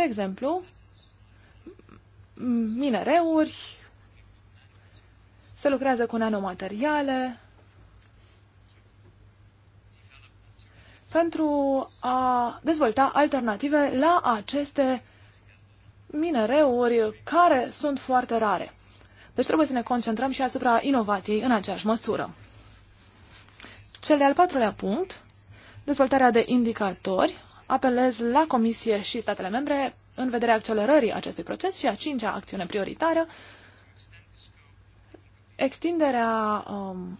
De exemplu, minereuri, se lucrează cu nanomateriale, pentru a dezvolta alternative la aceste minereuri care sunt foarte rare. Deci trebuie să ne concentrăm și asupra inovației în aceeași măsură. Cel de-al patrulea punct, dezvoltarea de indicatori apelez la Comisie și statele membre în vederea accelerării acestui proces și a cincea acțiune prioritară, extinderea um,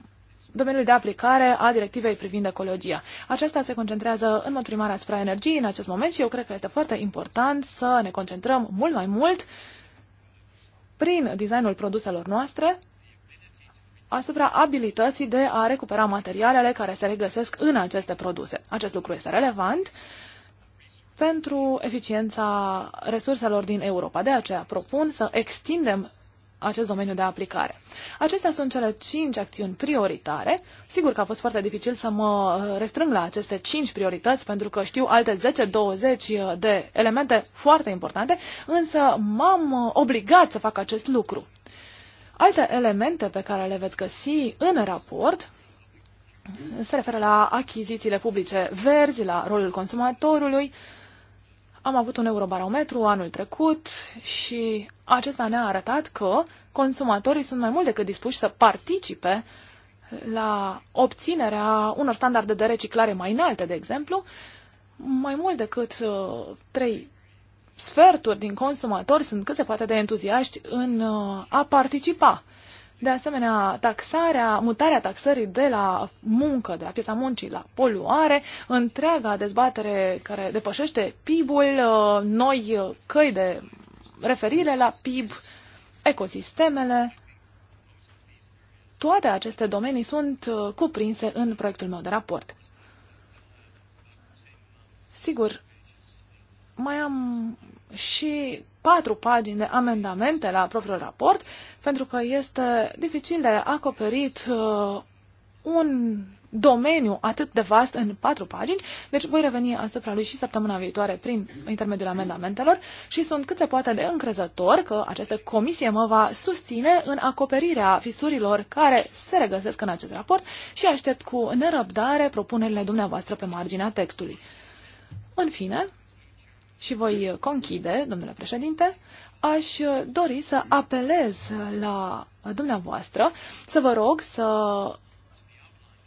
domeniului de aplicare a directivei privind ecologia. Aceasta se concentrează în mod primar asupra energiei în acest moment și eu cred că este foarte important să ne concentrăm mult mai mult prin designul produselor noastre asupra abilității de a recupera materialele care se regăsesc în aceste produse. Acest lucru este relevant pentru eficiența resurselor din Europa. De aceea propun să extindem acest domeniu de aplicare. Acestea sunt cele cinci acțiuni prioritare. Sigur că a fost foarte dificil să mă restrâng la aceste cinci priorități, pentru că știu alte 10-20 de elemente foarte importante, însă m-am obligat să fac acest lucru. Alte elemente pe care le veți găsi în raport se referă la achizițiile publice verzi, la rolul consumatorului, uh, am avut un eurobarometru anul trecut și acesta ne-a arătat că consumatorii sunt mai mult decât dispuși să participe la obținerea unor standarde de reciclare mai înalte, de exemplu, mai mult decât uh, trei sferturi din consumatori sunt cât se poate de entuziaști în uh, a participa. De asemenea, taxarea, mutarea taxării de la muncă, de la piața muncii la poluare, întreaga dezbatere care depășește PIB-ul, uh, noi uh, căi de referire la PIB, ecosistemele, toate aceste domenii sunt uh, cuprinse în proiectul meu de raport. Sigur, mai am și patru pagini de amendamente la propriul raport, pentru că este dificil de acoperit uh, un domeniu atât de vast în patru pagini, deci voi reveni asupra lui și săptămâna viitoare prin intermediul amendamentelor și sunt cât se poate de încrezător că această comisie mă va susține în acoperirea fisurilor care se regăsesc în acest raport și aștept cu nerăbdare propunerile dumneavoastră pe marginea textului. În fine, și voi conchide, domnule președinte, aș dori să apelez la dumneavoastră să vă rog să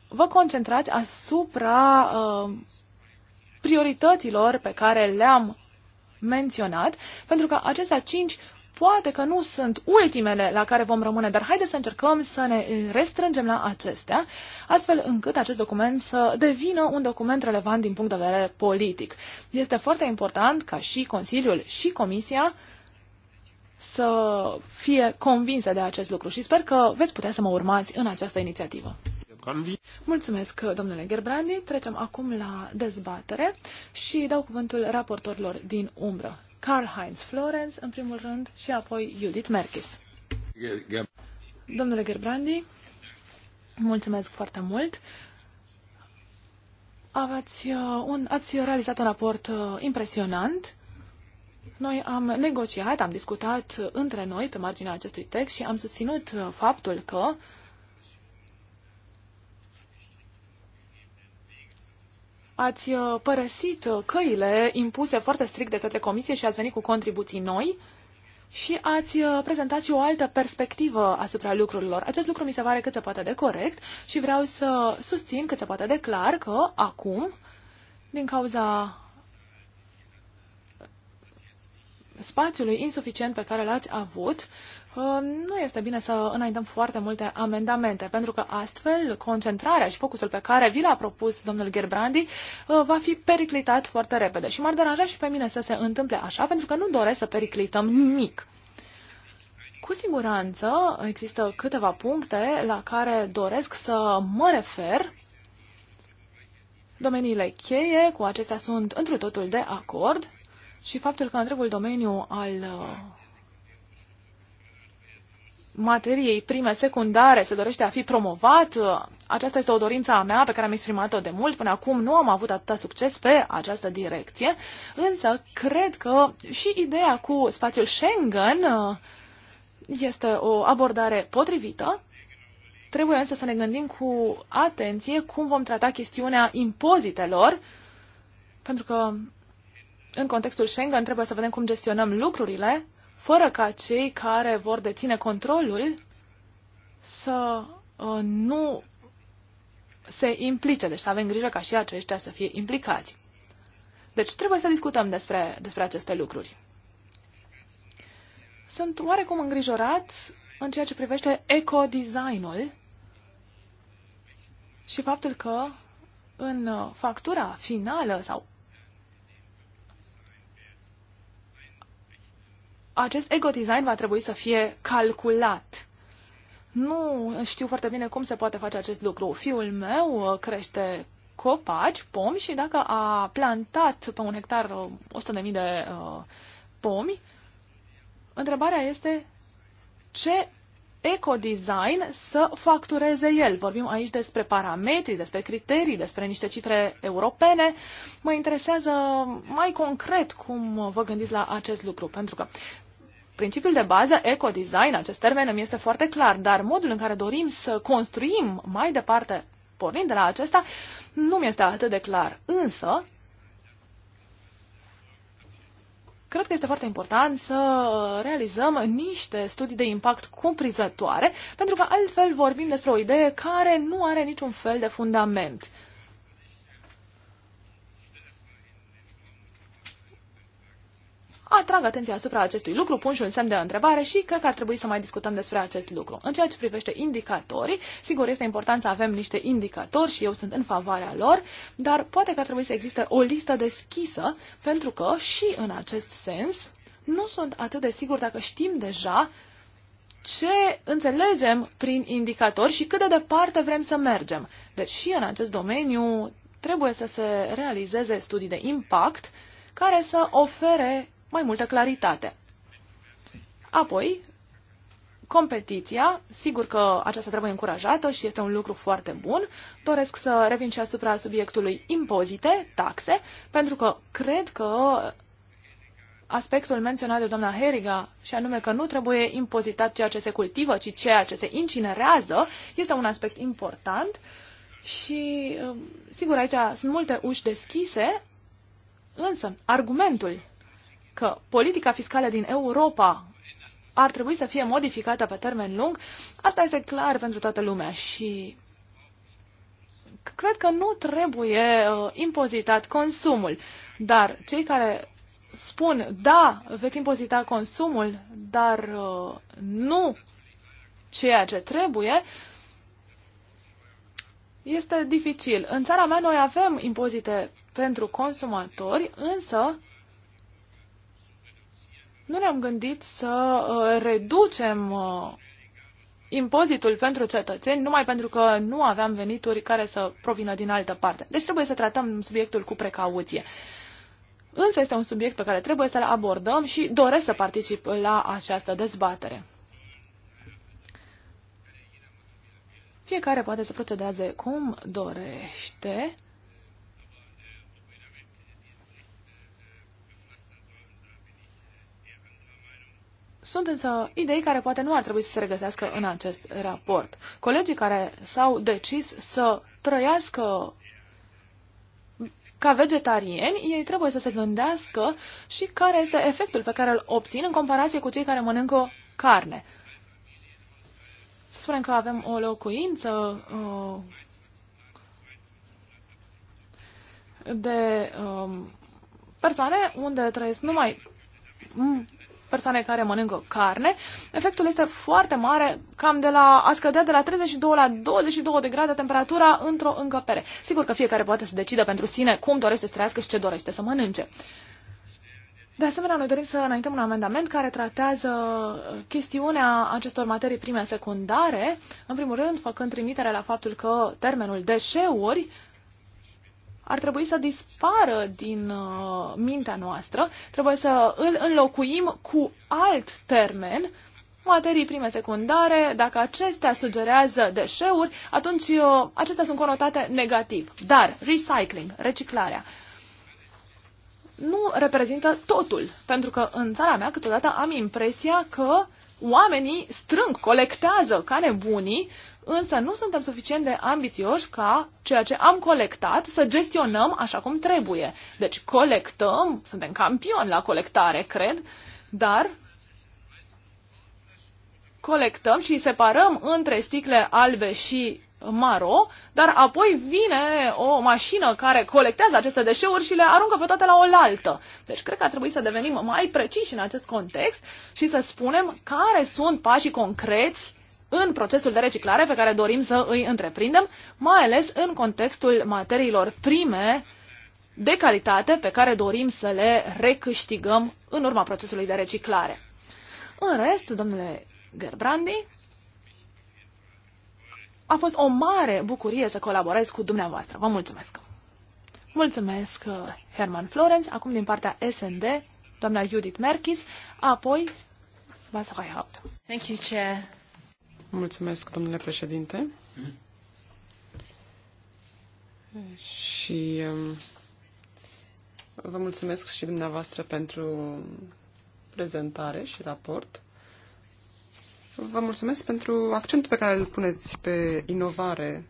vă concentrați asupra uh, priorităților pe care le-am menționat, pentru că acestea cinci poate că nu sunt ultimele la care vom rămâne, dar haideți să încercăm să ne restrângem la acestea, astfel încât acest document să devină un document relevant din punct de vedere politic. Este foarte important ca și Consiliul și Comisia să fie convinse de acest lucru și sper că veți putea să mă urmați în această inițiativă. Mulțumesc, domnule Gerbrandi. Trecem acum la dezbatere și dau cuvântul raportorilor din umbră. Karl-Heinz Florenz, în primul rând, și apoi Judith Merkis. Domnule Gerbrandi, mulțumesc foarte mult. Aveți uh, un, ați realizat un raport uh, impresionant. Noi am negociat, am discutat între noi pe marginea acestui text și am susținut uh, faptul că uh, ați uh, părăsit căile impuse foarte strict de către comisie și ați venit cu contribuții noi și ați uh, prezentat și o altă perspectivă asupra lucrurilor. Acest lucru mi se pare cât se poate de corect și vreau să susțin cât se poate de clar că acum, din cauza spațiului insuficient pe care l-ați avut, Ehm, nu este bine să înaintăm foarte multe amendamente, pentru că astfel concentrarea și focusul pe care vi l-a propus domnul Gerbrandi eh, va fi periclitat foarte repede. Și m-ar deranja și pe mine să se întâmple așa, pentru că nu doresc să periclităm nimic. Cu siguranță există câteva puncte la care doresc să mă refer. Domeniile cheie, cu acestea sunt întru totul de acord și faptul că întregul domeniu al eh, materiei prime secundare se dorește a fi promovat. Aceasta este o dorință a mea pe care am exprimat-o de mult. Până acum nu am avut atâta succes pe această direcție, însă cred că și ideea cu spațiul Schengen uh, este o abordare potrivită. Trebuie însă să ne gândim cu atenție cum vom trata chestiunea impozitelor, pentru că în contextul Schengen trebuie să vedem cum gestionăm lucrurile fără ca cei care vor deține controlul să uh, nu se implice, deci să avem grijă ca și aceștia să fie implicați. Deci trebuie să discutăm despre, despre aceste lucruri. Sunt oarecum îngrijorat în ceea ce privește eco-designul și faptul că în uh, factura finală sau acest design va trebui să fie calculat. Nu știu foarte bine cum se poate face acest lucru. Fiul meu crește copaci, pomi și dacă a plantat pe un hectar 100.000 uh, de uh, pomi, întrebarea este ce ecodesign să factureze el. Vorbim aici despre parametri, despre criterii, despre niște cifre europene. Mă interesează mai concret cum vă gândiți la acest lucru, pentru că principiul de bază, ecodesign, acest termen îmi este foarte clar, dar modul în care dorim să construim mai departe, pornind de la acesta, nu mi este atât de clar. Însă, cred că este foarte important să realizăm niște studii de impact cuprizătoare, pentru că altfel vorbim despre o idee care nu are niciun fel de fundament. atrag atenția asupra acestui lucru, pun și un semn de întrebare și cred că ar trebui să mai discutăm despre acest lucru. În ceea ce privește indicatorii, sigur este important să avem niște indicatori și eu sunt în favoarea lor, dar poate că ar trebui să existe o listă deschisă, pentru că și în acest sens nu sunt atât de sigur dacă știm deja ce înțelegem prin indicatori și cât de departe vrem să mergem. Deci și în acest domeniu trebuie să se realizeze studii de impact care să ofere mai multă claritate. Apoi, competiția, sigur că aceasta trebuie încurajată și este un lucru foarte bun. Doresc să revin și asupra subiectului impozite, taxe, pentru că cred că aspectul menționat de doamna Heriga, și anume că nu trebuie impozitat ceea ce se cultivă, ci ceea ce se incinerează, este un aspect important. Și, um, sigur, aici sunt multe uși deschise, însă argumentul că politica fiscală din Europa ar trebui să fie modificată pe termen lung, asta este clar pentru toată lumea și cred că nu trebuie uh, impozitat consumul, dar cei care spun, da, veți impozita consumul, dar uh, nu ceea ce trebuie, este dificil. În țara mea noi avem impozite pentru consumatori, însă nu ne-am gândit să uh, reducem uh, impozitul pentru cetățeni numai pentru că nu aveam venituri care să provină din altă parte. Deci trebuie să tratăm subiectul cu precauție. Însă este un subiect pe care trebuie să-l abordăm și doresc să particip la această dezbatere. Fiecare poate să procedeze cum dorește. Sunt însă idei care poate nu ar trebui să se regăsească în acest raport. Colegii care s-au decis să trăiască ca vegetariani, ei trebuie să se gândească și care este efectul pe care îl obțin în comparație cu cei care mănâncă carne. Să spunem că avem o locuință uh, de uh, persoane unde trăiesc numai persoane care mănâncă carne, efectul este foarte mare, cam de la a scădea de la 32 la 22 de grade temperatura într-o încăpere. Sigur că fiecare poate să decidă pentru sine cum dorește să trăiască și ce dorește să mănânce. De asemenea, noi dorim să înaintăm un amendament care tratează chestiunea acestor materii prime secundare, în primul rând făcând trimitere la faptul că termenul deșeuri ar trebui să dispară din uh, mintea noastră, trebuie să îl înlocuim cu alt termen, materii prime secundare, dacă acestea sugerează deșeuri, atunci uh, acestea sunt conotate negativ. Dar recycling, reciclarea, nu reprezintă totul, pentru că în țara mea câteodată am impresia că oamenii strâng, colectează ca nebunii însă nu suntem suficient de ambițioși ca ceea ce am colectat să gestionăm așa cum trebuie. Deci colectăm, suntem campioni la colectare, cred, dar colectăm și separăm între sticle albe și maro, dar apoi vine o mașină care colectează aceste deșeuri și le aruncă pe toate la oaltă. Deci cred că ar trebui să devenim mai preciși în acest context și să spunem care sunt pașii concreți în procesul de reciclare pe care dorim să îi întreprindem, mai ales în contextul materiilor prime de calitate pe care dorim să le recâștigăm în urma procesului de reciclare. În rest, domnule Gerbrandi, a fost o mare bucurie să colaborez cu dumneavoastră. Vă mulțumesc! Mulțumesc, uh, Herman Florenz, acum din partea SND, doamna Judith Merkis, apoi Bas Thank you, Chair. Mulțumesc, domnule președinte. Și um, vă mulțumesc și dumneavoastră pentru prezentare și raport. Vă mulțumesc pentru accentul pe care îl puneți pe inovare.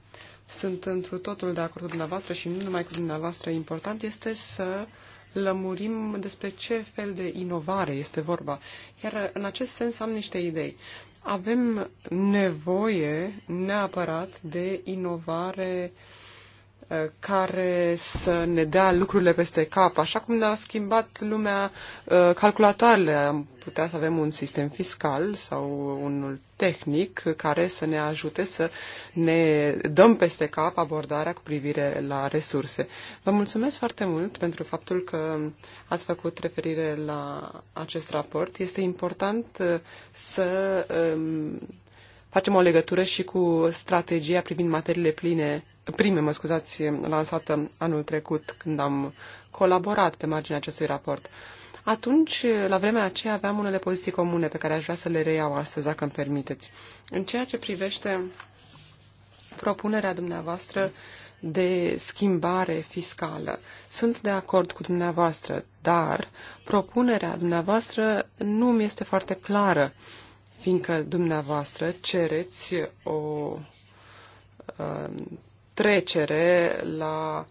Sunt întru totul de acord cu dumneavoastră și nu numai cu dumneavoastră. Important este să uh, lămurim despre ce fel de inovare este vorba. Iar în acest sens am niște idei. Avem nevoie neapărat de inovare uh, Eh, care să ne dea lucrurile peste cap. Așa cum ne-a schimbat lumea eh, calculatoarele, am putea să avem un sistem fiscal sau unul tehnic care să ne ajute să ne dăm peste cap abordarea cu privire la resurse. Vă mulțumesc foarte mult pentru faptul că ați făcut referire la acest raport. Este important eh, să ehm, facem o legătură și cu strategia privind materiile pline prime, mă scuzați, lansată anul trecut când am colaborat pe marginea acestui raport. Atunci, la vremea aceea, aveam unele poziții comune pe care aș vrea să le reiau astăzi, dacă îmi permiteți. În ceea ce privește propunerea dumneavoastră de schimbare fiscală, sunt de acord cu dumneavoastră, dar propunerea dumneavoastră nu mi este foarte clară, fiindcă dumneavoastră cereți o uh, trecere la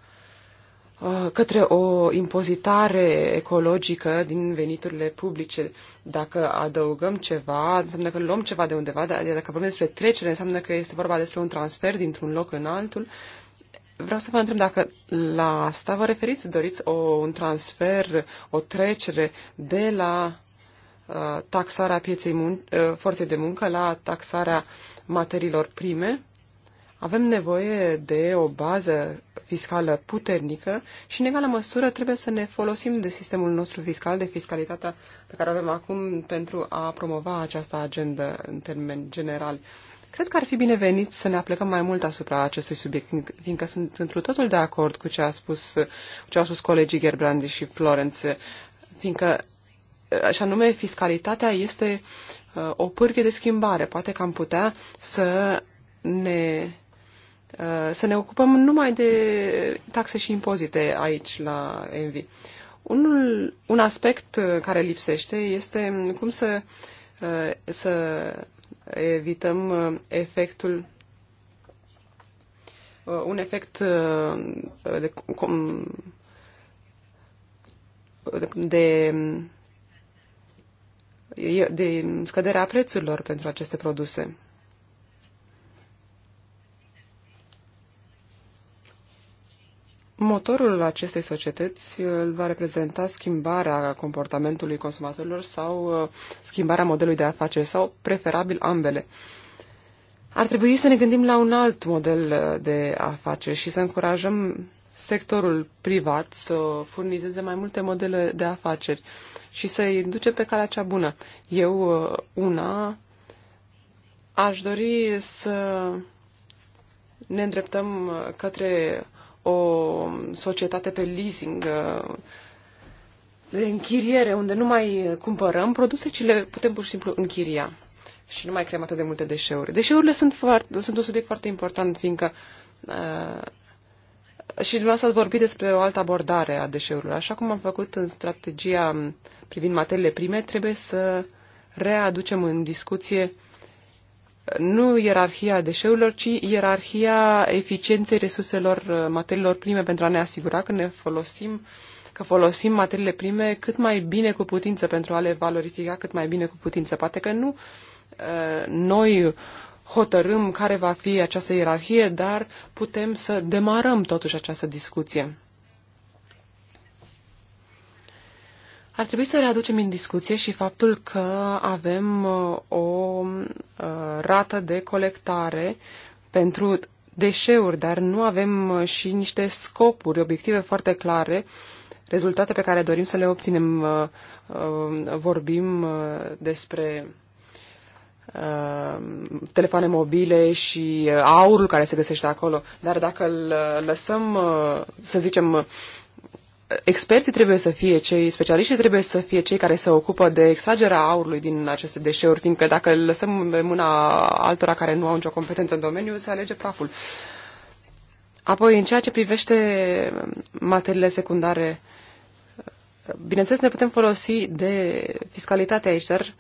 uh, către o impozitare ecologică din veniturile publice. Dacă adăugăm ceva, înseamnă că luăm ceva de undeva, dar adică dacă vorbim despre trecere, înseamnă că este vorba despre un transfer dintr-un loc în altul. Vreau să vă întreb dacă la asta vă referiți, doriți o, un transfer, o trecere de la uh, taxarea pieței mun- uh, forței de muncă la taxarea materiilor prime? Avem nevoie de o bază fiscală puternică și, în egală măsură, trebuie să ne folosim de sistemul nostru fiscal, de fiscalitatea pe care o avem acum pentru a promova această agendă în termen general. Cred că ar fi binevenit să ne aplicăm mai mult asupra acestui subiect, fiindcă sunt întru totul de acord cu ce, a spus, cu ce au spus colegii Gerbrandi și Florence, fiindcă, așa nume fiscalitatea este uh, o pârghie de schimbare. Poate că am putea să ne Uh, să ne ocupăm numai de taxe și impozite aici la Envi. Unul, un aspect uh, care lipsește este cum să, uh, să evităm efectul un efect de, de, de scăderea prețurilor pentru aceste produse. Motorul acestei societăți uh, îl va reprezenta schimbarea comportamentului consumatorilor sau uh, schimbarea modelului de afaceri sau preferabil ambele. Ar trebui să ne gândim la un alt model uh, de afaceri și să încurajăm sectorul privat să furnizeze mai multe modele de afaceri și să-i duce pe calea cea bună. Eu, una, aș dori să ne îndreptăm către o societate pe leasing, uh, de închiriere, unde nu mai cumpărăm produse, ci le putem pur și simplu închiria. Și nu mai creăm atât de multe deșeuri. Deșeurile sunt, foarte, sunt un subiect foarte important, fiindcă uh, și dumneavoastră ați vorbit despre o altă abordare a deșeurilor. Așa cum am făcut în strategia privind materiile prime, trebuie să readucem în discuție nu ierarhia deșeurilor, ci ierarhia eficienței resurselor uh, materiilor prime pentru a ne asigura că ne folosim că folosim materiile prime cât mai bine cu putință pentru a le valorifica cât mai bine cu putință. Poate că nu uh, noi hotărâm care va fi această ierarhie, dar putem să demarăm totuși această discuție. Ar trebui să readucem în discuție și faptul că avem uh, o uh, rată de colectare pentru deșeuri, dar nu avem uh, și niște scopuri, obiective foarte clare, rezultate pe care dorim să le obținem. Vorbim despre telefoane mobile și aurul care se găsește acolo. Dar dacă îl lăsăm, să zicem, experții trebuie să fie cei, specialiștii trebuie să fie cei care se ocupă de extragerea aurului din aceste deșeuri, fiindcă dacă îl lăsăm în mâna altora care nu au nicio competență în domeniu, se alege praful. Apoi, în ceea ce privește materiile secundare, bineînțeles ne putem folosi de fiscalitate aici, dar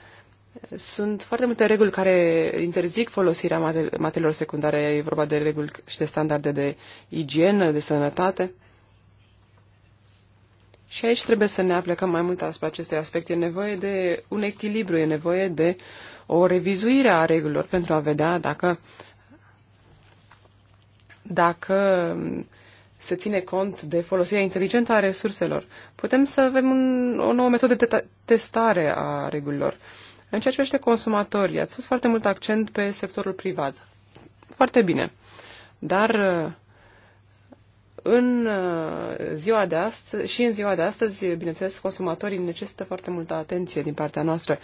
sunt foarte multe reguli care interzic folosirea materiilor secundare. E vorba de reguli și de standarde de igienă, de sănătate. Și aici trebuie să ne aplicăm mai mult asupra acestui aspect. E nevoie de un echilibru, e nevoie de o revizuire a regulilor pentru a vedea dacă, dacă mm, se ține cont de folosirea inteligentă a resurselor. Putem să avem un, o nouă metodă de testare a regulilor. În ceea ce privește consumatorii, ați pus foarte mult accent pe sectorul privat. Foarte bine. Dar în uh, ziua de astăzi, și în ziua de astăzi, bineînțeles, consumatorii necesită foarte multă atenție din partea noastră.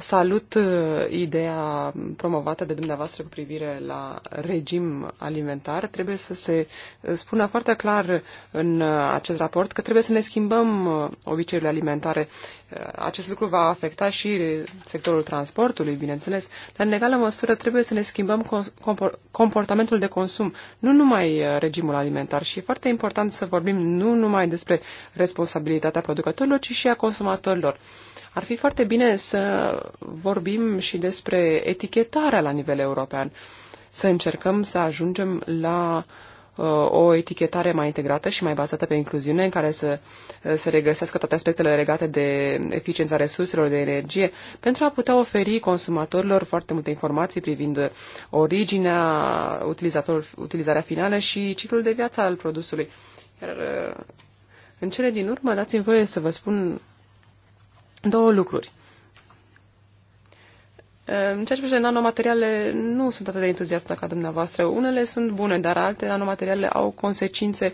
Salut uh, ideea promovată de dumneavoastră cu privire la regim alimentar. Trebuie să se uh, spună foarte clar în uh, acest raport că trebuie să ne schimbăm obiceiurile alimentare. Acest lucru va afecta și sectorul transportului, bineînțeles, dar în egală măsură trebuie să ne schimbăm comportamentul de consum, nu numai regimul alimentar. Și e foarte important să vorbim nu numai despre responsabilitatea producătorilor, ci și a consumatorilor. Ar fi foarte bine să vorbim și despre etichetarea la nivel european, să încercăm să ajungem la uh, o etichetare mai integrată și mai bazată pe incluziune, în care să uh, se regăsească toate aspectele legate de eficiența resurselor, de energie, pentru a putea oferi consumatorilor foarte multe informații privind originea, utilizatorul, utilizarea finală și ciclul de viață al produsului. Iar uh, în cele din urmă, dați-mi voie să vă spun două lucruri. În ceea ce privește nanomateriale, nu sunt atât de entuziastă ca dumneavoastră. Unele sunt bune, dar alte nanomateriale au consecințe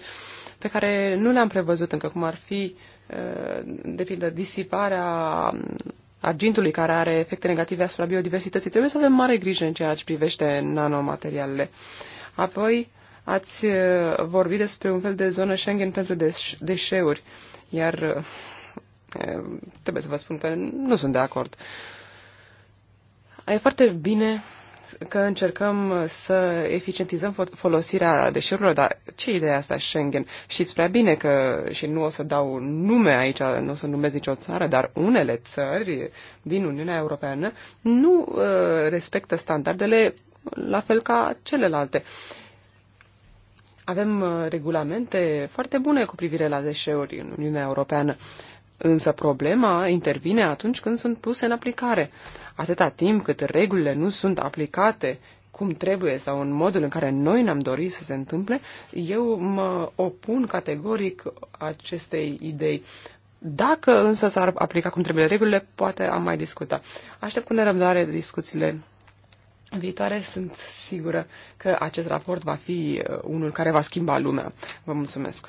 pe care nu le-am prevăzut încă, cum ar fi, de pildă, disiparea argintului care are efecte negative asupra biodiversității. Trebuie să avem mare grijă în ceea ce privește nanomaterialele. Apoi, ați vorbit despre un fel de zonă Schengen pentru deș- deșeuri, iar trebuie să vă spun că nu sunt de acord. E foarte bine că încercăm să eficientizăm folosirea deșeurilor, dar ce idee asta Schengen? Știți prea bine că, și nu o să dau nume aici, nu o să numesc nicio țară, dar unele țări din Uniunea Europeană nu uh, respectă standardele la fel ca celelalte. Avem regulamente foarte bune cu privire la deșeuri în Uniunea Europeană. Uh, Însă problema intervine atunci când sunt puse în aplicare. Atâta timp cât regulile nu sunt aplicate cum trebuie sau în modul în care noi ne-am dorit să se întâmple, eu mă opun categoric acestei idei. Dacă însă s-ar aplica cum trebuie regulile, poate am mai discuta. Aștept cu nerăbdare discuțiile viitoare. Sunt sigură că acest raport va fi uh, unul care va schimba lumea. Vă mulțumesc!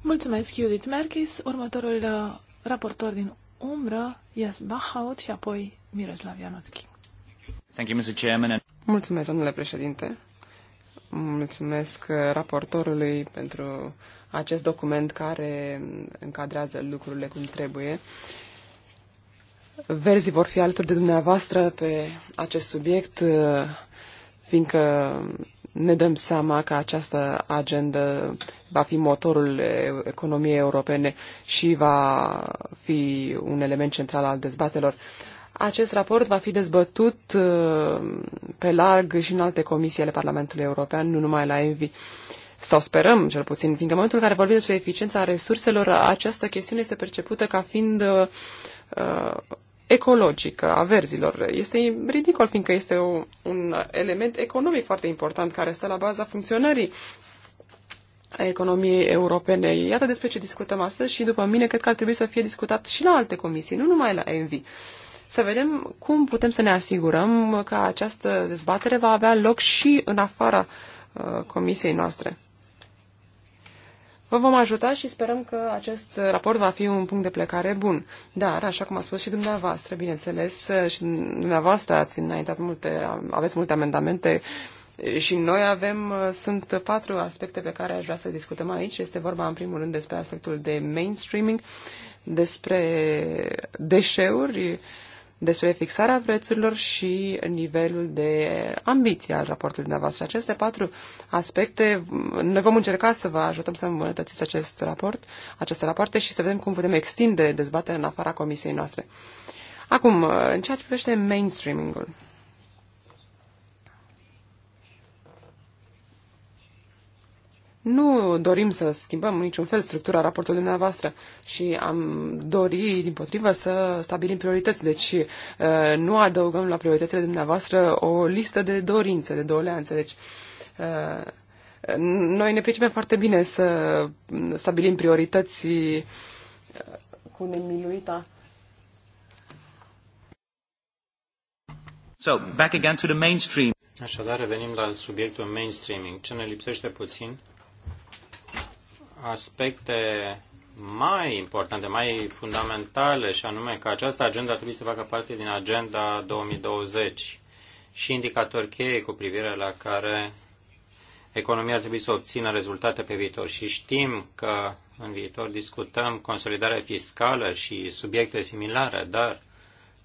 Mulțumesc, Judith Merkis. Următorul uh, raportor din umbră, Ias Bachaut și apoi Miroslav Ianotchi. Thank you, Mr. Chairman. Mulțumesc, domnule președinte. Mulțumesc uh, raportorului pentru acest document care încadrează lucrurile cum trebuie. Verzii vor fi alături de dumneavoastră pe acest subiect, uh, fiindcă ne dăm seama că această agendă va fi motorul economiei europene și va fi un element central al dezbatelor. Acest raport va fi dezbătut uh, pe larg și în alte comisii ale Parlamentului European, nu numai la ENVI sau sperăm cel puțin, fiindcă în momentul în care vorbim despre eficiența resurselor, această chestiune este percepută ca fiind uh, uh ecologică a verzilor. Este ridicol, fiindcă este o, un element economic foarte important care stă la baza funcționării a economiei europene. Iată despre ce discutăm astăzi și după mine cred că ar trebui să fie discutat și la alte comisii, nu numai la ENVI. Să vedem cum putem să ne asigurăm că această dezbatere va avea loc și în afara uh, comisiei noastre. Vă vom ajuta și sperăm că acest raport va fi un punct de plecare bun. Dar, așa cum a spus și dumneavoastră, bineînțeles, și dumneavoastră ați înaintat multe, aveți multe amendamente și noi avem, sunt patru aspecte pe care aș vrea să discutăm aici. Este vorba, în primul rând, despre aspectul de mainstreaming, despre deșeuri, despre fixarea prețurilor și nivelul de ambiție al raportului dumneavoastră. Aceste patru aspecte, noi vom încerca să vă ajutăm să îmbunătățiți acest raport, aceste rapoarte și să vedem cum putem extinde dezbaterea în afara comisiei noastre. Acum, în ceea ce privește mainstreaming-ul. Nu dorim să schimbăm niciun fel structura raportului dumneavoastră și am dori, din potrivă, să stabilim priorități. Deci uh, nu adăugăm la prioritățile dumneavoastră o listă de dorințe, de doleanțe. Deci uh, noi ne pricepem foarte bine să stabilim priorități uh, cu nemiluita. So, back again to the mainstream. Așadar, revenim la subiectul mainstreaming. Ce ne lipsește puțin aspecte mai importante, mai fundamentale, și anume că această agenda trebuie să facă parte din agenda 2020 și indicatori cheie cu privire la care economia ar trebui să obțină rezultate pe viitor. Și știm că în viitor discutăm consolidarea fiscală și subiecte similare, dar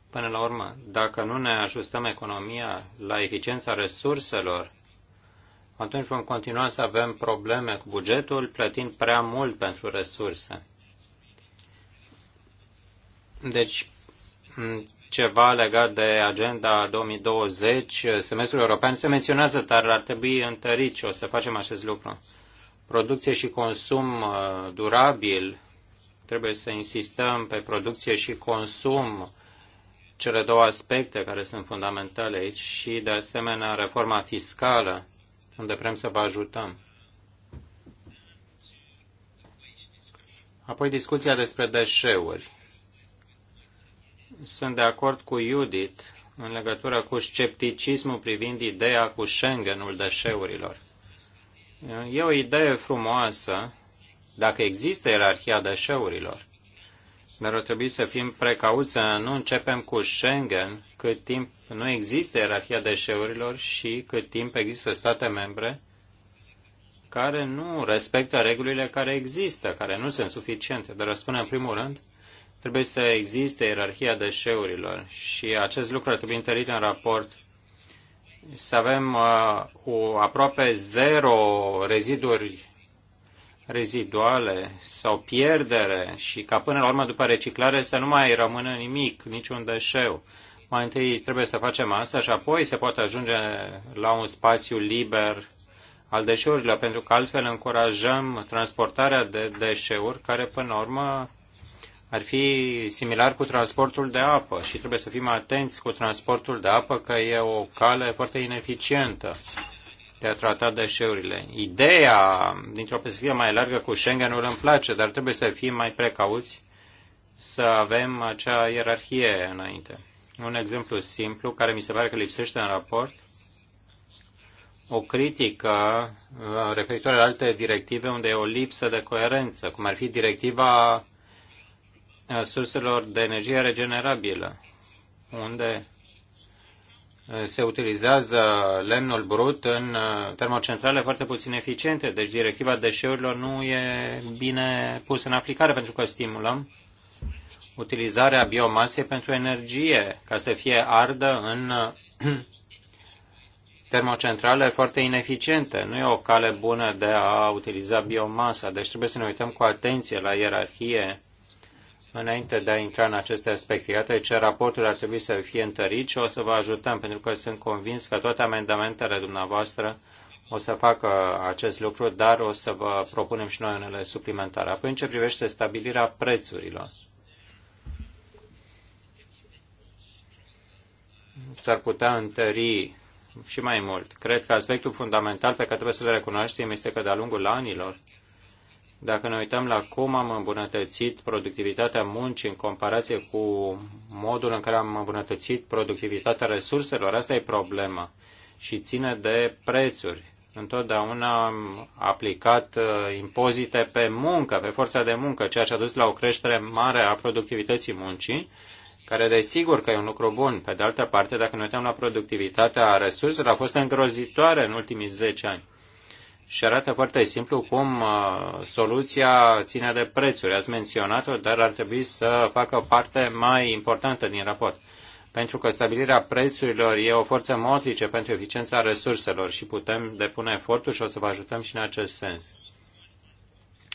Până la urmă, dacă nu ne ajustăm economia la eficiența resurselor atunci vom continua să avem probleme cu bugetul, plătind prea mult pentru resurse. Deci, ceva legat de agenda 2020, semestrul european se menționează, dar ar trebui întărit și o să facem acest lucru. Producție și consum uh, durabil, trebuie să insistăm pe producție și consum, cele două aspecte care sunt fundamentale aici și, de asemenea, reforma fiscală unde vrem să vă ajutăm. Apoi discuția despre deșeuri. Sunt de acord cu Judith în legătură cu scepticismul privind ideea cu Schengenul deșeurilor. E o idee frumoasă dacă există ierarhia deșeurilor, dar o trebuie să fim precauți să nu începem cu Schengen cât timp nu există ierarhia deșeurilor și cât timp există state membre care nu respectă regulile care există, care nu sunt suficiente. Dar aș în primul rând, trebuie să existe ierarhia deșeurilor și acest lucru ar trebui întărit în raport să avem uh, o aproape zero reziduri reziduale sau pierdere și ca până la urmă după reciclare să nu mai rămână nimic, niciun deșeu. Mai întâi trebuie să facem asta și apoi se poate ajunge la un spațiu liber al deșeurilor, pentru că altfel încurajăm transportarea de deșeuri care, până la urmă, ar fi similar cu transportul de apă și trebuie să fim atenți cu transportul de apă că e o cale foarte ineficientă de a trata deșeurile. Ideea, dintr-o perspectivă mai largă cu Schengenul, îmi place, dar trebuie să fim mai precauți să avem acea ierarhie înainte. Un exemplu simplu care mi se pare că lipsește în raport, o critică uh, referitoare la alte directive unde e o lipsă de coerență, cum ar fi directiva uh, surselor de energie regenerabilă, unde uh, se utilizează lemnul brut în termocentrale foarte puțin eficiente, deci directiva deșeurilor nu e bine pusă în aplicare pentru că stimulăm utilizarea biomasei pentru energie, ca să fie ardă în termocentrale foarte ineficiente. Nu e o cale bună de a utiliza biomasa, deci trebuie să ne uităm cu atenție la ierarhie înainte de a intra în aceste aspecte. Iată ce raportul ar trebui să fie întărit și o să vă ajutăm, pentru că sunt convins că toate amendamentele dumneavoastră o să facă acest lucru, dar o să vă propunem și noi unele suplimentare. Apoi, în ce privește stabilirea prețurilor. s-ar putea întări și mai mult. Cred că aspectul fundamental pe care trebuie să-l recunoaștem este că de-a lungul anilor, dacă ne uităm la cum am îmbunătățit productivitatea muncii în comparație cu modul în care am îmbunătățit productivitatea resurselor, asta e problema și ține de prețuri. Întotdeauna am aplicat uh, impozite pe muncă, pe forța de muncă, ceea ce a dus la o creștere mare a productivității muncii, care desigur că e un lucru bun. Pe de altă parte, dacă ne uităm la productivitatea resurselor, a fost îngrozitoare în ultimii 10 ani. Și arată foarte simplu cum uh, soluția ține de prețuri. Ați menționat-o, dar ar trebui să facă parte mai importantă din raport. Pentru că stabilirea prețurilor e o forță motrice pentru eficiența resurselor și putem depune efortul și o să vă ajutăm și în acest sens.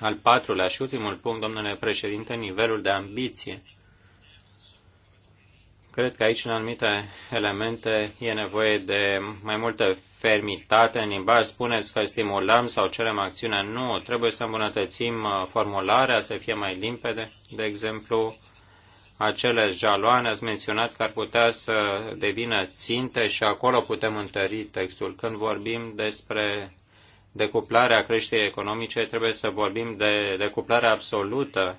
Al patrulea și ultimul punct, domnule președinte, nivelul de ambiție Cred că aici, în anumite elemente, e nevoie de mai multă fermitate în limbaj. Spuneți că stimulăm sau cerem acțiunea. Nu, trebuie să îmbunătățim uh, formularea, să fie mai limpede. De exemplu, acele jaloane ați menționat că ar putea să devină ținte și acolo putem întări textul. Când vorbim despre decuplarea creșterii economice, trebuie să vorbim de decuplarea absolută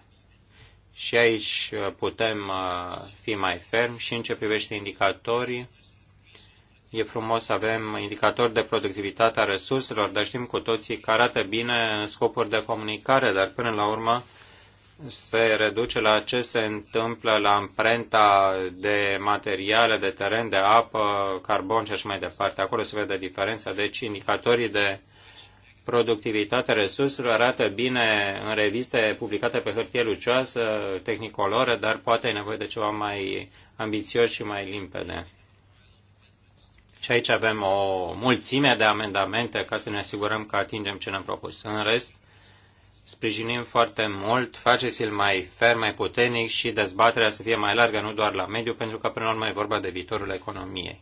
și aici uh, putem uh, fi mai ferm și în ce privește indicatorii. E frumos să avem indicatori de productivitate a resurselor, dar știm cu toții că arată bine în scopuri de comunicare, dar până la urmă se reduce la ce se întâmplă la amprenta de materiale, de teren, de apă, carbon și așa mai departe. Acolo se vede diferența. Deci indicatorii de productivitatea resurselor arată bine în reviste publicate pe hârtie lucioasă, tehnicoloră, dar poate e nevoie de ceva mai ambițios și mai limpede. Și aici avem o mulțime de amendamente ca să ne asigurăm că atingem ce ne-am propus. În rest, sprijinim foarte mult, faceți-l mai ferm, mai puternic și dezbaterea să fie mai largă, nu doar la mediu, pentru că până la urmă e vorba de viitorul economiei.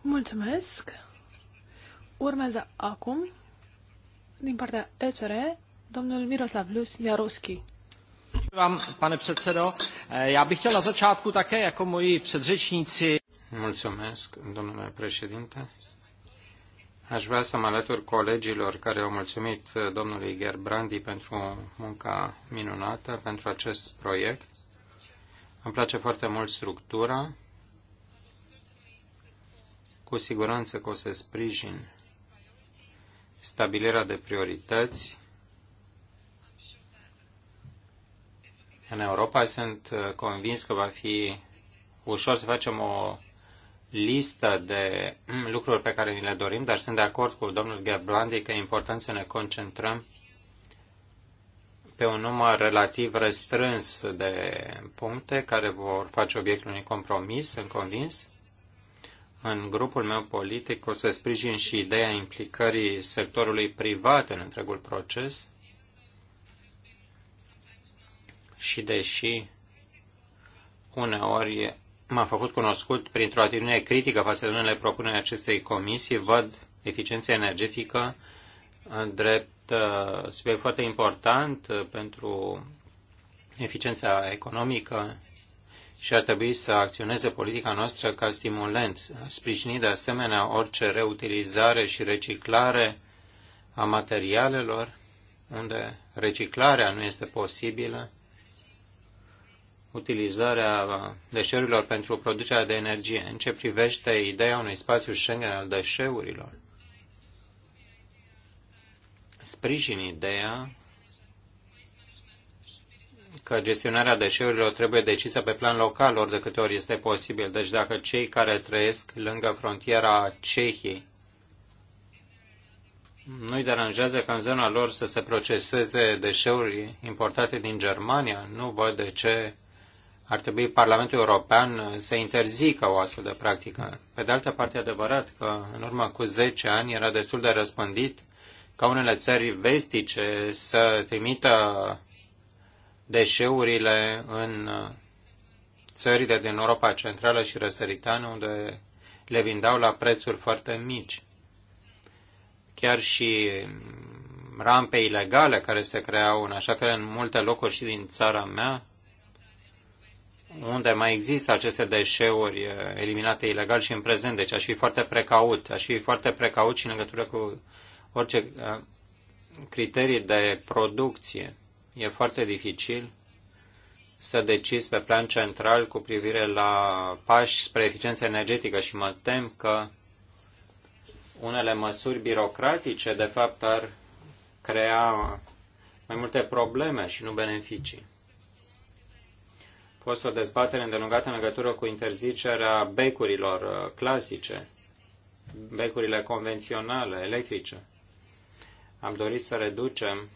Mulțumesc! Urmează acum, din partea ECR, domnul Miroslav Lus Jaruski. Vám, pane předsedo. Eh, já bych chtěl na začátku také, jako moji předřečníci. Mulțumesc, domnule președinte. Aș vrea să mă alătur colegilor care au mulțumit domnului Gerbrandi pentru munca minunată, pentru acest proiect. Îmi place foarte mult structura. Cu siguranță că o să sprijin stabilirea de priorități. În Europa sunt uh, convins că va fi ușor să facem o listă de mm, lucruri pe care ni le dorim, dar sunt de acord cu domnul Gerblandi că e important să ne concentrăm pe un număr relativ restrâns de puncte care vor face obiectul unui compromis, sunt convins în grupul meu politic o să sprijin și ideea implicării sectorului privat în întregul proces și deși uneori m-am făcut cunoscut printr-o atitudine critică față de unele propuneri acestei comisii, văd eficiența energetică drept uh, subiect foarte important uh, pentru eficiența economică și ar trebui să acționeze politica noastră ca stimulent, sprijinind de asemenea orice reutilizare și reciclare a materialelor, unde reciclarea nu este posibilă, utilizarea deșeurilor pentru producerea de energie. În ce privește ideea unui spațiu Schengen al deșeurilor, sprijin ideea că gestionarea deșeurilor trebuie decisă pe plan local ori de câte ori este posibil. Deci dacă cei care trăiesc lângă frontiera Cehiei nu-i deranjează ca în zona lor să se proceseze deșeuri importate din Germania, nu văd de ce ar trebui Parlamentul European să interzică o astfel de practică. Pe de altă parte, adevărat că în urmă cu 10 ani era destul de răspândit ca unele țări vestice să trimită deșeurile în uh, țările din Europa Centrală și Răsăritană, unde le vindeau la prețuri foarte mici. Chiar și mm, rampe ilegale care se creau în așa fel în multe locuri și din țara mea, unde mai există aceste deșeuri uh, eliminate ilegal și în prezent. Deci aș fi foarte precaut. Aș fi foarte precaut și în legătură cu orice uh, criterii de producție. E foarte dificil să decizi pe plan central cu privire la pași spre eficiență energetică și mă tem că unele măsuri birocratice, de fapt, ar crea mai multe probleme și nu beneficii. A fost o dezbatere îndelungată în legătură cu interzicerea becurilor uh, clasice, becurile convenționale, electrice. Am dorit să reducem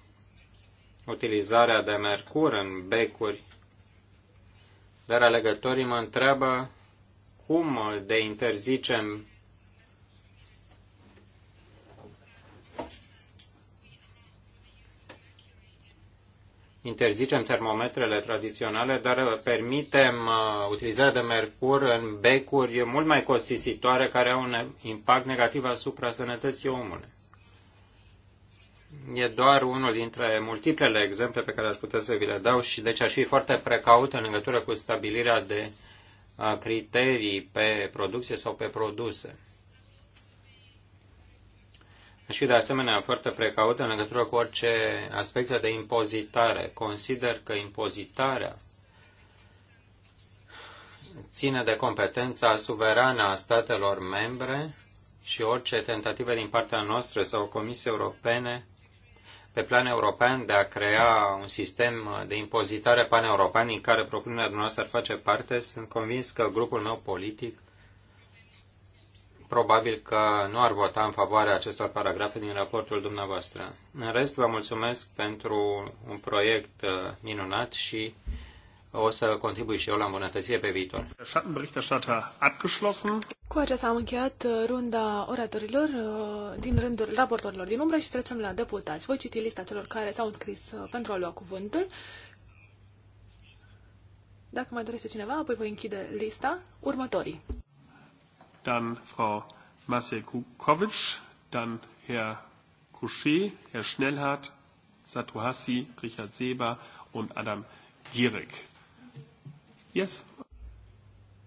utilizarea de mercur în becuri, dar alegătorii mă întreabă cum de interzicem interzicem termometrele tradiționale, dar permitem uh, utilizarea de mercur în becuri mult mai costisitoare care au un impact negativ asupra sănătății omului e doar unul dintre multiplele exemple pe care aș putea să vi le dau și deci aș fi foarte precaut în legătură cu stabilirea de criterii pe producție sau pe produse. Aș fi de asemenea foarte precaut în legătură cu orice aspecte de impozitare. Consider că impozitarea ține de competența suverană a statelor membre și orice tentativă din partea noastră sau Comisiei Europene pe plan european de a crea un sistem de impozitare paneuropean din care propunerea dumneavoastră ar face parte, sunt convins că grupul meu politic probabil că nu ar vota în favoarea acestor paragrafe din raportul dumneavoastră. În rest, vă mulțumesc pentru un proiect uh, minunat și o să contribui și eu la îmbunătățire pe viitor. Cu aceasta am încheiat uh, runda oratorilor uh, din rândul raportorilor din umbră și trecem la deputați. Voi citi lista celor care s-au înscris uh, pentru a lua cuvântul. Dacă mai dorește cineva, apoi voi închide lista. Următorii. Dan Frau Masekukovic, Dan Herr Couchet, Herr Schnellhardt, Satuhasi, Richard Seba und Adam Gierig. Yes.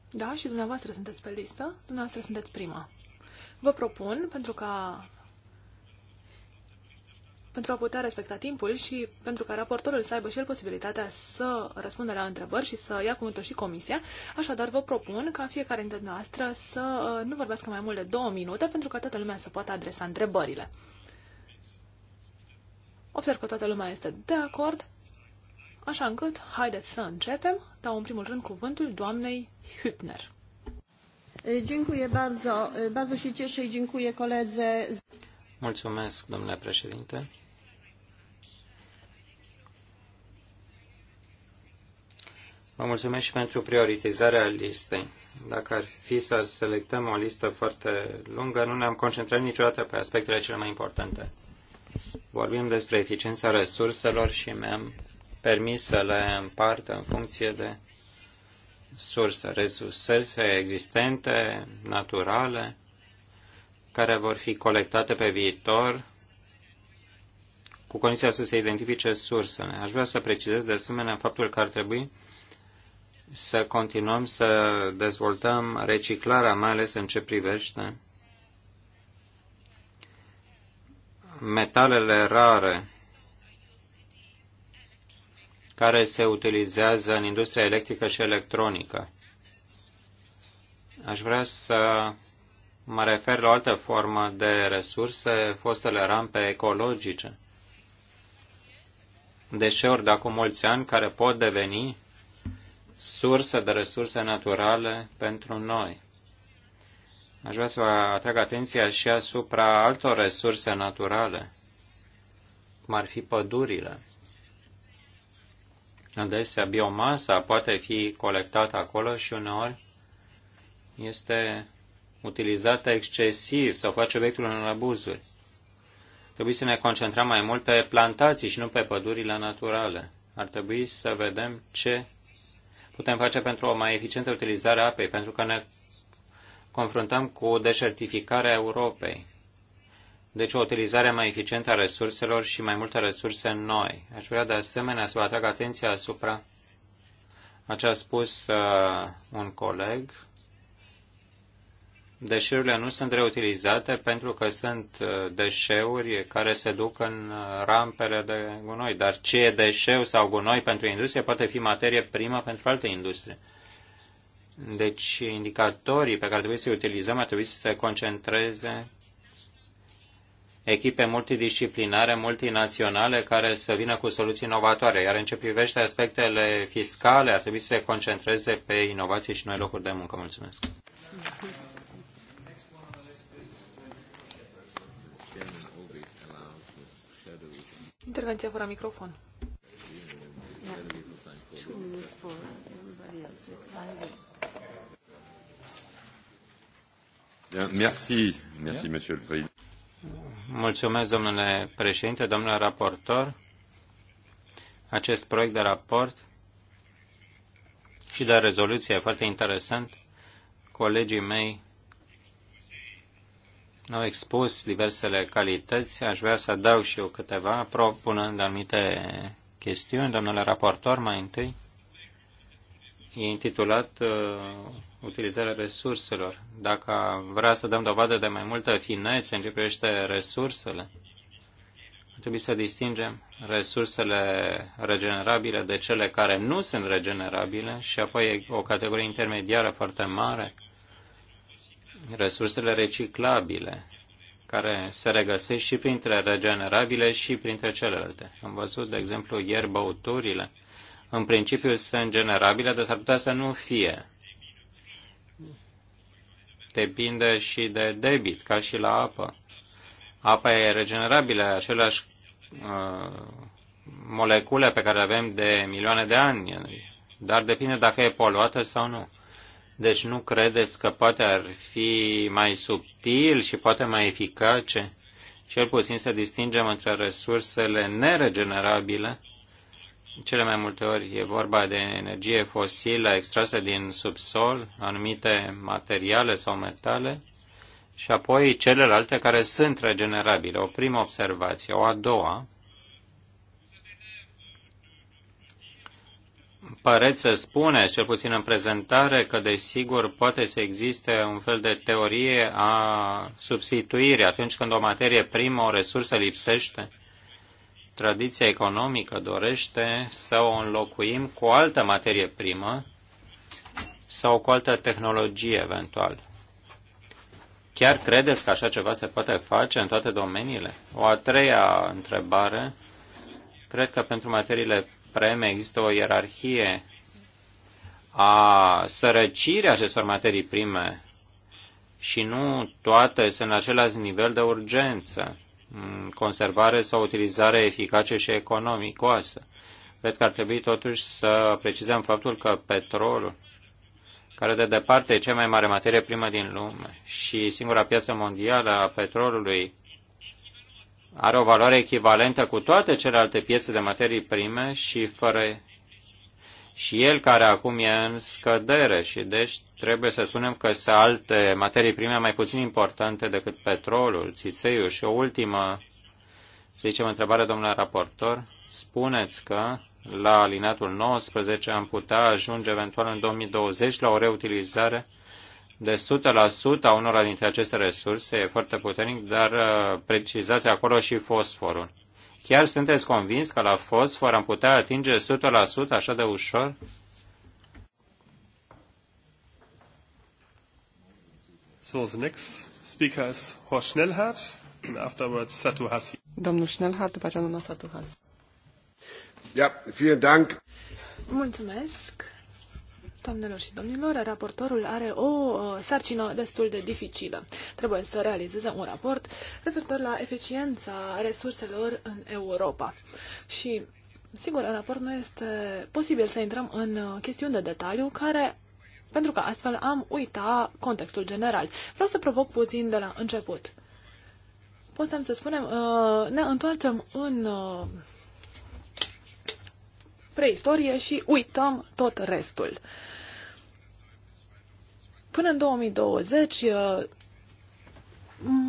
Da, și dumneavoastră sunteți pe listă. Dumneavoastră sunteți prima. Vă propun, pentru ca pentru a putea respecta timpul și pentru ca raportorul să aibă și el posibilitatea să răspundă la întrebări și să ia cuvântul și comisia. Așadar, vă propun ca fiecare dintre noastră să uh, nu vorbească mai mult de două minute pentru ca toată lumea să poată adresa întrebările. Observ că toată lumea este de acord Așa încât, haideți să începem. Dau în primul rând cuvântul doamnei Hübner. Dziękuję bardzo. Bardzo się cieszę i dziękuję koledze. Mulțumesc, domnule președinte. Vă mulțumesc și pentru prioritizarea listei. Dacă ar fi să selectăm o listă foarte lungă, nu ne-am concentrat niciodată pe aspectele cele mai importante. Vorbim despre eficiența resurselor și mi-am permis să le împartă în funcție de sursă, resurse existente, naturale, care vor fi colectate pe viitor cu condiția să se identifice sursele. Aș vrea să precizez de asemenea faptul că ar trebui să continuăm să dezvoltăm reciclarea, mai ales în ce privește metalele rare care se utilizează în industria electrică și electronică. Aș vrea să mă refer la o altă formă de resurse, fostele rampe ecologice. Deșeuri de acum mulți ani care pot deveni surse de resurse naturale pentru noi. Aș vrea să vă atrag atenția și asupra altor resurse naturale, cum ar fi pădurile. Adesea biomasa poate fi colectată acolo și uneori este utilizată excesiv sau face obiectul în abuzuri. Trebuie să ne concentrăm mai mult pe plantații și nu pe pădurile naturale. Ar trebui să vedem ce putem face pentru o mai eficientă utilizare a apei, pentru că ne confruntăm cu deșertificarea Europei. Deci o utilizare mai eficientă a resurselor și mai multe resurse noi. Aș vrea de asemenea să vă atrag atenția asupra a ce a spus uh, un coleg. Deșeurile nu sunt reutilizate pentru că sunt uh, deșeuri care se duc în uh, rampele de gunoi. Dar ce e deșeu sau gunoi pentru industrie poate fi materie primă pentru alte industrie. Deci indicatorii pe care trebuie să-i utilizăm ar trebui să se concentreze echipe multidisciplinare, multinaționale, care să vină cu soluții inovatoare. Iar în ce privește aspectele fiscale, ar trebui să se concentreze pe inovație și noi locuri de muncă. Mulțumesc! Intervenția fără microfon. Bien, merci, merci, Monsieur le Président. Mulțumesc, domnule președinte, domnule raportor. Acest proiect de raport și de rezoluție foarte interesant. Colegii mei au expus diversele calități. Aș vrea să dau și eu câteva, propunând anumite chestiuni. Domnule raportor, mai întâi, e intitulat uh, utilizarea resurselor. Dacă vrea să dăm dovadă de mai multă finețe în ce privește resursele, trebuie să distingem resursele regenerabile de cele care nu sunt regenerabile și apoi o categorie intermediară foarte mare, resursele reciclabile, care se regăsesc și printre regenerabile și printre celelalte. Am văzut, de exemplu, ieri băuturile. În principiu sunt generabile, dar s-ar putea să nu fie depinde și de debit, ca și la apă. Apa e regenerabilă, aceleași uh, molecule pe care le avem de milioane de ani, dar depinde dacă e poluată sau nu. Deci nu credeți că poate ar fi mai subtil și poate mai eficace, cel puțin să distingem între resursele neregenerabile cele mai multe ori e vorba de energie fosilă extrasă din subsol, anumite materiale sau metale, și apoi celelalte care sunt regenerabile. O primă observație. O a doua, păreți să spune, cel puțin în prezentare, că desigur poate să existe un fel de teorie a substituirii atunci când o materie primă, o resursă lipsește tradiția economică dorește să o înlocuim cu o altă materie primă sau cu altă tehnologie eventual. Chiar credeți că așa ceva se poate face în toate domeniile? O a treia întrebare. Cred că pentru materiile preme există o ierarhie a sărăcirii acestor materii prime și nu toate sunt la același nivel de urgență. Mm, conservare sau utilizare eficace și economicoasă. Cred că ar trebui totuși să precizăm faptul că petrolul, care de departe e cea mai mare materie primă din lume și singura piață mondială a petrolului, are o valoare echivalentă cu toate celelalte piețe de materii prime și fără și el care acum e în scădere și deci trebuie să spunem că sunt alte materii prime mai puțin importante decât petrolul, țițeiul și o ultimă, să zicem, întrebare, domnule raportor. Spuneți că la alinatul 19 am putea ajunge eventual în 2020 la o reutilizare de 100% a unora dintre aceste resurse, e foarte puternic, dar uh, precizați acolo și fosforul. Chiar sunteți convins că la fosfor am putea atinge 100% așa de ușor? So the next speaker is Horst Schnellhardt and afterwards Satu Hassi. Domnul Schnellhardt, după aceea domnul Satu Hassi. Ja, vielen Dank. Mulțumesc. Doamnelor și domnilor, raportorul are o uh, sarcină destul de dificilă. Trebuie să realizeze un raport referitor la eficiența resurselor în Europa. Și, sigur, în raport nu este posibil să intrăm în uh, chestiuni de detaliu care pentru că astfel am uitat contextul general. Vreau să provoc puțin de la început. Putem să spunem, uh, ne întoarcem în preistorie și uităm tot restul. Până în 2020, uh,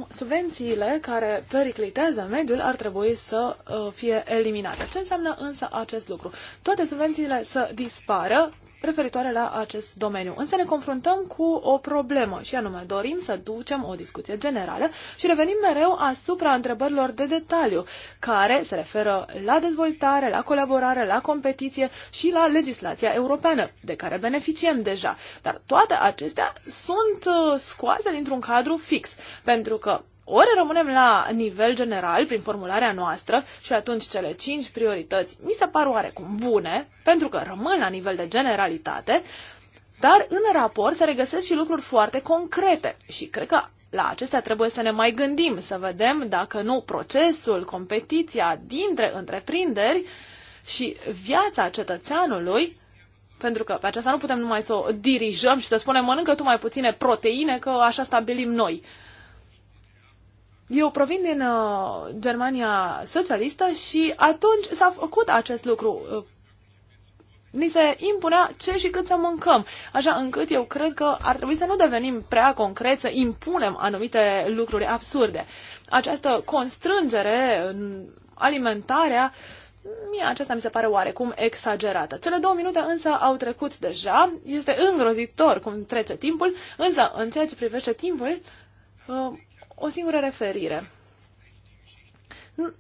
subvențiile care periclitează mediul ar trebui să uh, fie eliminate. Ce înseamnă însă acest lucru? Toate subvențiile să dispară referitoare la acest domeniu. Însă ne confruntăm cu o problemă și anume dorim să ducem o discuție generală și revenim mereu asupra întrebărilor de detaliu care se referă la dezvoltare, la colaborare, la competiție și la legislația europeană de care beneficiem deja. Dar toate acestea sunt uh, scoase dintr-un cadru fix pentru că ori rămânem la nivel general prin formularea noastră și atunci cele cinci priorități mi se par oarecum bune, pentru că rămân la nivel de generalitate, dar în raport se regăsesc și lucruri foarte concrete și cred că la acestea trebuie să ne mai gândim, să vedem dacă nu procesul, competiția dintre întreprinderi și viața cetățeanului pentru că pe aceasta nu putem numai să o dirijăm și să spunem mănâncă tu mai puține proteine, că așa stabilim noi. Eu provin din uh, Germania socialistă și atunci s-a făcut acest lucru. Uh, ni se impunea ce și cât să mâncăm, așa încât eu cred că ar trebui să nu devenim prea concret, să impunem anumite lucruri absurde. Această constrângere, alimentarea, mie aceasta mi se pare oarecum exagerată. Cele două minute însă au trecut deja, este îngrozitor cum trece timpul, însă în ceea ce privește timpul, uh, o singură referire.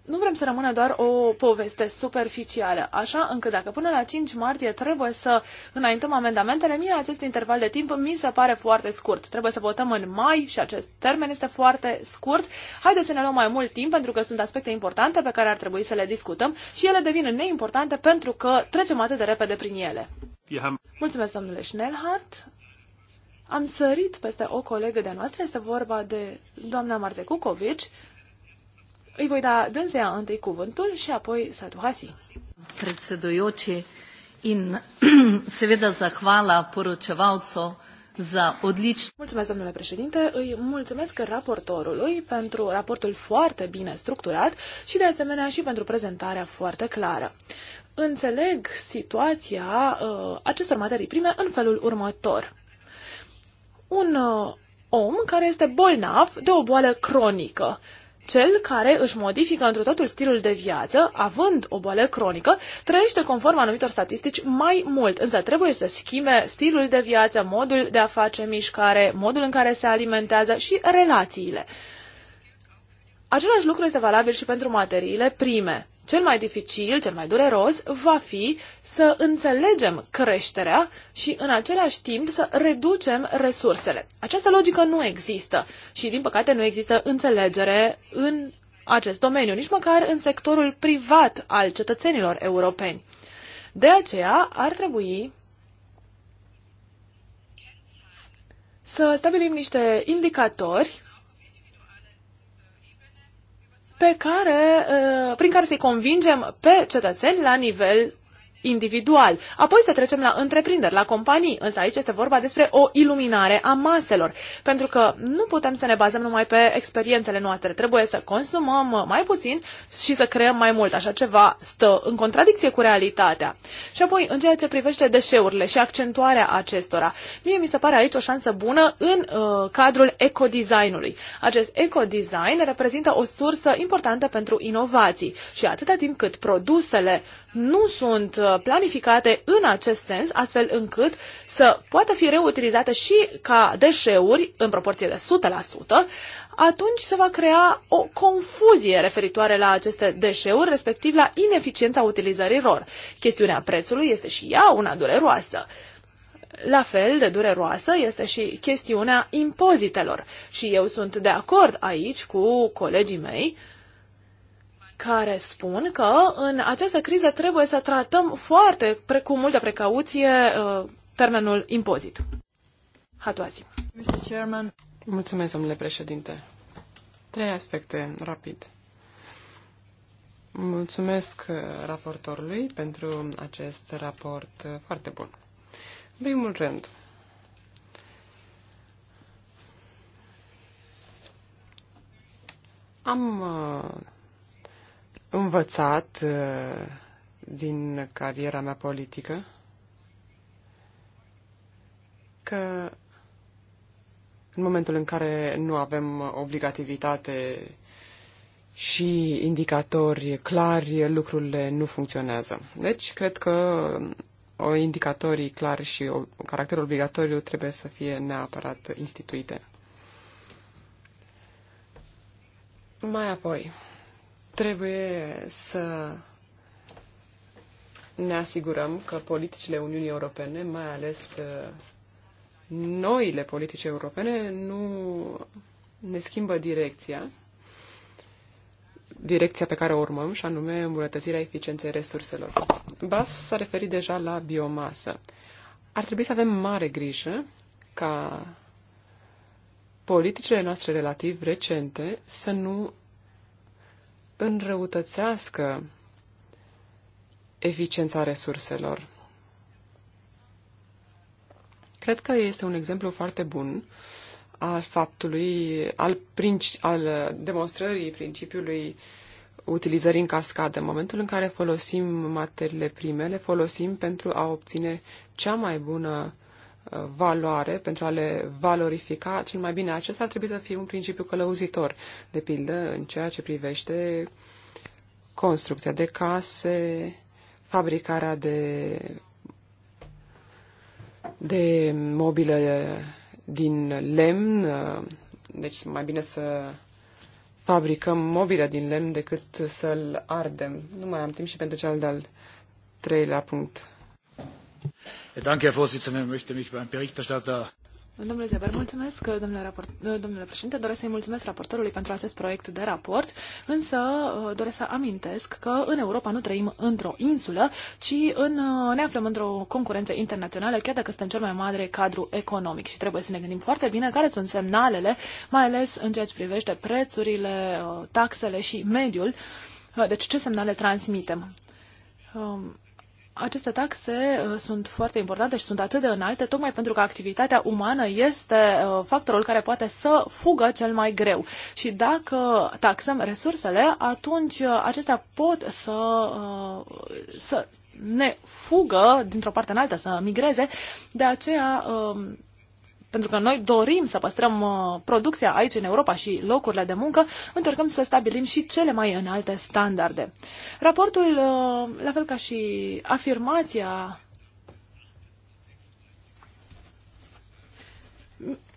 Nu, vrem să rămână doar o poveste superficială, așa încât dacă până la 5 martie trebuie să înaintăm amendamentele, mie acest interval de timp mi se pare foarte scurt. Trebuie să votăm în mai și acest termen este foarte scurt. Haideți să ne luăm mai mult timp pentru că sunt aspecte importante pe care ar trebui să le discutăm și ele devin neimportante pentru că trecem atât de repede prin ele. Mulțumesc, domnule Schnellhardt am sărit peste o colegă de-a noastră, este vorba de doamna Marte Cucovici. Îi voi da dânsea întâi cuvântul și apoi duhasi. Predsedujoči in seveda zahvala poročevalcu za odlično. Mulțumesc, domnule președinte, îi mulțumesc raportorului pentru raportul foarte bine structurat și de asemenea și pentru prezentarea foarte clară înțeleg situația uh, acestor materii prime în felul următor un uh, om care este bolnav de o boală cronică. Cel care își modifică într totul stilul de viață, având o boală cronică, trăiește conform anumitor statistici mai mult, însă trebuie să schimbe stilul de viață, modul de a face mișcare, modul în care se alimentează și relațiile. Același lucru este valabil și pentru materiile prime. Cel mai dificil, cel mai dureros, va fi să înțelegem creșterea și în același timp să reducem resursele. Această logică nu există și, din păcate, nu există înțelegere în acest domeniu, nici măcar în sectorul privat al cetățenilor europeni. De aceea ar trebui să stabilim niște indicatori pe care, uh, prin care să-i convingem pe cetățeni la nivel individual. Apoi să trecem la întreprinderi, la companii, însă aici este vorba despre o iluminare a maselor, pentru că nu putem să ne bazăm numai pe experiențele noastre. Trebuie să consumăm mai puțin și să creăm mai mult. Așa ceva stă în contradicție cu realitatea. Și apoi, în ceea ce privește deșeurile și accentuarea acestora, mie mi se pare aici o șansă bună în uh, cadrul ecodesignului. Acest ecodesign reprezintă o sursă importantă pentru inovații și atâta timp cât produsele uh, nu sunt uh, planificate în acest sens, astfel încât să poată fi reutilizate și ca deșeuri în proporție de 100%, atunci se va crea o confuzie referitoare la aceste deșeuri, respectiv la ineficiența utilizării lor. Chestiunea prețului este și ea una dureroasă. La fel de dureroasă este și chestiunea impozitelor. Și eu sunt de acord aici cu colegii mei care spun că în această criză trebuie să tratăm foarte, cu multă precauție, uh, termenul impozit. Hatuazi. Mr. Chairman. Mulțumesc, domnule președinte. Trei aspecte, rapid. Mulțumesc uh, raportorului pentru acest raport uh, foarte bun. În primul rând, am învățat uh, din cariera mea politică că în momentul în care nu avem obligativitate și indicatori clari, lucrurile nu funcționează. Deci, cred că o indicatorii clari și o, caracter obligatoriu trebuie să fie neapărat instituite. Mai apoi, Trebuie să ne asigurăm că politicile Uniunii Europene, mai ales uh, noile politici europene, nu ne schimbă direcția, direcția pe care o urmăm, și anume îmbunătățirea eficienței resurselor. Bas s-a referit deja la biomasă. Ar trebui să avem mare grijă ca politicile noastre relativ recente să nu înrăutățească eficiența resurselor. Cred că este un exemplu foarte bun al faptului, al, princi- al demonstrării principiului utilizării în cascadă. În momentul în care folosim materiile prime, le folosim pentru a obține cea mai bună valoare, pentru a le valorifica cel mai bine. Acesta ar trebui să fie un principiu călăuzitor, de pildă, în ceea ce privește construcția de case, fabricarea de, de mobilă din lemn, deci mai bine să fabricăm mobilă din lemn decât să-l ardem. Nu mai am timp și pentru cel de-al treilea punct. Danke, Herr Vorsitzender. Möchte mich beim Berichterstatter Domnule Zeber, mulțumesc, domnule, raport, domnule președinte, doresc să-i mulțumesc raportorului pentru acest proiect de raport, însă uh, doresc să amintesc că în Europa nu trăim într-o insulă, ci în, uh, ne aflăm într-o concurență internațională, chiar dacă suntem cel mai mare cadru economic și trebuie să ne gândim foarte bine care sunt semnalele, mai ales în ceea ce privește prețurile, uh, taxele și mediul, deci ce semnale transmitem. Um, aceste taxe uh, sunt foarte importante și sunt atât de înalte, tocmai pentru că activitatea umană este uh, factorul care poate să fugă cel mai greu. Și dacă taxăm resursele, atunci uh, acestea pot să, să ne fugă dintr-o parte în alta, să migreze. De aceea um, pentru că noi dorim să păstrăm uh, producția aici în Europa și locurile de muncă, încercăm să stabilim și cele mai înalte standarde. Raportul, uh, la fel ca și afirmația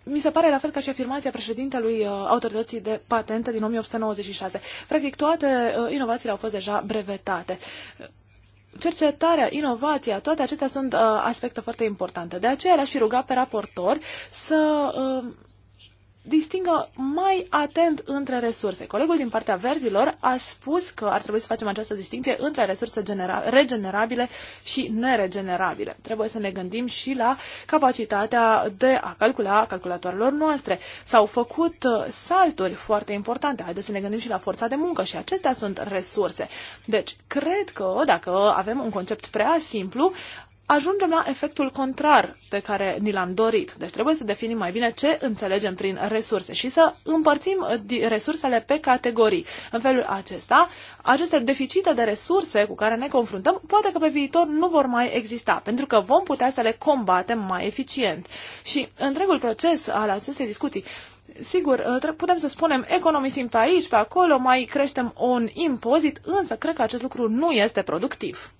mi se pare la fel ca și afirmația președintelui uh, autorității de patente din 1896. Practic toate inovațiile au fost deja brevetate cercetarea, inovația, toate acestea sunt uh, aspecte foarte importante. De aceea le aș fi rugat pe raportor să uh, distingă mai atent între resurse. Colegul din partea verzilor a spus că ar trebui să facem această distinție între resurse regenerabile și neregenerabile. Trebuie să ne gândim și la capacitatea de a calcula calculatoarelor noastre. S-au făcut uh, salturi foarte importante. Haideți să ne gândim și la forța de muncă și acestea sunt resurse. Deci, cred că dacă avem un concept prea simplu, ajungem la efectul contrar pe care ni l-am dorit. Deci trebuie să definim mai bine ce înțelegem prin resurse și să împărțim uh, resursele pe categorii. În felul acesta, aceste deficite de resurse cu care ne confruntăm, poate că pe viitor nu vor mai exista, pentru că vom putea să le combatem mai eficient. Și întregul proces al acestei discuții sigur, uh, putem să spunem, economisim pe aici, pe acolo, mai creștem un impozit, însă cred că acest lucru nu este productiv.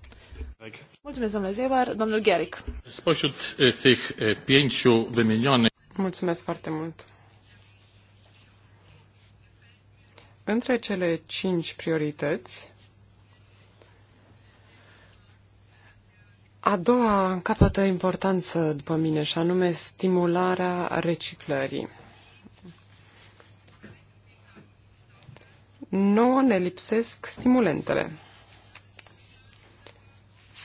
Mulțumesc, domnule Zebar. Domnul Geric. Spośród tych pięciu wymienionych... Mulțumesc foarte mult. Între cele cinci priorități, a doua capătă importanță după mine, și anume stimularea reciclării. Nouă ne lipsesc stimulentele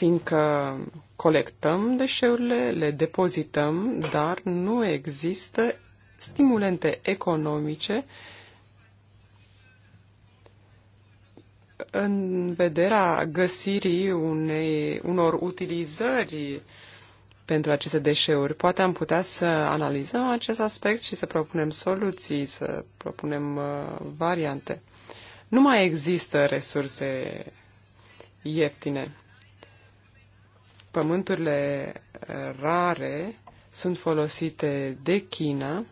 fiindcă colectăm deșeurile, le depozităm, dar nu există stimulente economice în vederea găsirii unei, unor utilizări pentru aceste deșeuri. Poate am putea să analizăm acest aspect și să propunem soluții, să propunem uh, variante. Nu mai există resurse ieftine. Pământurile eh, rare sunt folosite de China,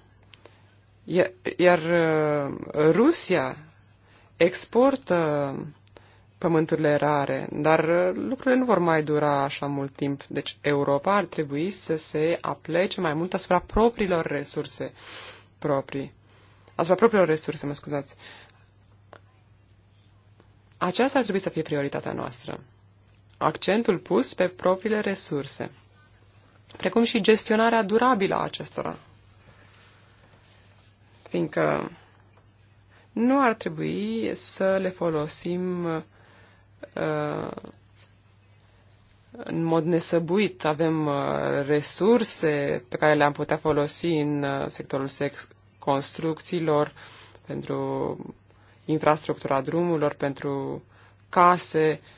iar, eh, Rusia exportă pământurile rare, dar eh, lucrurile nu vor mai dura așa mult timp. Deci Europa ar trebui să se aplece mai mult asupra propriilor resurse proprii. Asupra propriilor resurse, mă scuzați. Aceasta ar trebui să fie prioritatea noastră accentul pus pe propriile resurse, precum și gestionarea durabilă a acestora. Fiindcă nu ar trebui să le folosim uh, în mod nesăbuit. Avem uh, resurse pe care le-am putea folosi în uh, sectorul sex construcțiilor, pentru infrastructura drumurilor, pentru case, uh,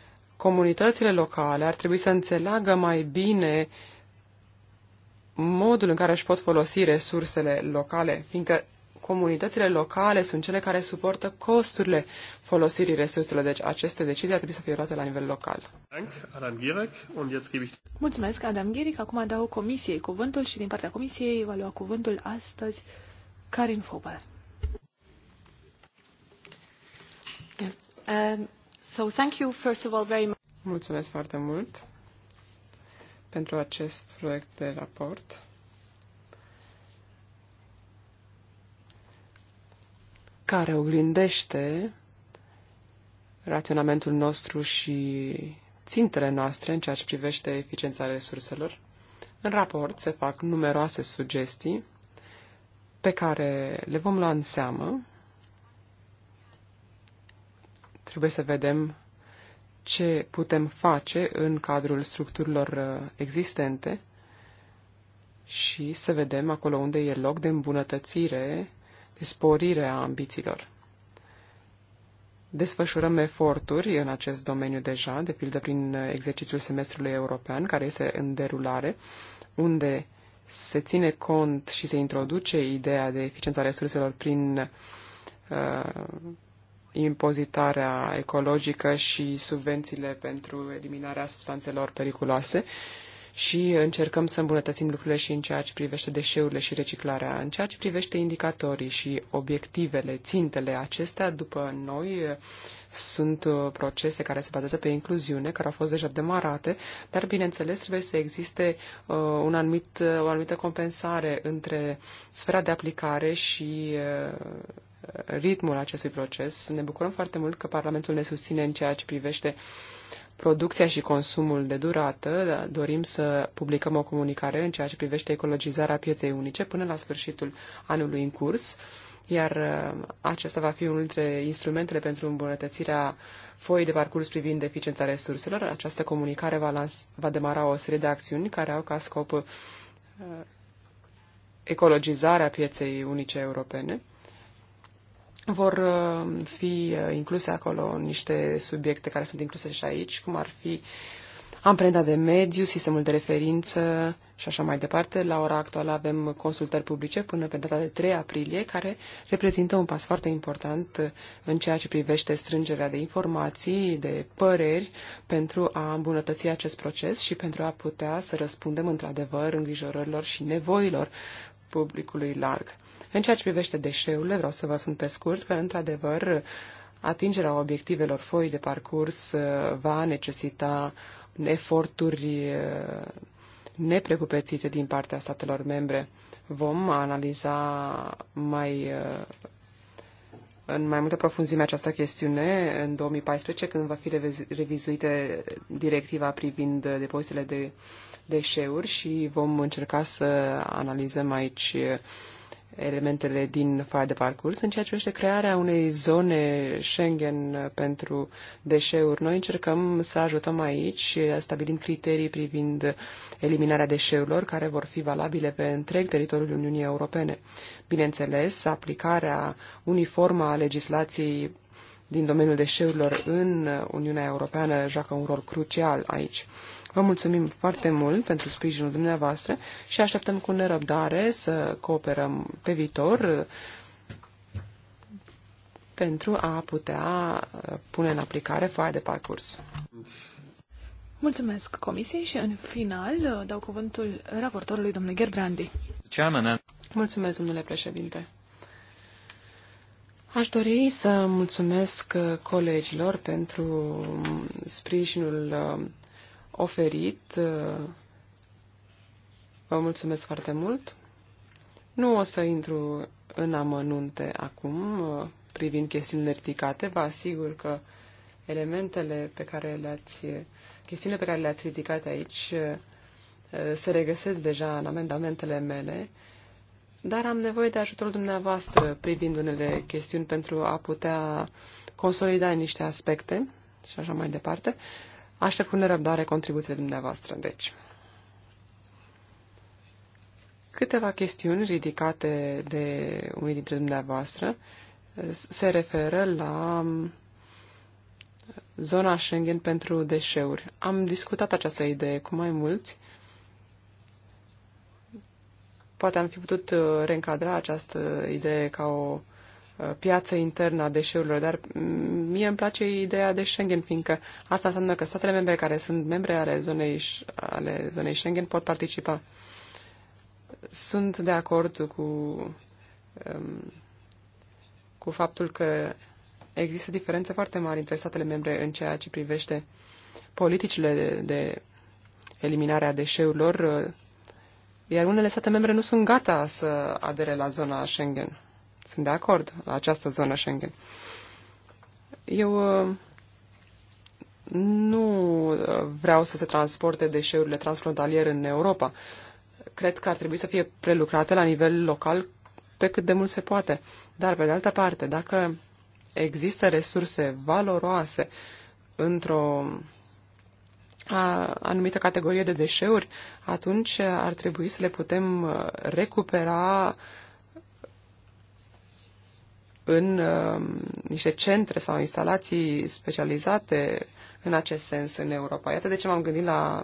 comunitățile locale ar trebui să înțeleagă mai bine modul în care își pot folosi resursele locale, fiindcă comunitățile locale sunt cele care suportă costurile folosirii resurselor. Deci aceste decizii ar trebui să fie luate la nivel local. Mulțumesc, Adam Gheric. Acum dau comisiei cuvântul și din partea comisiei va lua cuvântul astăzi Karin Fobar. So thank you first of all very much. Mulțumesc foarte mult pentru acest proiect de raport. care oglindește raționamentul nostru și țintele noastre în ceea ce privește eficiența resurselor. În raport se fac numeroase sugestii pe care le vom lua în seamă Trebuie să vedem ce putem face în cadrul structurilor uh, existente și să vedem acolo unde e loc de îmbunătățire, de sporire a ambițiilor. Desfășurăm eforturi în acest domeniu deja, de pildă prin uh, exercițiul semestrului european, care este în derulare, unde se ține cont și se introduce ideea de eficiența resurselor prin uh, impozitarea ecologică și subvențiile pentru eliminarea substanțelor periculoase și încercăm să îmbunătățim lucrurile și în ceea ce privește deșeurile și reciclarea. În ceea ce privește indicatorii și obiectivele, țintele acestea, după noi, sunt procese care se bazează pe incluziune, care au fost deja demarate, dar, bineînțeles, trebuie să existe uh, un anumit, uh, o anumită compensare între sfera de aplicare și uh, ritmul acestui proces. Ne bucurăm foarte mult că Parlamentul ne susține în ceea ce privește producția și consumul de durată. Da, dorim să publicăm o comunicare în ceea ce privește ecologizarea pieței unice până la sfârșitul anului în curs, iar uh, acesta va fi unul dintre instrumentele pentru îmbunătățirea foii de parcurs privind eficiența resurselor. Această comunicare va, lans- va demara o serie de acțiuni care au ca scop uh, ecologizarea pieței unice europene vor uh, fi uh, incluse acolo niște subiecte care sunt incluse și aici, cum ar fi amprenta de mediu, sistemul de referință și așa mai departe. La ora actuală avem consultări publice până pe data de 3 aprilie, care reprezintă un pas foarte important uh, în ceea ce privește strângerea de informații, de păreri, pentru a îmbunătăți acest proces și pentru a putea să răspundem într-adevăr îngrijorărilor și nevoilor publicului larg. În ceea ce privește deșeurile, vreau să vă spun pe scurt că, într-adevăr, atingerea obiectivelor foi de parcurs uh, va necesita eforturi uh, neprecupețite din partea statelor membre. Vom analiza mai uh, în mai multă profunzime această chestiune în 2014, când va fi revizuită directiva privind depozitele de deșeuri și vom încerca să analizăm aici elementele din foaia de parcurs. În ceea ce privește crearea unei zone Schengen pentru deșeuri, noi încercăm să ajutăm aici, stabilind criterii privind eliminarea deșeurilor care vor fi valabile pe întreg teritoriul Uniunii Europene. Bineînțeles, aplicarea uniformă a legislației din domeniul deșeurilor în Uniunea Europeană joacă un rol crucial aici. Vă mulțumim foarte mult pentru sprijinul dumneavoastră și așteptăm cu nerăbdare să cooperăm pe viitor uh, pentru a putea uh, pune în aplicare foaia de parcurs. Mulțumesc Comisiei și în final uh, dau cuvântul raportorului domnului Gerbrandi. Mulțumesc, domnule președinte. Aș dori să mulțumesc colegilor pentru um, sprijinul um, oferit. Vă mulțumesc foarte mult. Nu o să intru în amănunte acum privind chestiunile ridicate. Vă asigur că elementele pe care le-ați, chestiunile pe care le-ați ridicat aici eh, se regăsesc deja în amendamentele mele, dar am nevoie de ajutorul dumneavoastră privind unele chestiuni pentru a putea consolida niște aspecte și așa mai departe. Aștept cu nerăbdare contribuțiile dumneavoastră, deci. Câteva chestiuni ridicate de unii dintre dumneavoastră se referă la um, zona Schengen pentru deșeuri. Am discutat această idee cu mai mulți. Poate am fi putut uh, reîncadra această idee ca o Uh, piață internă a deșeurilor, dar mm, mie îmi place ideea de Schengen, fiindcă asta înseamnă că statele membre care sunt membre ale zonei, ale zonei Schengen pot participa. Sunt de acord cu, um, cu faptul că există diferențe foarte mari între statele membre în ceea ce privește politicile de, de eliminare a deșeurilor, uh, iar unele state membre nu sunt gata să adere la zona Schengen sunt de acord la această zonă Schengen. Eu uh, nu uh, vreau să se transporte deșeurile transfrontaliere în Europa. Cred că ar trebui să fie prelucrate la nivel local pe cât de mult se poate. Dar, pe de altă parte, dacă există resurse valoroase într-o anumită categorie de deșeuri, atunci ar trebui să le putem uh, recupera în uh, niște centre sau instalații specializate în acest sens în Europa. Iată de ce m-am gândit la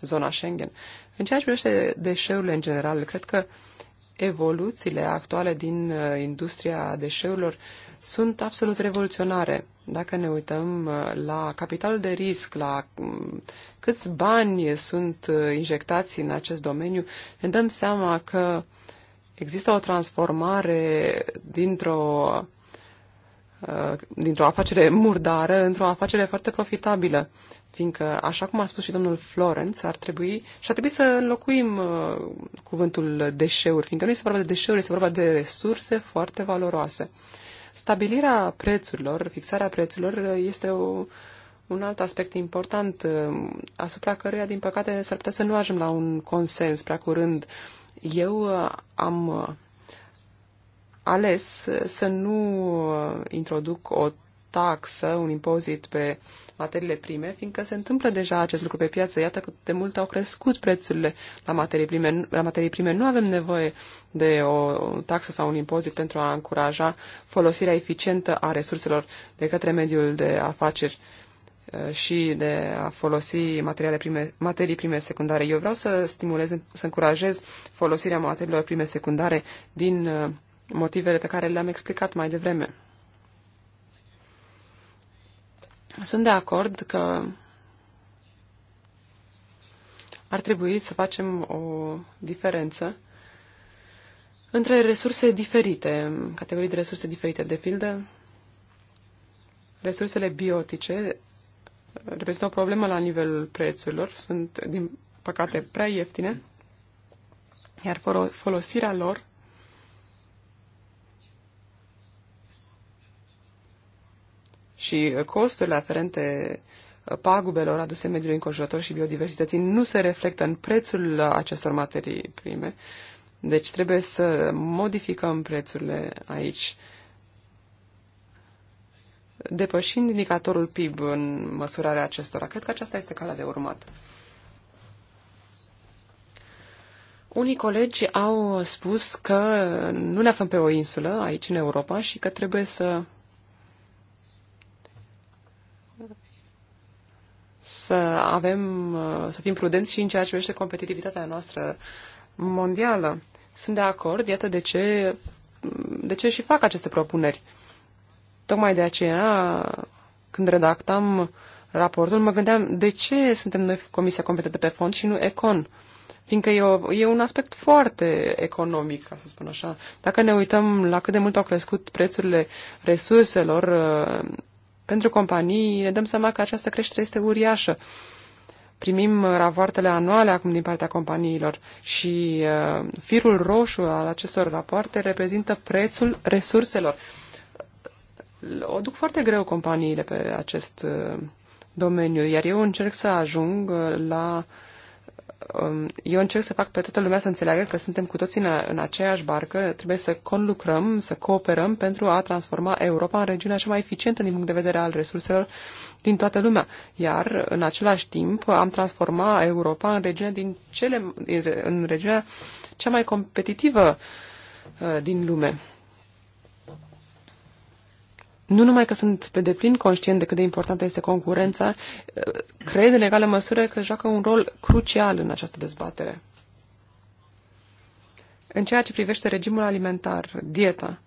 zona Schengen. În ceea ce privește deșeurile în general, cred că evoluțiile actuale din uh, industria deșeurilor sunt absolut revoluționare. Dacă ne uităm uh, la capitalul de risc, la um, câți bani sunt uh, injectați în acest domeniu, ne dăm seama că uh, există o transformare dintr-o uh, dintr-o afacere murdară într-o afacere foarte profitabilă. Fiindcă, așa cum a spus și domnul Florence, ar trebui și ar trebui să înlocuim uh, cuvântul deșeuri, fiindcă nu este vorba de deșeuri, este vorba de resurse foarte valoroase. Stabilirea prețurilor, fixarea prețurilor, uh, este o, un alt aspect important uh, asupra căruia, din păcate, s-ar putea să nu ajungem la un consens prea curând. Uh, eu uh, am uh, ales uh, să nu introduc o taxă, un impozit pe materiile prime, fiindcă se întâmplă deja acest lucru pe piață. Iată că de multe au crescut prețurile la materii prime. La materii prime nu avem nevoie de o taxă sau un impozit pentru a încuraja folosirea eficientă a resurselor de către mediul de afaceri. Uh, Uh, și de a folosi materiale prime, materii prime secundare. Eu vreau să stimulez, să încurajez folosirea materiilor prime secundare din uh, motivele pe care le-am explicat mai devreme. Sunt de acord că ar trebui să facem o diferență între resurse diferite, categorii de resurse diferite. De pildă, resursele biotice reprezintă o problemă la nivelul prețurilor, sunt, din păcate, prea ieftine, iar folosirea lor și costurile aferente pagubelor aduse mediului înconjurător și biodiversității nu se reflectă în prețul acestor materii prime. Deci trebuie să modificăm prețurile aici depășind indicatorul PIB în măsurarea acestora. Cred că aceasta este calea de urmat. Unii colegi au spus că nu ne aflăm pe o insulă aici în Europa și că trebuie să să avem, să fim prudenți și în ceea ce privește competitivitatea noastră mondială. Sunt de acord, iată de ce, de ce și fac aceste propuneri. Tocmai de aceea, când redactam raportul, mă gândeam de ce suntem noi Comisia Competentă pe Fond și nu Econ. Fiindcă e, o, e un aspect foarte economic, ca să spun așa. Dacă ne uităm la cât de mult au crescut prețurile resurselor uh, pentru companii, ne dăm seama că această creștere este uriașă. Primim rapoartele anuale acum din partea companiilor și uh, firul roșu al acestor rapoarte reprezintă prețul resurselor. Uh, o duc foarte greu companiile pe acest uh, domeniu, iar eu încerc să ajung uh, la um, eu încerc să fac pe toată lumea să înțeleagă că suntem cu toții în, în aceeași barcă, trebuie să conlucrăm, să cooperăm pentru a transforma Europa în regiunea cea mai eficientă din punct de vedere al resurselor din toată lumea. Iar, în același timp, am transforma Europa în regiunea, din cele, în regiunea cea mai competitivă uh, din lume nu numai că sunt pe deplin conștient de cât de importantă este concurența, cred în egală măsură că joacă un rol crucial în această dezbatere. În ceea ce privește regimul alimentar, dieta,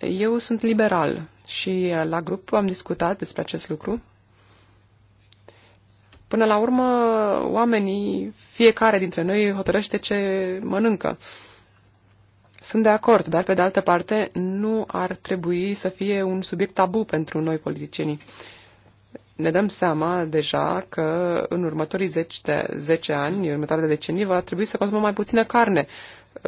eu sunt liberal și la grup am discutat despre acest lucru. Până la urmă, oamenii, fiecare dintre noi hotărăște ce mănâncă. Uh, sunt de acord, dar pe de altă parte nu ar trebui să fie un subiect tabu pentru noi politicienii. Ne dăm seama deja că în următorii 10, de, 10 ani, în următoarele decenii, va trebui să consumăm mai puțină carne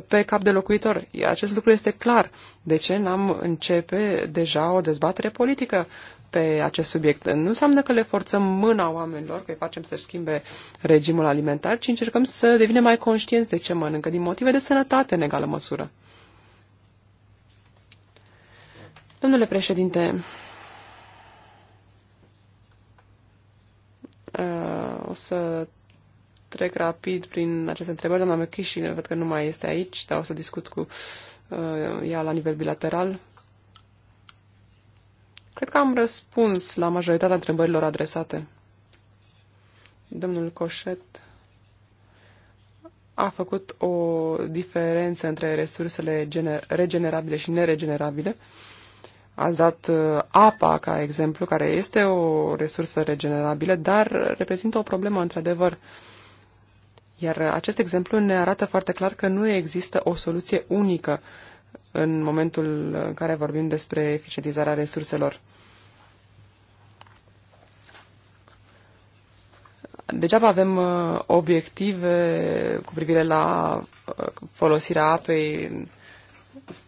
pe cap de locuitor. Acest lucru este clar. De ce n-am începe deja o dezbatere politică pe acest subiect. Nu înseamnă că le forțăm mâna oamenilor, că îi facem să schimbe regimul alimentar, ci încercăm să devine mai conștienți de ce mănâncă, din motive de sănătate în egală măsură. Domnule președinte, o să trec rapid prin aceste întrebări. Doamna McKishi, văd că nu mai este aici, dar o să discut cu ea la nivel bilateral. Cred că am răspuns la majoritatea întrebărilor adresate. Domnul Coșet a făcut o diferență între resursele regenerabile și neregenerabile. Uh, Ați dat uh, apa ca exemplu, care este o resursă regenerabilă, dar reprezintă o problemă într-adevăr. Iar acest exemplu ne arată foarte clar că nu există o soluție unică în momentul în care vorbim despre eficientizarea resurselor. Degeaba avem uh, obiective cu privire la uh, folosirea apei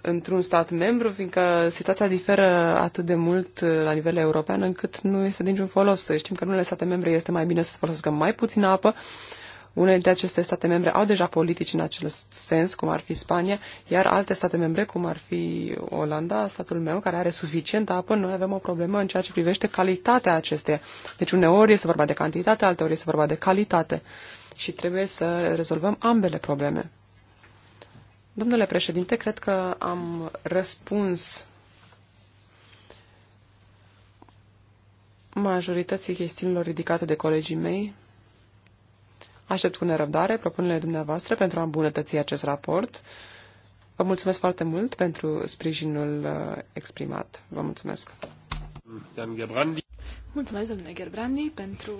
într-un stat membru, fiindcă situația diferă atât de mult uh, la nivel european încât nu este de niciun folos. Să știm că în unele state membre este mai bine să folosească mai puțină apă. Unele dintre aceste state membre au deja politici în acel sens, cum ar fi Spania, iar alte state membre, cum ar fi Olanda, statul meu, care are suficientă apă, noi avem o problemă în ceea ce privește calitatea acesteia. Deci uneori este vorba de cantitate, alteori este vorba de calitate. Și trebuie să rezolvăm ambele probleme. Domnule președinte, cred că am răspuns majorității chestiunilor ridicate de colegii mei. Aștept cu nerăbdare propunerile dumneavoastră pentru a îmbunătăți acest raport. Vă mulțumesc foarte mult pentru sprijinul uh, exprimat. Vă mulțumesc. Mulțumesc, domnule Gerbrandi, pentru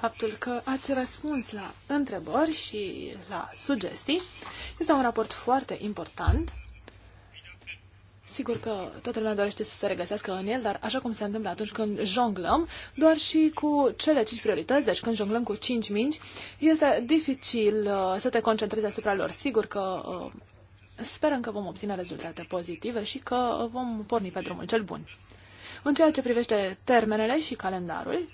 faptul că ați răspuns la întrebări și la sugestii. Este un raport foarte important. Sigur că toată lumea dorește să se regăsească în el, dar așa cum se întâmplă atunci când jonglăm, doar și cu cele cinci priorități, deci când jonglăm cu cinci mingi, este dificil uh, să te concentrezi asupra lor. Sigur că uh, sperăm că vom obține rezultate pozitive și că uh, vom porni pe drumul cel bun. În ceea ce privește termenele și calendarul,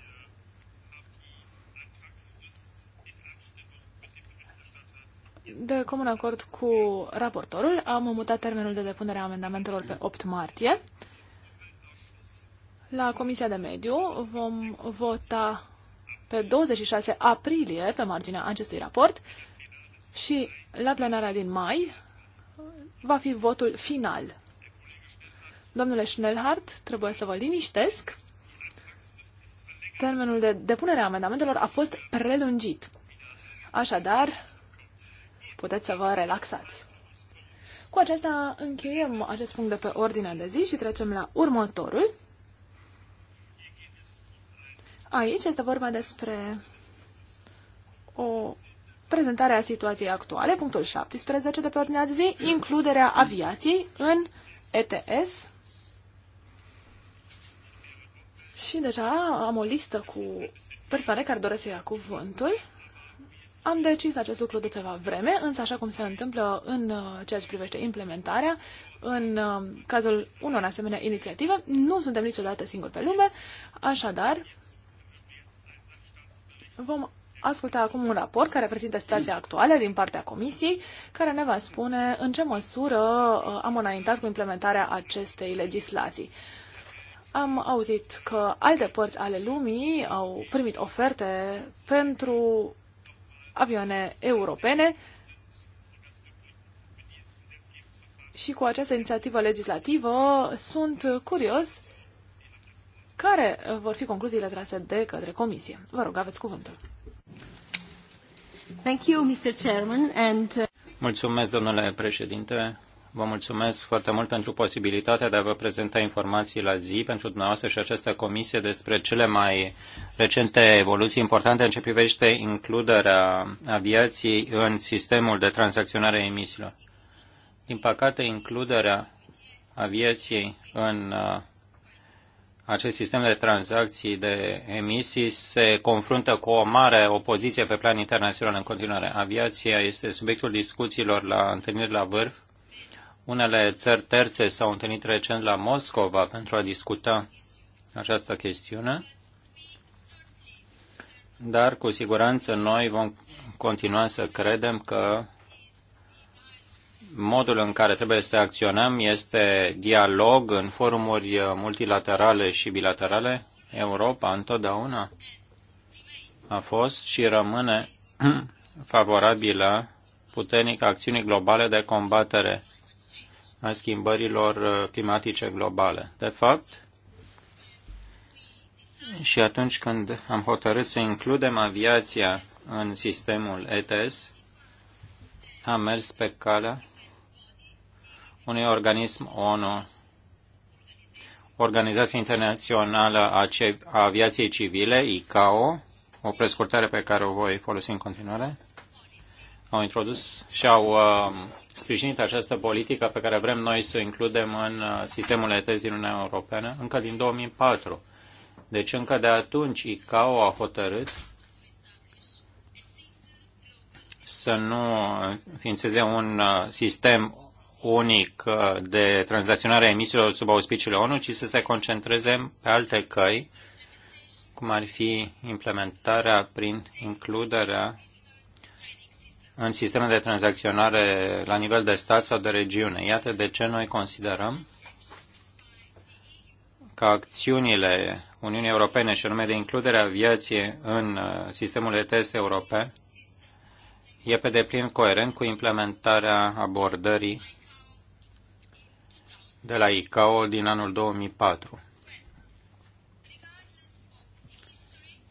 de comun acord cu raportorul, am mutat termenul de depunere a amendamentelor pe 8 martie. La Comisia de Mediu vom vota pe 26 aprilie pe marginea acestui raport și la plenarea din mai va fi votul final. Domnule Schnellhardt, trebuie să vă liniștesc. Termenul de depunere a amendamentelor a fost prelungit. Așadar, puteți să vă relaxați. Cu aceasta încheiem acest punct de pe ordinea de zi și trecem la următorul. Aici este vorba despre o prezentare a situației actuale, punctul 17 de pe ordinea de zi, includerea aviației în ETS. Și deja am o listă cu persoane care doresc să ia cuvântul. Am decis acest lucru de ceva vreme, însă așa cum se întâmplă în uh, ceea ce privește implementarea, în uh, cazul unor asemenea inițiative, nu suntem niciodată singuri pe lume, așadar vom asculta acum un raport care prezintă situația actuală din partea Comisiei, care ne va spune în ce măsură uh, am înaintat cu implementarea acestei legislații. Am auzit că alte părți ale lumii au primit oferte pentru avioane europene și cu această inițiativă legislativă sunt curios care vor fi concluziile trase de către Comisie. Vă rog, aveți cuvântul. Thank you, Mr. Chairman, and... Uh, Mulțumesc, domnule președinte. Vă mulțumesc foarte mult pentru posibilitatea de a vă prezenta informații la zi pentru dumneavoastră și această comisie despre cele mai recente evoluții importante în ce privește includerea aviației în sistemul de tranzacționare a emisiilor. Din păcate, includerea aviației în uh, acest sistem de tranzacții de emisii se confruntă cu o mare opoziție pe plan internațional în continuare. Aviația este subiectul discuțiilor la întâlniri la vârf unele țări terțe s-au întâlnit recent la Moscova pentru a discuta această chestiune, dar cu siguranță noi vom continua să credem că modul în care trebuie să acționăm este dialog în forumuri multilaterale și bilaterale. Europa întotdeauna a fost și rămâne favorabilă puternic acțiunii globale de combatere a schimbărilor uh, climatice globale. De fapt, și atunci când am hotărât să includem aviația în sistemul ETS, am mers pe calea unui organism ONU, Organizația Internațională a Aviației Civile, ICAO, o prescurtare pe care o voi folosi în continuare, au introdus și au uh, sprijinit această politică pe care vrem noi să o includem în uh, sistemul ETS din Uniunea Europeană încă din 2004. Deci încă de atunci ICAO a hotărât să nu ființeze un uh, sistem unic uh, de tranzacționare a emisiilor sub auspiciile ONU, ci să se concentreze pe alte căi, cum ar fi implementarea prin includerea în sistemul de tranzacționare la nivel de stat sau de regiune. Iată de ce noi considerăm că acțiunile Uniunii Europene și anume de includere a aviației în uh, sistemul ETS european e pe deplin coerent cu implementarea abordării de la ICAO din anul 2004.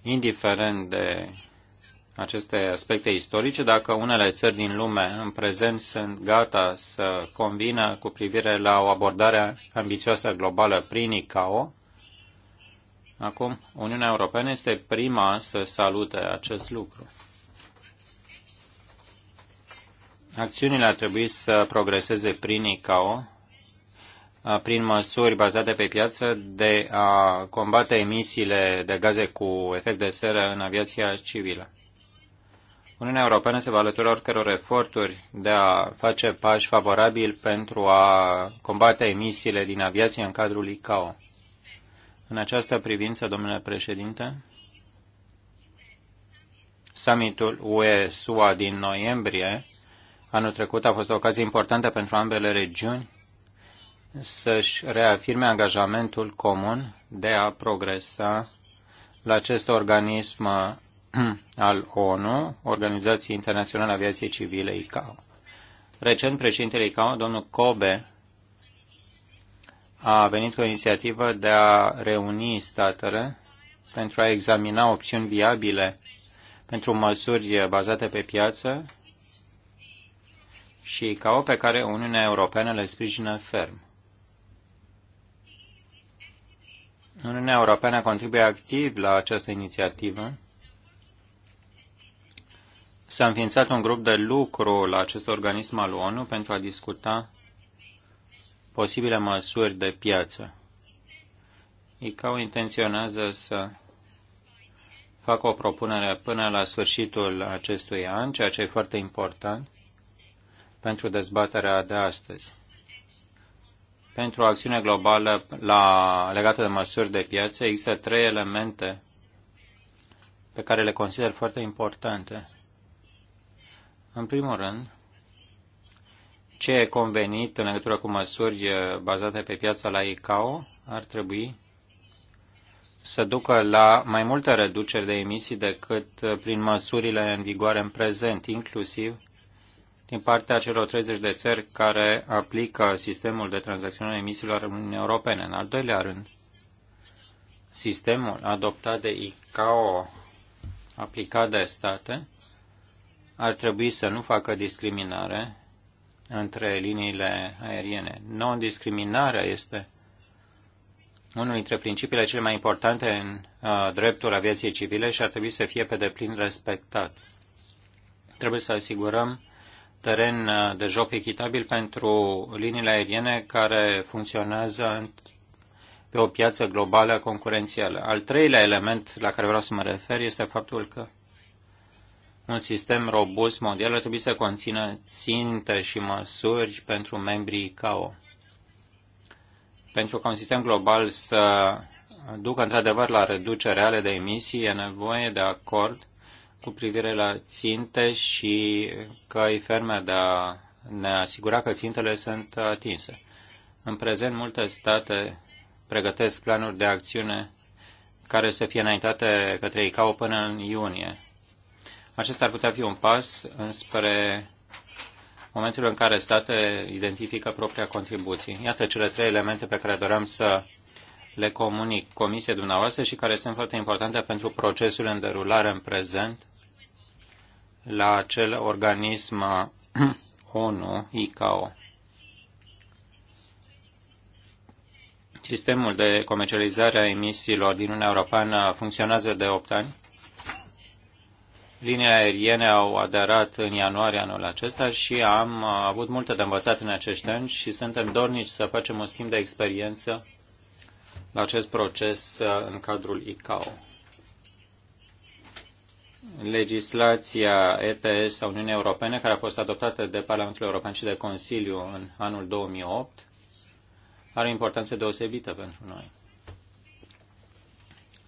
Indiferent de aceste aspecte istorice, dacă unele țări din lume în prezent sunt gata să combină cu privire la o abordare ambițioasă globală prin ICAO, acum Uniunea Europeană este prima să salute acest lucru. Acțiunile ar trebui să progreseze prin ICAO, prin măsuri bazate pe piață de a combate emisiile de gaze cu efect de seră în aviația civilă. Uniunea Europeană se va alătura oricăror eforturi de a face pași favorabili pentru a combate emisiile din aviație în cadrul ICAO. În această privință, domnule președinte, summitul UE-SUA din noiembrie anul trecut a fost o ocazie importantă pentru ambele regiuni să-și reafirme angajamentul comun de a progresa la acest organism Hmm. al ONU, Organizației Internaționale a Aviației Civile, ICAO. Recent, președintele ICAO, domnul Kobe, a venit cu o inițiativă de a reuni statele pentru a examina opțiuni viabile pentru măsuri bazate pe piață și ICAO pe care Uniunea Europeană le sprijină ferm. Uniunea Europeană contribuie activ la această inițiativă S-a înființat un grup de lucru la acest organism al ONU pentru a discuta posibile măsuri de piață. ICAO intenționează să facă o propunere până la sfârșitul acestui an, ceea ce e foarte important pentru dezbaterea de astăzi. Pentru o acțiune globală la, legată de măsuri de piață, există trei elemente pe care le consider foarte importante. În primul rând, ce e convenit în legătură cu măsuri eh, bazate pe piața la ICAO ar trebui să ducă la mai multe reduceri de emisii decât eh, prin măsurile în vigoare în prezent, inclusiv din partea celor 30 de țări care aplică sistemul de tranzacționare emisiilor în Uniunea Europene. În al doilea rând, sistemul adoptat de ICAO aplicat de state ar trebui să nu facă discriminare între liniile aeriene. Non-discriminarea este unul dintre principiile cele mai importante în uh, a, dreptul aviației civile și ar trebui să fie pe deplin respectat. Trebuie să asigurăm teren uh, de joc echitabil pentru liniile aeriene care funcționează pe o piață globală concurențială. Al treilea element la care vreau să mă refer este faptul că un sistem robust mondial ar trebui să conțină ținte și măsuri pentru membrii CAO. Pentru ca un sistem global să ducă într-adevăr la reduceri reale de emisii, e nevoie de acord cu privire la ținte și căi ferme de a ne asigura că țintele sunt atinse. În prezent, multe state pregătesc planuri de acțiune care să fie înaintate către ICAO până în iunie. Acesta ar putea fi un pas înspre momentul în care state identifică propria contribuție. Iată cele trei elemente pe care doream să le comunic comisiei dumneavoastră și care sunt foarte importante pentru procesul în derulare în prezent la acel organism ONU, ICAO. Sistemul de comercializare a emisiilor din Uniunea Europeană funcționează de 8 ani Liniile aeriene au aderat în ianuarie anul acesta și am uh, avut multe de învățat în acești ani și suntem dornici să facem un schimb de experiență la acest proces uh, în cadrul ICAO. Legislația ETS a Uniunii Europene, care a fost adoptată de Parlamentul European și de Consiliu în anul 2008, are o importanță deosebită pentru noi.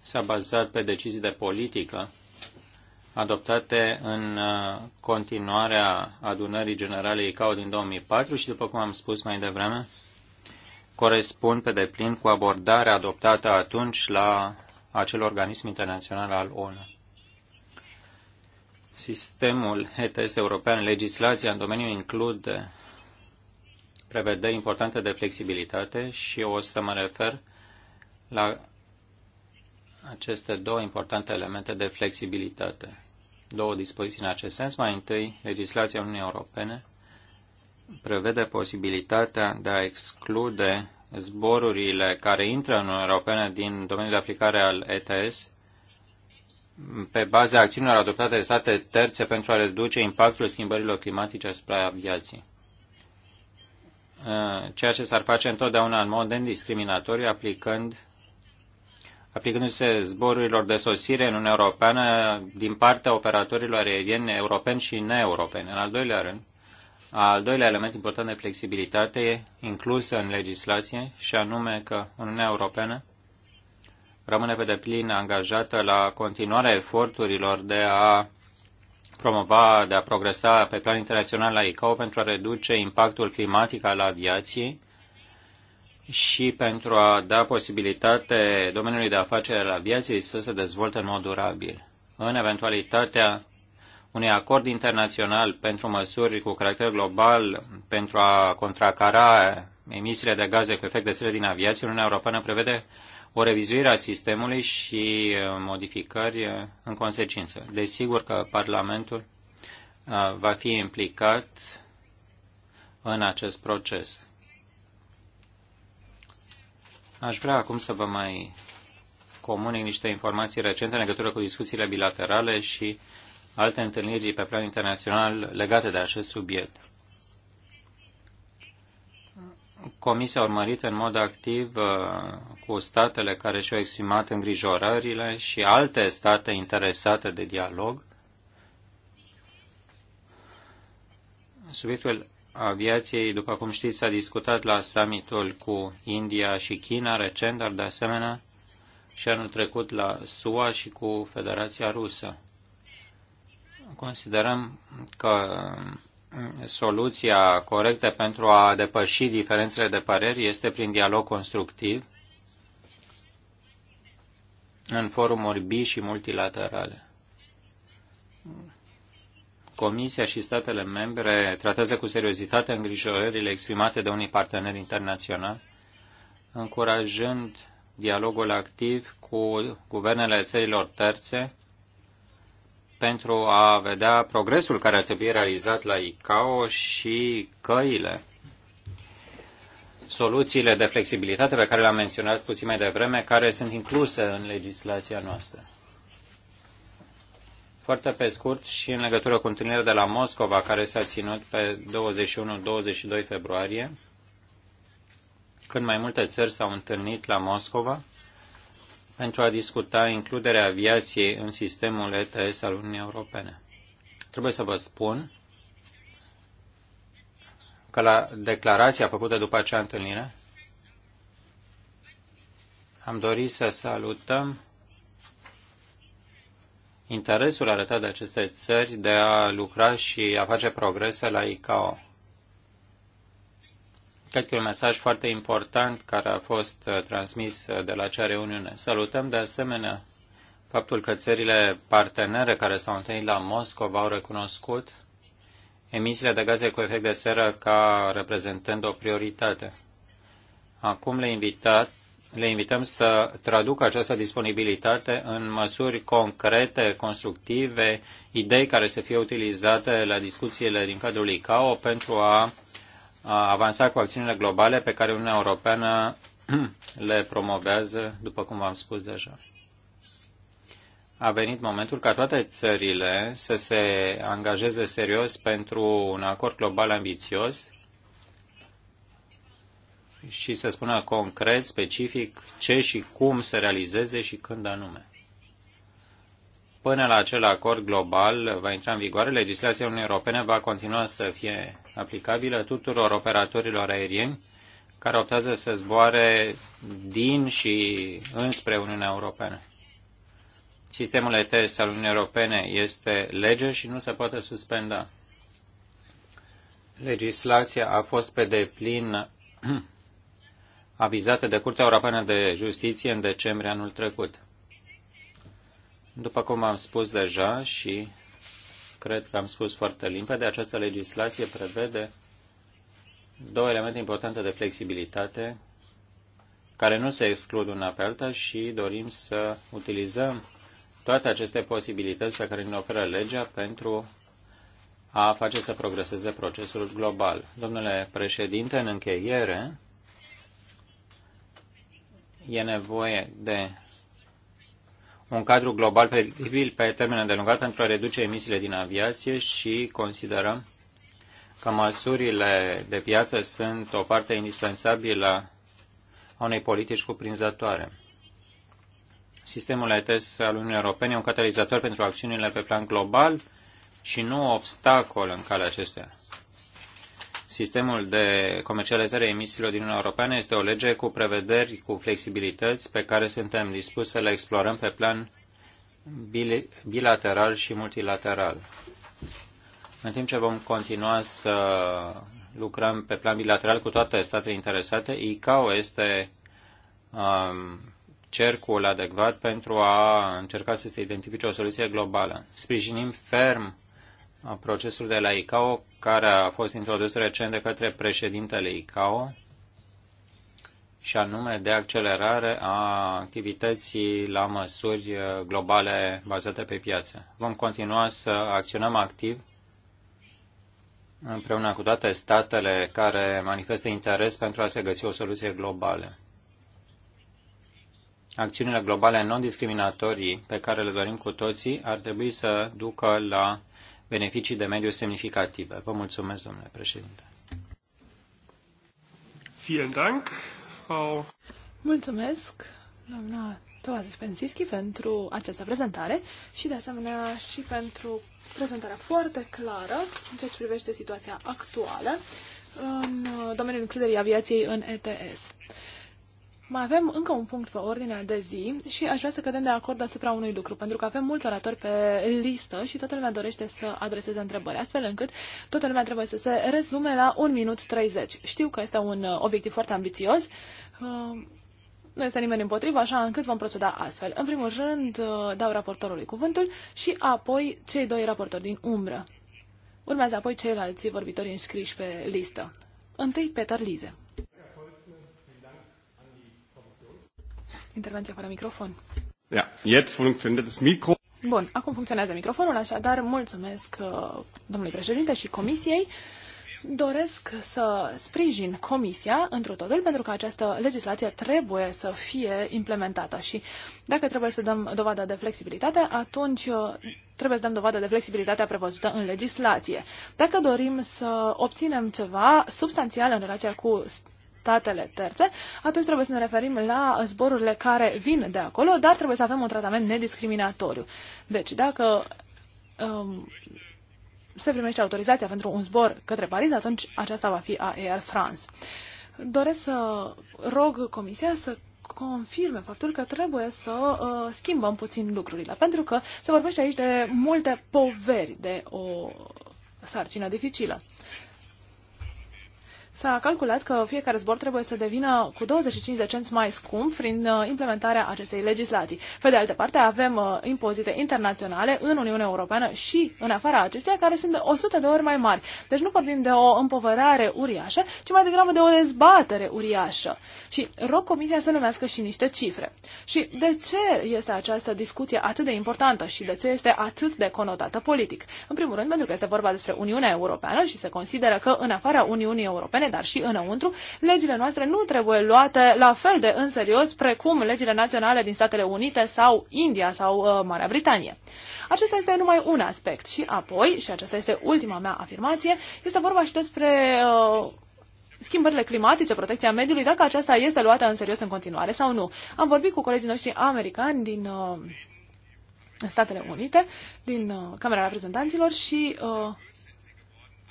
S-a bazat pe decizii de politică adoptate în uh, continuarea adunării generale ICAO din 2004 și, după cum am spus mai devreme, corespund pe deplin cu abordarea adoptată atunci la acel organism internațional al ONU. Sistemul ETS european, legislația în domeniu include prevederi importante de flexibilitate și o să mă refer la aceste două importante elemente de flexibilitate. Două dispoziții în acest sens. Mai întâi, legislația Uniunii Europene prevede posibilitatea de a exclude zborurile care intră în Uniunea Europeană din domeniul de aplicare al ETS pe baza acțiunilor adoptate de state terțe pentru a reduce impactul schimbărilor climatice asupra aviației. Ceea ce s-ar face întotdeauna în mod nediscriminatoriu aplicând aplicându-se zborurilor de sosire în Uniunea Europeană din partea operatorilor aerieni europeni și neeuropeni. În al doilea rând, al doilea element important de flexibilitate e inclusă în legislație și anume că Uniunea Europeană rămâne pe deplin angajată la continuarea eforturilor de a promova, de a progresa pe plan internațional la ICAO pentru a reduce impactul climatic al aviației și pentru a da posibilitate domeniului de afaceri al aviației să se dezvolte în mod durabil. În eventualitatea unui acord internațional pentru măsuri cu caracter global pentru a contracara emisiile de gaze cu efect de seră din aviație, Uniunea Europeană prevede o revizuire a sistemului și uh, modificări uh, în consecință. Desigur că Parlamentul uh, va fi implicat în acest proces. Aș vrea acum să vă mai comunic niște informații recente în legătură cu discuțiile bilaterale și alte întâlniri pe plan internațional legate de acest subiect. Comisia a urmărit în mod activ uh, cu statele care și-au exprimat îngrijorările și alte state interesate de dialog. Subiectul aviației, după cum știți, s-a discutat la summitul cu India și China recent, dar de asemenea și anul trecut la SUA și cu Federația Rusă. Considerăm că mm, soluția corectă pentru a depăși diferențele de păreri este prin dialog constructiv în forumuri bi și multilaterale. Comisia și statele membre tratează cu seriozitate îngrijorările exprimate de unii parteneri internaționali, încurajând dialogul activ cu guvernele țărilor terțe pentru a vedea progresul care ar trebui realizat la ICAO și căile soluțiile de flexibilitate pe care le-am menționat puțin mai devreme, care sunt incluse în legislația noastră. Foarte pe scurt și în legătură cu întâlnirea de la Moscova, care s-a ținut pe 21-22 februarie, când mai multe țări s-au întâlnit la Moscova pentru a discuta includerea aviației în sistemul ETS al Uniunii Europene. Trebuie să vă spun că la declarația făcută după acea întâlnire am dorit să salutăm interesul arătat de aceste țări de a lucra și a face progrese la ICAO. Cred că e un mesaj foarte important care a fost uh, transmis uh, de la acea reuniune. Salutăm de asemenea faptul că țările partenere care s-au întâlnit la Moscova au recunoscut emisiile de gaze cu efect de seră ca reprezentând o prioritate. Acum le invitat le invităm să traducă această disponibilitate în măsuri concrete, constructive, idei care să fie utilizate la discuțiile din cadrul ICAO pentru a avansa cu acțiunile globale pe care Uniunea Europeană le promovează, după cum v-am spus deja. A venit momentul ca toate țările să se angajeze serios pentru un acord global ambițios și să spună concret, specific, ce și cum se realizeze și când anume. Până la acel acord global va intra în vigoare, legislația Uniunii Europene va continua să fie aplicabilă tuturor operatorilor aerieni care optează să zboare din și înspre Uniunea Europeană. Sistemul ETS al Uniunii Europene este lege și nu se poate suspenda. Legislația a fost pe deplin avizate de Curtea Europeană de Justiție în decembrie anul trecut. După cum am spus deja și cred că am spus foarte limpede, această legislație prevede două elemente importante de flexibilitate care nu se exclud una pe alta și dorim să utilizăm toate aceste posibilități pe care ne oferă legea pentru a face să progreseze procesul global. Domnule președinte, în încheiere, e nevoie de un cadru global predictibil pe termen îndelungat pentru a reduce emisiile din aviație și considerăm că măsurile de piață sunt o parte indispensabilă a unei politici cuprinzătoare. Sistemul ETS al Uniunii Europene e un catalizator pentru acțiunile pe plan global și nu obstacol în calea acestea. Sistemul de comercializare a emisiilor din Uniunea Europeană este o lege cu prevederi, cu flexibilități pe care suntem dispuși să le explorăm pe plan bilateral și multilateral. În timp ce vom continua să lucrăm pe plan bilateral cu toate statele interesate, ICAO este um, cercul adecvat pentru a încerca să se identifice o soluție globală. Sprijinim ferm procesul de la ICAO, care a fost introdus recent de către președintele ICAO, și anume de accelerare a activității la măsuri uh, globale bazate pe piață. Vom continua să acționăm activ împreună cu toate statele care manifestă interes pentru a se găsi o soluție globală. Acțiunile globale non-discriminatorii pe care le dorim cu toții ar trebui să ducă la beneficii de mediu semnificative. Vă mulțumesc, domnule președinte. Vielen Dank, Frau... Mulțumesc, doamna Toa Spensiski, pentru această prezentare și, de asemenea, și pentru prezentarea foarte clară în ceea ce privește situația actuală în domeniul încrederii aviației în ETS. Mai avem încă un punct pe ordinea de zi și aș vrea să cădem de acord asupra unui lucru, pentru că avem mulți oratori pe listă și toată lumea dorește să adreseze întrebări, astfel încât toată lumea trebuie să se rezume la 1 minut 30. Știu că este un obiectiv foarte ambițios, uh, nu este nimeni împotriva, așa încât vom proceda astfel. În primul rând, uh, dau raportorului cuvântul și apoi cei doi raportori din umbră. Urmează apoi ceilalți vorbitori înscriși pe listă. Întâi Peter Lize. intervenția fără microfon. Ia, jetzt funcționează das Bun, acum funcționează microfonul, așadar mulțumesc uh, domnului președinte și comisiei. Doresc să sprijin Comisia într totul pentru că această legislație trebuie să fie implementată și dacă trebuie să dăm dovadă de flexibilitate, atunci uh, trebuie să dăm dovadă de flexibilitatea prevăzută în legislație. Dacă dorim să obținem ceva substanțial în relația cu statele terțe, atunci trebuie să ne referim la zborurile care vin de acolo, dar trebuie să avem un tratament nediscriminatoriu. Deci, dacă um, se primește autorizația pentru un zbor către Paris, atunci aceasta va fi a Air France. Doresc să rog Comisia să confirme faptul că trebuie să uh, schimbăm puțin lucrurile, pentru că se vorbește aici de multe poveri, de o sarcină dificilă. S-a calculat că fiecare zbor trebuie să devină cu 25 de cenți mai scump prin uh, implementarea acestei legislații. Pe de altă parte, avem uh, impozite internaționale în Uniunea Europeană și în afara acesteia, care sunt de 100 de ori mai mari. Deci nu vorbim de o împovărare uriașă, ci mai degrabă de o dezbatere uriașă. Și rog Comisia să numească și niște cifre. Și de ce este această discuție atât de importantă și de ce este atât de conotată politic? În primul rând, pentru că este vorba despre Uniunea Europeană și se consideră că în afara Uniunii Europene dar și înăuntru, legile noastre nu trebuie luate la fel de în serios precum legile naționale din Statele Unite sau India sau uh, Marea Britanie. Acesta este numai un aspect și apoi, și aceasta este ultima mea afirmație, este vorba și despre uh, schimbările climatice, protecția mediului, dacă aceasta este luată în serios în continuare sau nu. Am vorbit cu colegii noștri americani din uh, Statele Unite, din uh, Camera Reprezentanților și uh,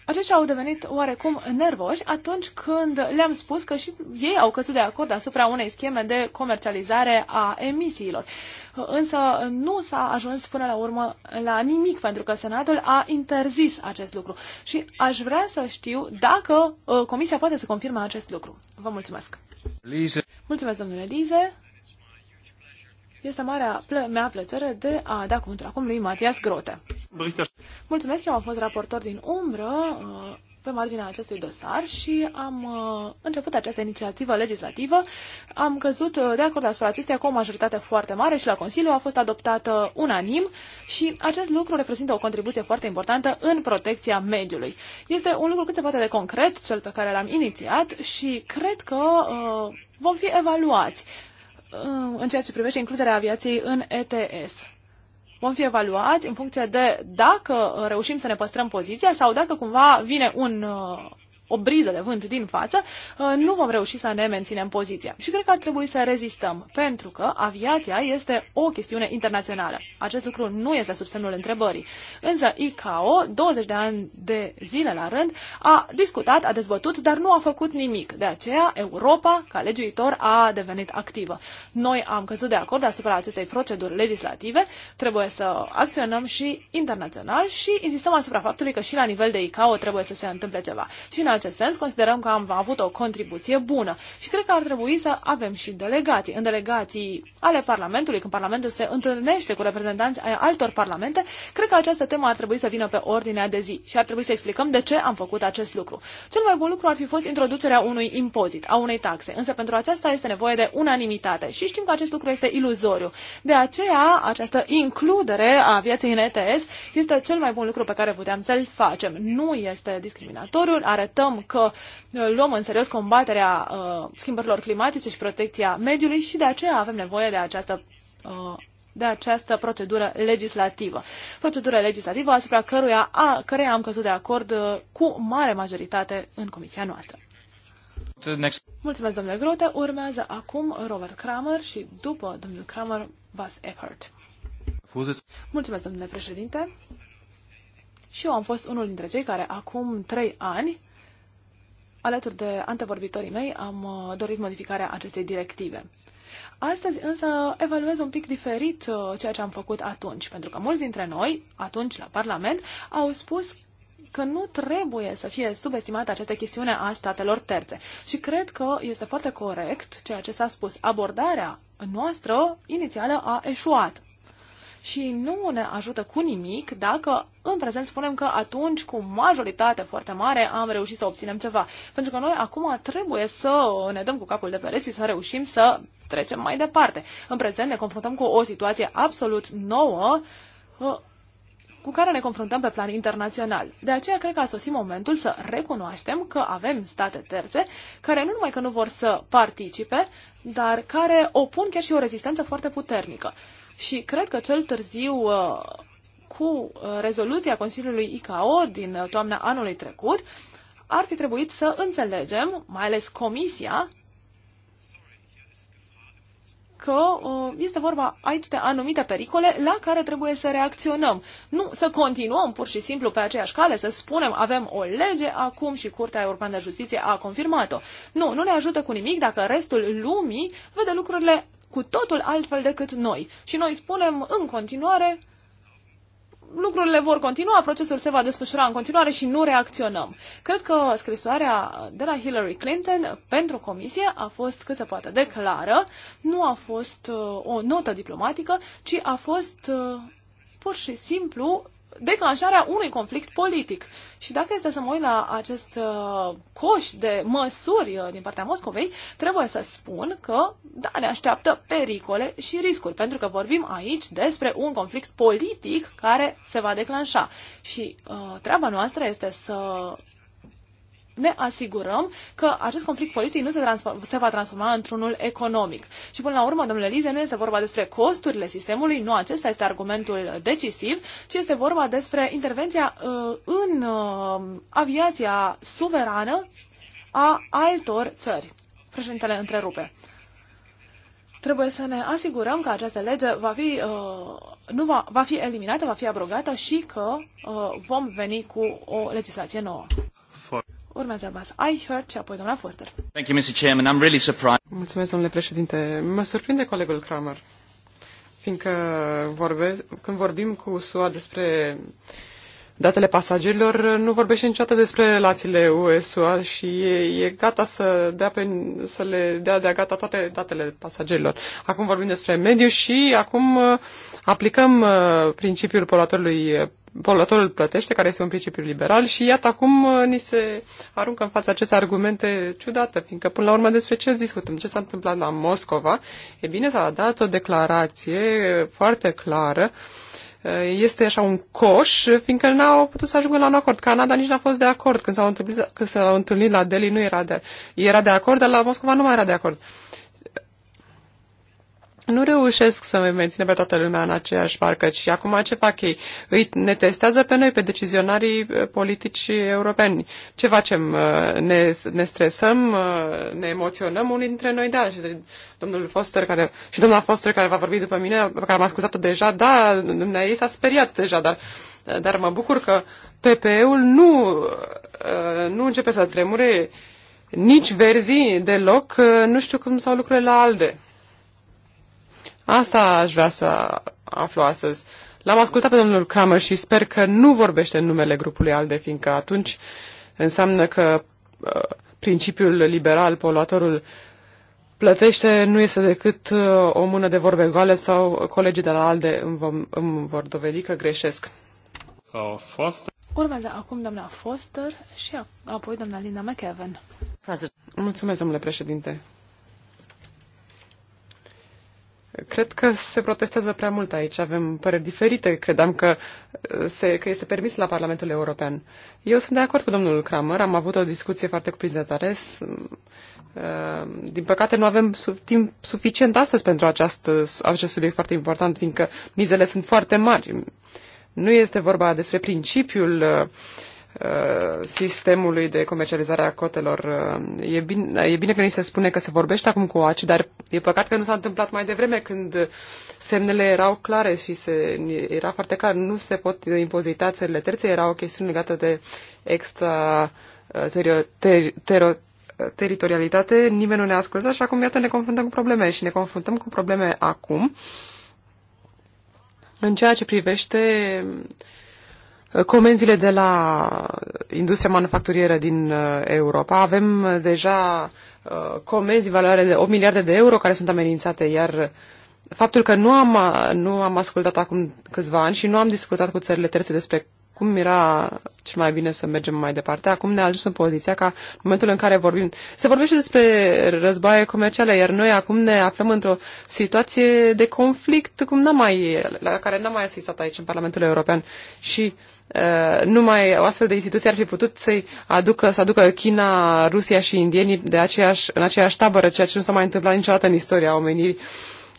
aceștia au devenit oarecum nervoși atunci când le-am spus că și ei au căzut de acord asupra unei scheme de comercializare a emisiilor. Însă nu s-a ajuns până la urmă la nimic, pentru că Senatul a interzis acest lucru. Și aș vrea să știu dacă uh, Comisia poate să confirme acest lucru. Vă mulțumesc! Lise. Mulțumesc, domnule Lize! Este marea plă- mea plăcere de a da cuvântul acum lui Matias Grote. Mulțumesc, eu am fost raportor din umbră uh, pe marginea acestui dosar și am uh, început această inițiativă legislativă. Am căzut uh, de acord asupra acesteia cu o majoritate foarte mare și la Consiliu a fost adoptată unanim și acest lucru reprezintă o contribuție foarte importantă în protecția mediului. Este un lucru cât se poate de concret, cel pe care l-am inițiat și cred că uh, vom fi evaluați. Uh, în ceea ce privește includerea aviației în ETS. Vom fi evaluați în funcție de dacă reușim să ne păstrăm poziția sau dacă cumva vine un uh, o briză de vânt din față, uh, nu vom reuși să ne menținem poziția. Și cred că ar trebui să rezistăm, pentru că aviația este o chestiune internațională. Acest lucru nu este sub semnul întrebării. Însă ICAO, 20 de ani de zile la rând, a discutat, a dezbătut, dar nu a făcut nimic. De aceea, Europa, ca legiuitor, a devenit activă. Noi am căzut de acord asupra acestei proceduri legislative, trebuie să acționăm și internațional și insistăm asupra faptului că și la nivel de ICAO trebuie să se întâmple ceva. Și în acest sens, considerăm că am avut o contribuție bună și cred că ar trebui să avem și delegații. În delegații ale Parlamentului, când Parlamentul se întâlnește cu reprezentanți ai altor parlamente, cred că această temă ar trebui să vină pe ordinea de zi și ar trebui să explicăm de ce am făcut acest lucru. Cel mai bun lucru ar fi fost introducerea unui impozit, a unei taxe, însă pentru aceasta este nevoie de unanimitate și știm că acest lucru este iluzoriu. De aceea, această includere a vieții în ETS este cel mai bun lucru pe care puteam să-l facem. Nu este discriminatoriu, arătăm arătăm că uh, luăm în serios combaterea uh, schimbărilor climatice și protecția mediului și de aceea avem nevoie de această uh, de această procedură legislativă. Procedură legislativă asupra căruia, a, căreia am căzut de acord cu mare majoritate în comisia noastră. Next. Mulțumesc, domnule Grote. Urmează acum Robert Kramer și după domnul Kramer, Bas Eckhart. Mulțumesc, domnule președinte. Și eu am fost unul dintre cei care acum trei ani alături de antevorbitorii mei, am uh, dorit modificarea acestei directive. Astăzi însă evaluez un pic diferit uh, ceea ce am făcut atunci, pentru că mulți dintre noi, atunci la Parlament, au spus că nu trebuie să fie subestimată această chestiune a statelor terțe. Și cred că este foarte corect ceea ce s-a spus. Abordarea noastră inițială a eșuat și nu ne ajută cu nimic dacă în prezent spunem că atunci cu majoritate foarte mare am reușit să obținem ceva. Pentru că noi acum trebuie să ne dăm cu capul de pereți și să reușim să trecem mai departe. În prezent ne confruntăm cu o situație absolut nouă uh, cu care ne confruntăm pe plan internațional. De aceea cred că a sosit momentul să recunoaștem că avem state terțe care nu numai că nu vor să participe, dar care opun chiar și o rezistență foarte puternică și cred că cel târziu uh, cu uh, rezoluția Consiliului ICAO din uh, toamna anului trecut, ar fi trebuit să înțelegem, mai ales Comisia, că este vorba aici de anumite pericole la care trebuie să reacționăm. Nu să continuăm pur și simplu pe aceeași cale, să spunem avem o lege acum și Curtea Europeană de Justiție a confirmat-o. Nu, nu ne ajută cu nimic dacă restul lumii vede lucrurile cu totul altfel decât noi. Și noi spunem în continuare, lucrurile vor continua, procesul se va desfășura în continuare și nu reacționăm. Cred că scrisoarea de la Hillary Clinton pentru comisie a fost cât se poate de clară, nu a fost uh, o notă diplomatică, ci a fost uh, pur și simplu declanșarea unui conflict politic. Și dacă este să mă uit la acest uh, coș de măsuri uh, din partea Moscovei, trebuie să spun că, da, ne așteaptă pericole și riscuri, pentru că vorbim aici despre un conflict politic care se va declanșa. Și uh, treaba noastră este să ne asigurăm că acest conflict politic nu se, se va transforma într-unul economic. Și până la urmă, domnule Lize, nu este vorba despre costurile sistemului, nu acesta este argumentul decisiv, ci este vorba despre intervenția uh, în uh, aviația suverană a altor țări. Președintele întrerupe. Trebuie să ne asigurăm că această lege va fi, uh, nu va, va fi eliminată, va fi abrogată și că uh, vom veni cu o legislație nouă. Urmează Bas Eichert și apoi doamna Foster. Thank you, Mr. Chairman. I'm really surprised. Mulțumesc, domnule președinte. Mă surprinde colegul Kramer, fiindcă vorbe, când vorbim cu SUA despre uh, datele pasagerilor, nu vorbește niciodată despre relațiile U.S.A. și e, e gata să, dea pe, să le dea de gata toate datele pasagerilor. Acum vorbim despre mediu și acum uh, aplicăm uh, principiul poluatorului uh, poluatorul plătește, care este un principiu liberal și iată acum ni se aruncă în fața aceste argumente ciudate, fiindcă până la urmă despre ce discutăm, ce s-a întâmplat la Moscova, e bine s-a dat o declarație foarte clară uh, Eh, este așa un coș, fiindcă n-au putut să ajungă la un acord. Canada nici n-a fost de acord. Când s-au întâlnit, când s-au întâlnit la Delhi, nu era de, era de acord, dar la Moscova nu mai era de acord nu reușesc să mențină pe toată lumea în aceeași barcă. Și acum ce fac ei? Îi, ne testează pe noi, pe decizionarii uh, politici europeni. Ce facem? Uh, ne, ne stresăm, uh, ne emoționăm unii dintre noi, da. Și domnul Foster care, și doamna Foster care va vorbi după mine, pe care am ascultat-o deja, da, dumnea ei s-a speriat deja, dar, dar mă bucur că PPE-ul nu, nu începe să tremure nici verzii deloc, nu știu cum s-au lucrurile la ALDE. Asta aș vrea să aflu astăzi. L-am ascultat pe domnul Kramer și sper că nu vorbește în numele grupului ALDE, fiindcă atunci înseamnă că uh, principiul liberal, poluatorul plătește, nu este decât uh, o mână de vorbe goale sau colegii de la ALDE îmi, vom, îmi vor dovedi că greșesc. Urmează acum doamna Foster și apoi doamna Lina McEwen. Mulțumesc, domnule președinte. Cred că se protestează prea mult aici, avem păreri diferite, credeam că, uh, se, că este permis la Parlamentul European. Eu sunt de acord cu domnul Kramer, am avut o discuție foarte cuprinzătoare. Uh, din păcate nu avem timp suficient astăzi pentru acest uh, acest subiect foarte important, fiindcă mizele sunt foarte mari. Nu este vorba despre principiul uh, Uh, sistemului de comercializare a cotelor. Uh, e bine, e bine că ni se spune că se vorbește acum cu ACI, dar e păcat că nu s-a întâmplat mai devreme când semnele erau clare și se, era foarte clar. Nu se pot impozita țările terțe, era o chestiune legată de extra uh, terio, ter, ter, teritorialitate, nimeni nu ne-a ascultat și acum, iată, ne confruntăm cu probleme și ne confruntăm cu probleme acum în ceea ce privește uh, Eh, comenzile de la industria manufacturieră din eh, Europa. Avem eh, deja comenzi valoare de 8 miliarde de euro care sunt amenințate, iar faptul că nu am, nu am ascultat acum câțiva ani și nu am discutat cu țările terțe despre cum era cel mai bine să mergem mai departe. Acum ne-a ajuns în poziția ca în momentul în care vorbim. Se vorbește despre războaie comerciale, iar noi acum ne aflăm într-o situație de conflict cum n-am mai, la care n-am mai asistat aici în Parlamentul European. Și uh, Uh, numai o astfel de instituție ar fi putut să-i aducă, să aducă China, Rusia și indienii de aceeași, în aceeași tabără, ceea ce nu s-a mai întâmplat niciodată în istoria omenirii,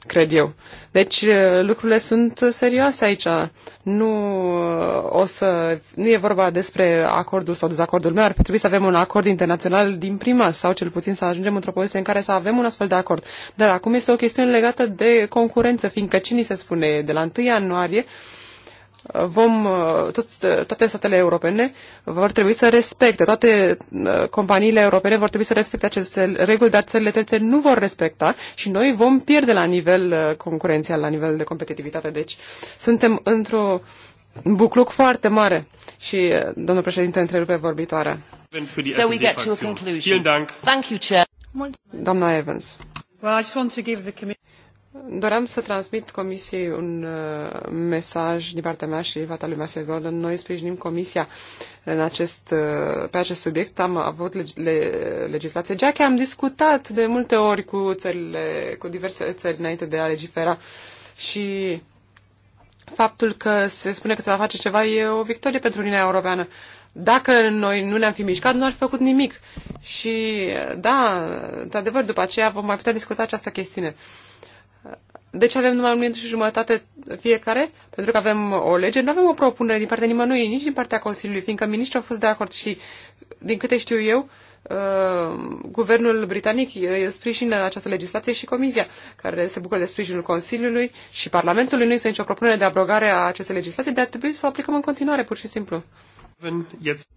cred eu. Deci uh, lucrurile sunt serioase aici. Nu, uh, o să, nu e vorba despre acordul sau dezacordul meu. Ar trebui să avem un acord internațional din prima sau cel puțin să ajungem într-o poziție în care să avem un astfel de acord. Dar acum este o chestiune legată de concurență, fiindcă cine se spune de la 1 ianuarie vom, uh, toți, toate statele europene vor trebui să respecte, toate uh, companiile europene vor trebui să respecte aceste reguli, dar țările terțe nu vor respecta și noi vom pierde la nivel uh, concurențial, la nivel de competitivitate. Deci suntem într-o bucluc foarte mare și domnul președinte întrerupe vorbitoarea. So we get to a conclusion. Thank you, Chair. Doamna Evans. Well, I just want to give the committee... Doream să transmit comisiei un uh, mesaj din partea mea și fata lui Master Gordon. Noi sprijinim comisia în acest, uh, pe acest subiect. Am avut leg le, legislație GEACHE. Am discutat de multe ori cu, țările, cu diverse țări înainte de a legifera și faptul că se spune că se va face ceva e o victorie pentru Uniunea Europeană. Dacă noi nu ne-am fi mișcat, nu ar fi făcut nimic. Și da, într-adevăr, după aceea vom mai putea discuta această chestiune. Uh, de deci ce avem numai un minut și jumătate fiecare, pentru că avem o lege. Nu avem o propunere din partea nimănui, nici din partea Consiliului, fiindcă ministrul a fost de acord și, din câte știu eu, uh, guvernul britanic sprijină această legislație și Comisia, care se bucură de sprijinul Consiliului și Parlamentului. Nu este nicio propunere de abrogare a acestei legislații, dar trebuie să o aplicăm în continuare, pur și simplu.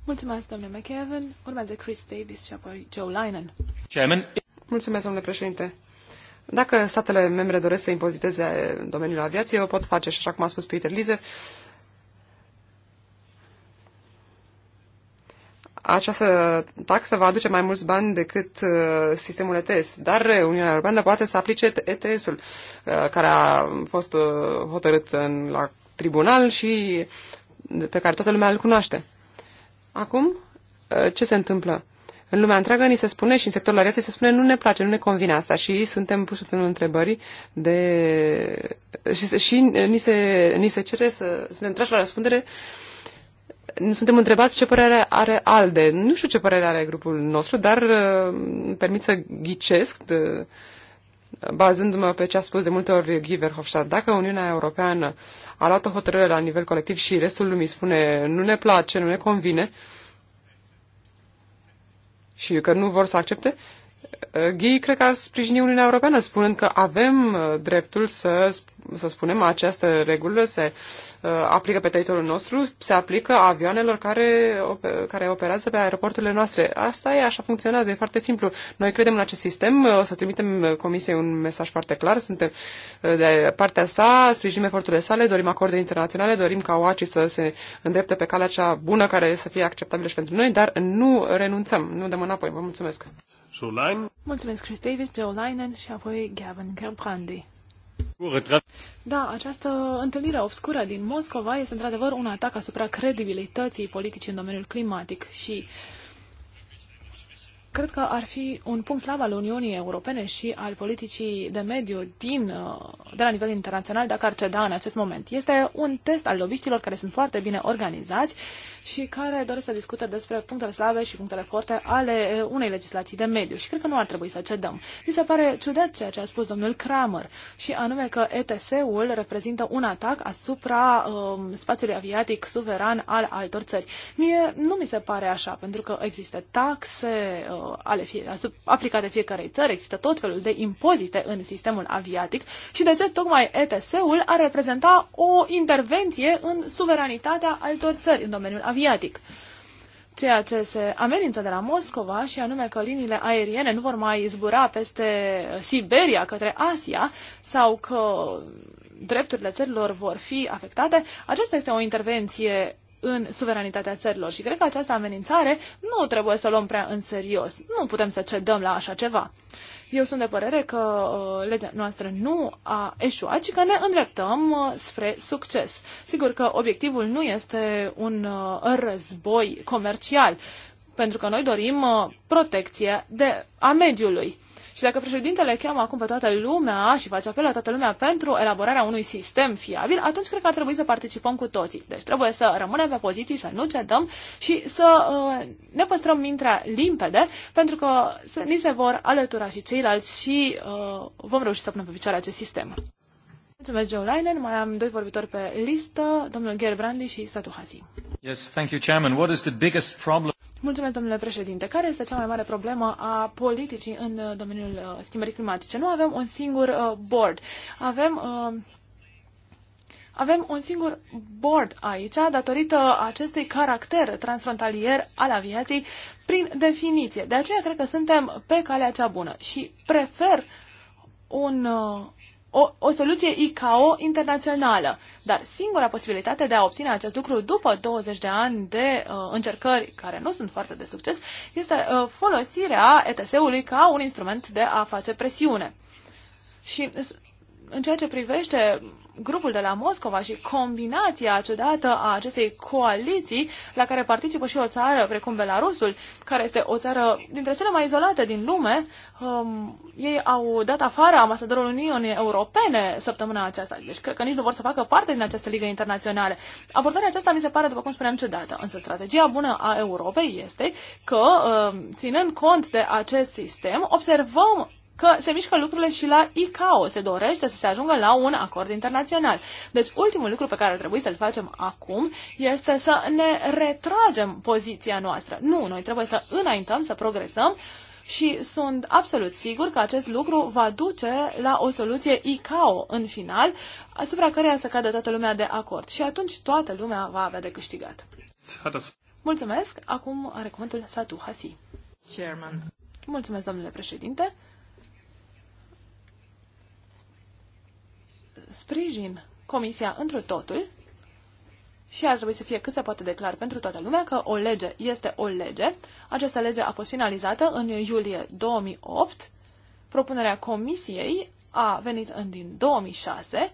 Mulțumesc, domnule McEvan. Urmează Chris Davis și apoi Joe Linen. Chairman. Mulțumesc, domnule președinte. Dacă statele membre doresc să impoziteze domeniul aviației, o pot face și așa cum a spus Peter Lise. Această taxă va aduce mai mulți bani decât uh, sistemul ETS, dar Uniunea Europeană poate să aplice ETS-ul, uh, care a fost uh, hotărât în, la tribunal și pe care toată lumea îl cunoaște. Acum, uh, ce se întâmplă? În lumea întreagă ni se spune și în sectorul aviației se spune nu ne place, nu ne convine asta și suntem puși în întrebări de... și, și ni, se, ni se cere să ne întrași la răspundere suntem întrebați ce părere are ALDE. Nu știu ce părere are grupul nostru, dar îmi uh, permit să ghicesc, de, bazându-mă pe ce a spus de multe ori Giver Verhofstadt. Dacă Uniunea Europeană a luat o hotărâre la nivel colectiv și restul lumii spune nu ne place, nu ne convine, uh, și că nu vor să accepte, uh, Ghii cred că ar sprijini Uniunea Europeană, spunând că avem uh, dreptul să, să spunem această regulă, să Uh, aplică pe teritoriul nostru se aplică avioanelor care, care operează pe aeroporturile noastre. Asta e, așa funcționează, e foarte simplu. Noi credem în acest sistem, uh, o să trimitem Comisiei un mesaj foarte clar, suntem uh, de partea sa, sprijinim eforturile sale, dorim acorde internaționale, dorim ca OACI să se îndrepte pe calea cea bună care să fie acceptabilă și pentru noi, dar nu renunțăm, nu dăm înapoi. Vă mulțumesc! Mulțumesc, Chris Davis, Joe Leinen și apoi Gavin Gerbrandi. Da, această întâlnire obscură din Moscova este într-adevăr un atac asupra credibilității politicii în domeniul climatic și uh, cred că ar fi un punct slab al Uniunii Europene și al politicii de mediu din, uh, de la nivel internațional dacă ar ceda în acest moment. Este un test al lobiștilor care sunt foarte bine organizați și care doresc să discute despre punctele slabe și punctele forte ale uh, unei legislații de mediu și cred că nu ar trebui să cedăm. Mi se pare ciudat ceea ce a spus domnul Kramer și anume că ETS-ul reprezintă un atac asupra um, spațiului aviatic suveran al altor țări. Mie nu mi se pare așa, pentru că există taxe, uh, ale fie, aplicate fiecarei țări, există tot felul de impozite în sistemul aviatic și de ce tocmai ETS-ul ar reprezenta o intervenție în suveranitatea altor țări în domeniul aviatic. Ceea ce se amenință de la Moscova și anume că liniile aeriene nu vor mai zbura peste Siberia către Asia sau că drepturile țărilor vor fi afectate, aceasta este o intervenție în suveranitatea țărilor și cred că această amenințare nu trebuie să o luăm prea în serios. Nu putem să cedăm la așa ceva. Eu sunt de părere că uh, legea noastră nu a eșuat, ci că ne îndreptăm uh, spre succes. Sigur că obiectivul nu este un uh, război comercial, pentru că noi dorim uh, protecție de, a mediului și dacă președintele cheamă acum pe toată lumea și face apel la toată lumea pentru elaborarea unui sistem fiabil, atunci cred că ar trebui să participăm cu toții. Deci trebuie să rămânem pe poziții, să nu cedăm și să uh, ne păstrăm mintea limpede, pentru că să, ni se vor alătura și ceilalți și uh, vom reuși să punem pe picioare acest sistem. Mulțumesc, Joe Leinen. Mai am doi vorbitori pe listă, domnul Gerbrandi și Satu Hazi. Yes, thank you, Chairman. What is the biggest problem? Mulțumesc, domnule președinte. Care este cea mai mare problemă a politicii în uh, domeniul uh, schimbării climatice? Nu avem un singur uh, board. Avem avem un singur board aici, datorită acestui caracter transfrontalier al aviației, prin definiție. De aceea cred că suntem pe calea cea bună și prefer un, o, o soluție ICAO internațională. Dar singura posibilitate de a obține acest lucru după 20 de ani de uh, încercări care nu sunt foarte de succes este uh, folosirea ETS-ului ca un instrument de a face presiune. Și în ceea ce privește grupul de la Moscova și combinația ciudată a acestei coaliții la care participă și o țară precum Belarusul, care este o țară dintre cele mai izolate din lume, um, ei au dat afară ambasadorul Uniunii Europene săptămâna aceasta. Deci cred că nici nu vor să facă parte din această ligă internațională. Abordarea aceasta mi se pare, după cum spuneam, ciudată. Însă strategia bună a Europei este că, um, ținând cont de acest sistem, observăm că se mișcă lucrurile și la ICAO. Se dorește să se ajungă la un acord internațional. Deci ultimul lucru pe care ar trebui să-l facem acum este să ne retragem poziția noastră. Nu, noi trebuie să înaintăm, să progresăm și sunt absolut sigur că acest lucru va duce la o soluție ICAO în final, asupra căreia să cadă toată lumea de acord. Și atunci toată lumea va avea de câștigat. Mulțumesc! Acum are cuvântul Satu Hasi. Chairman. Mulțumesc, domnule președinte. sprijin Comisia întru totul și ar trebui să fie cât se poate de clar pentru toată lumea că o lege este o lege. Această lege a fost finalizată în iulie 2008. Propunerea Comisiei a venit în din 2006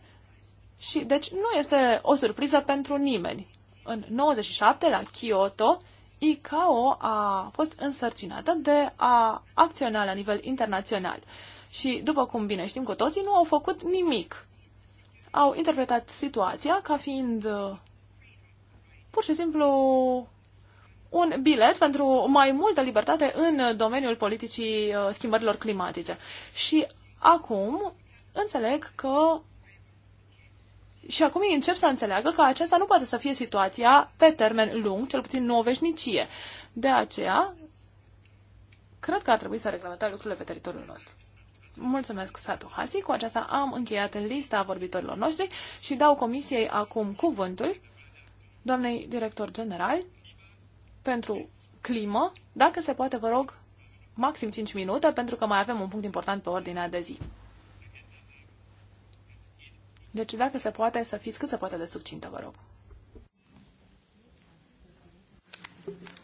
și deci nu este o surpriză pentru nimeni. În 97 la Kyoto, ICAO a fost însărcinată de a acționa la nivel internațional. Și, după cum bine știm cu toții, nu au făcut nimic au interpretat situația ca fiind uh, pur și simplu un bilet pentru mai multă libertate în domeniul politicii uh, schimbărilor climatice. Și acum înțeleg că și acum ei încep să înțeleagă că aceasta nu poate să fie situația pe termen lung, cel puțin nu o veșnicie. De aceea, cred că ar trebui să reglementăm lucrurile pe teritoriul nostru. Mulțumesc, Satu Hasi. Cu aceasta am încheiat lista vorbitorilor noștri și dau comisiei acum cuvântul doamnei director general pentru climă. Dacă se poate, vă rog, maxim 5 minute, pentru că mai avem un punct important pe ordinea de zi. Deci, dacă se poate, să fiți cât se poate de succintă, vă rog.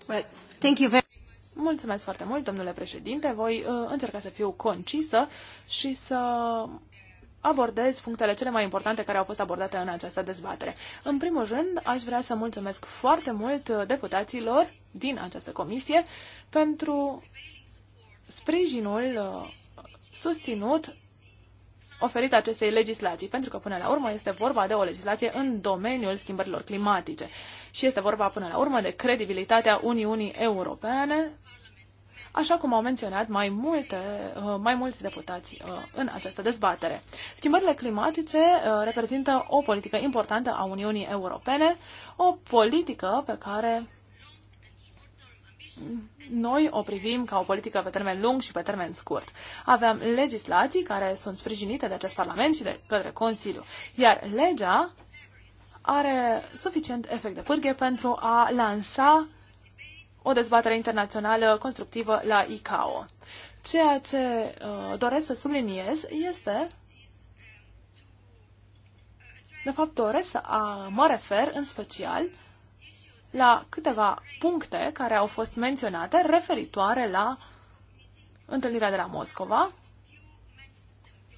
Well, thank you very Mulțumesc foarte mult, domnule președinte. Voi uh, încerca să fiu concisă și să abordez punctele cele mai importante care au fost abordate în această dezbatere. În primul rând, aș vrea să mulțumesc foarte mult uh, deputaților din această comisie pentru sprijinul uh, susținut oferit acestei legislații, pentru că până la urmă este vorba de o legislație în domeniul schimbărilor climatice și este vorba până la urmă de credibilitatea Uniunii Europene așa cum au menționat mai, multe, uh, mai mulți deputați uh, în această dezbatere. Schimbările climatice uh, reprezintă o politică importantă a Uniunii Europene, o politică pe care noi o privim ca o politică pe termen lung și pe termen scurt. Avem legislații care sunt sprijinite de acest Parlament și de către Consiliu, iar legea are suficient efect de pârghie pentru a lansa o dezbatere internațională constructivă la ICAO. Ceea ce uh, doresc să subliniez este, de fapt doresc să a, mă refer în special la câteva puncte care au fost menționate referitoare la întâlnirea de la Moscova.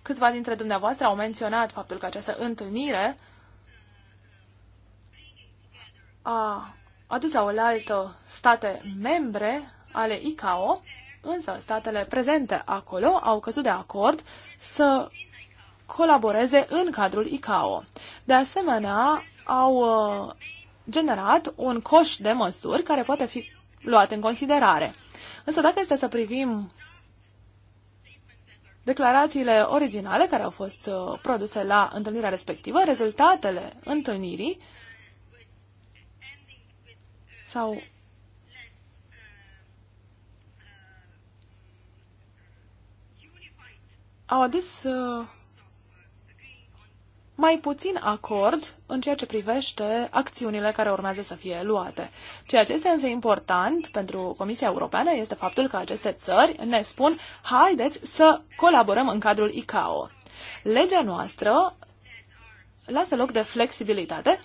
Câțiva dintre dumneavoastră au menționat faptul că această întâlnire a atâția o altă state membre ale ICAO, însă statele prezente acolo au căzut de acord să colaboreze în cadrul ICAO. De asemenea, au uh, generat un coș de măsuri care poate fi luat în considerare. Însă dacă este să privim declarațiile originale care au fost uh, produse la întâlnirea respectivă, rezultatele întâlnirii sau au adus uh, mai puțin acord în ceea ce privește acțiunile care urmează să fie luate. Ceea ce este însă important pentru Comisia Europeană este faptul că aceste țări ne spun haideți să colaborăm în cadrul ICAO. Legea noastră lasă loc de flexibilitate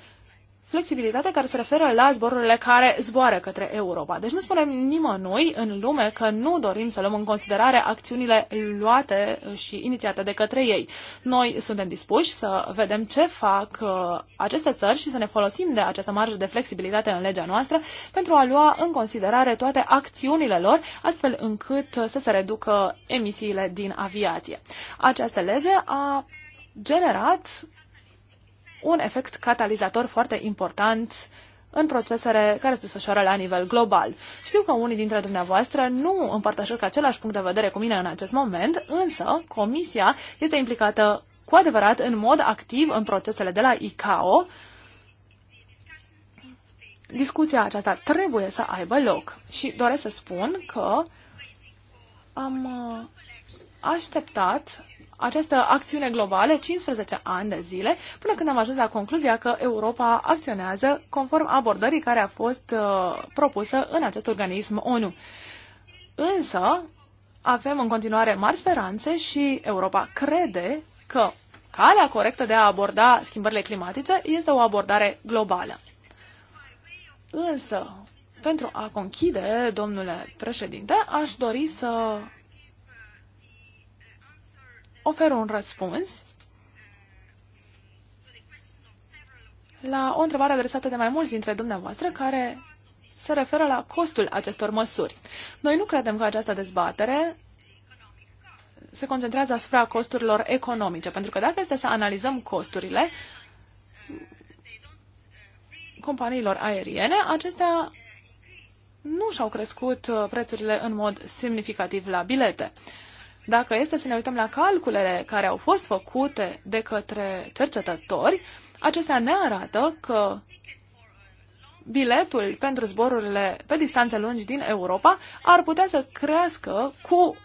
flexibilitate care se referă la zborurile care zboară către Europa. Deci nu spunem nimănui în lume că nu dorim să luăm în considerare acțiunile luate și inițiate de către ei. Noi suntem dispuși să vedem ce fac uh, aceste țări și să ne folosim de această marjă de flexibilitate în legea noastră pentru a lua în considerare toate acțiunile lor, astfel încât să se reducă emisiile din aviație. Această lege a generat un efect catalizator foarte important în procesele care se desfășoară la nivel global. Știu că unii dintre dumneavoastră nu împărtășesc același punct de vedere cu mine în acest moment, însă Comisia este implicată cu adevărat în mod activ în procesele de la ICAO. Discuția aceasta trebuie să aibă loc și doresc să spun că am uh, așteptat această acțiune globală 15 ani de zile, până când am ajuns la concluzia că Europa acționează conform abordării care a fost uh, propusă în acest organism ONU. Însă, avem în continuare mari speranțe și Europa crede că calea corectă de a aborda schimbările climatice este o abordare globală. Însă, pentru a conchide, domnule președinte, aș dori să oferă un răspuns la o întrebare adresată de mai mulți dintre dumneavoastră care se referă la costul acestor măsuri. Noi nu credem că această dezbatere se concentrează asupra costurilor economice, pentru că dacă este să analizăm costurile companiilor aeriene, acestea nu și-au crescut uh, prețurile în mod semnificativ la bilete. Uh, dacă este să ne uităm la calculele care au fost făcute de către cercetători, acestea ne arată că biletul pentru zborurile pe distanțe lungi din Europa ar putea să crească cu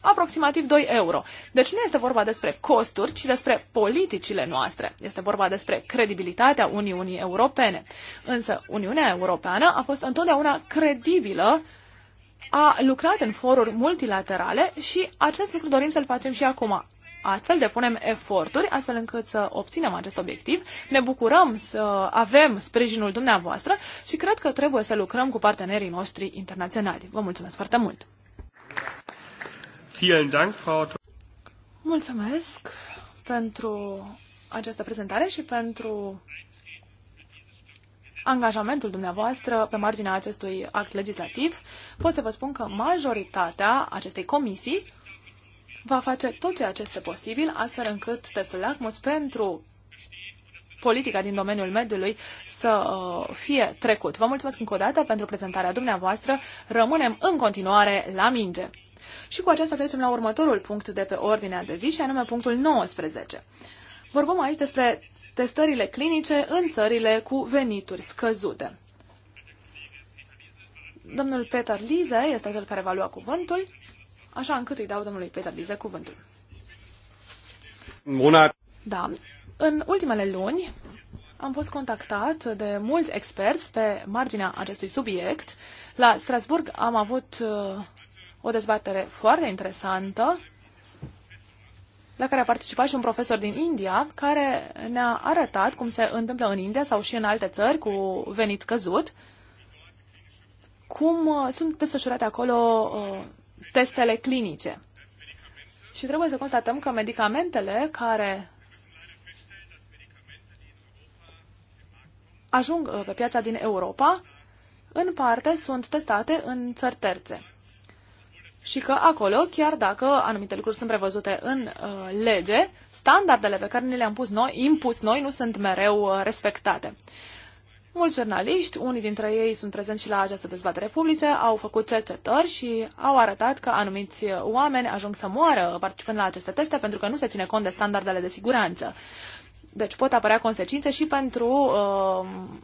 aproximativ 2 euro. Deci nu este vorba despre costuri, ci despre politicile noastre. Este vorba despre credibilitatea Uniunii Europene. Însă Uniunea Europeană a fost întotdeauna credibilă a lucrat în foruri multilaterale și acest lucru dorim să-l facem și acum. Astfel depunem eforturi, astfel încât să obținem acest obiectiv. Ne bucurăm să avem sprijinul dumneavoastră și cred că trebuie să lucrăm cu partenerii noștri internaționali. Vă mulțumesc foarte mult! Mulțumesc pentru această prezentare și pentru angajamentul dumneavoastră pe marginea acestui act legislativ, pot să vă spun că majoritatea acestei comisii va face tot ceea ce este posibil, astfel încât testul LACMUS pentru politica din domeniul mediului să uh, fie trecut. Vă mulțumesc încă o dată pentru prezentarea dumneavoastră. Rămânem în continuare la minge. Și cu aceasta trecem la următorul punct de pe ordinea de zi și anume punctul 19. Vorbim aici despre testările clinice în țările cu venituri scăzute. Domnul Peter Lize este cel care va lua cuvântul, așa încât îi dau domnului Peter Lize cuvântul. Bună! Da. În ultimele luni am fost contactat de mulți experți pe marginea acestui subiect. La Strasburg am avut uh, o dezbatere foarte interesantă la care a participat și un profesor din India, care ne-a arătat cum se întâmplă în India sau și în alte țări cu venit căzut, cum uh, sunt desfășurate acolo uh, testele clinice. Și trebuie să constatăm că medicamentele care ajung uh, pe piața din Europa, în parte sunt testate în țări terțe și că acolo, chiar dacă anumite lucruri sunt prevăzute în uh, lege, standardele pe care ne le-am pus noi, impus noi, nu sunt mereu uh, respectate. Mulți jurnaliști, unii dintre ei sunt prezenți și la această dezbatere publice, au făcut cercetări și au arătat că anumiți uh, oameni ajung să moară participând la aceste teste pentru că nu se ține cont de standardele de siguranță. Deci pot apărea consecințe și pentru uh,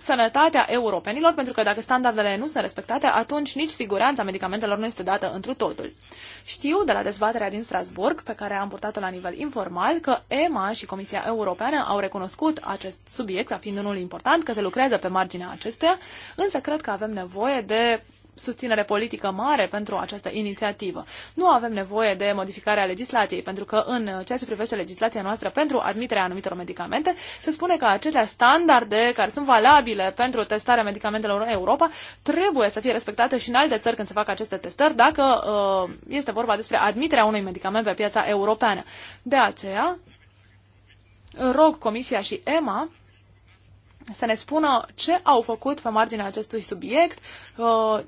sănătatea europenilor, pentru că dacă standardele nu sunt respectate, atunci nici siguranța medicamentelor nu este dată întru totul. Știu de la dezbaterea din Strasburg, pe care am purtat-o la nivel informal, că EMA și Comisia Europeană au recunoscut acest subiect ca fiind unul important, că se lucrează pe marginea acestuia, însă cred că avem nevoie de susținere politică mare pentru această inițiativă. Nu avem nevoie de modificarea legislației, pentru că în ceea ce privește legislația noastră pentru admiterea anumitor medicamente, se spune că acelea standarde care sunt valabile pentru testarea medicamentelor în Europa trebuie să fie respectate și în alte țări când se fac aceste testări, dacă uh, este vorba despre admiterea unui medicament pe piața europeană. De aceea, rog Comisia și EMA să ne spună ce au făcut pe marginea acestui subiect, uh,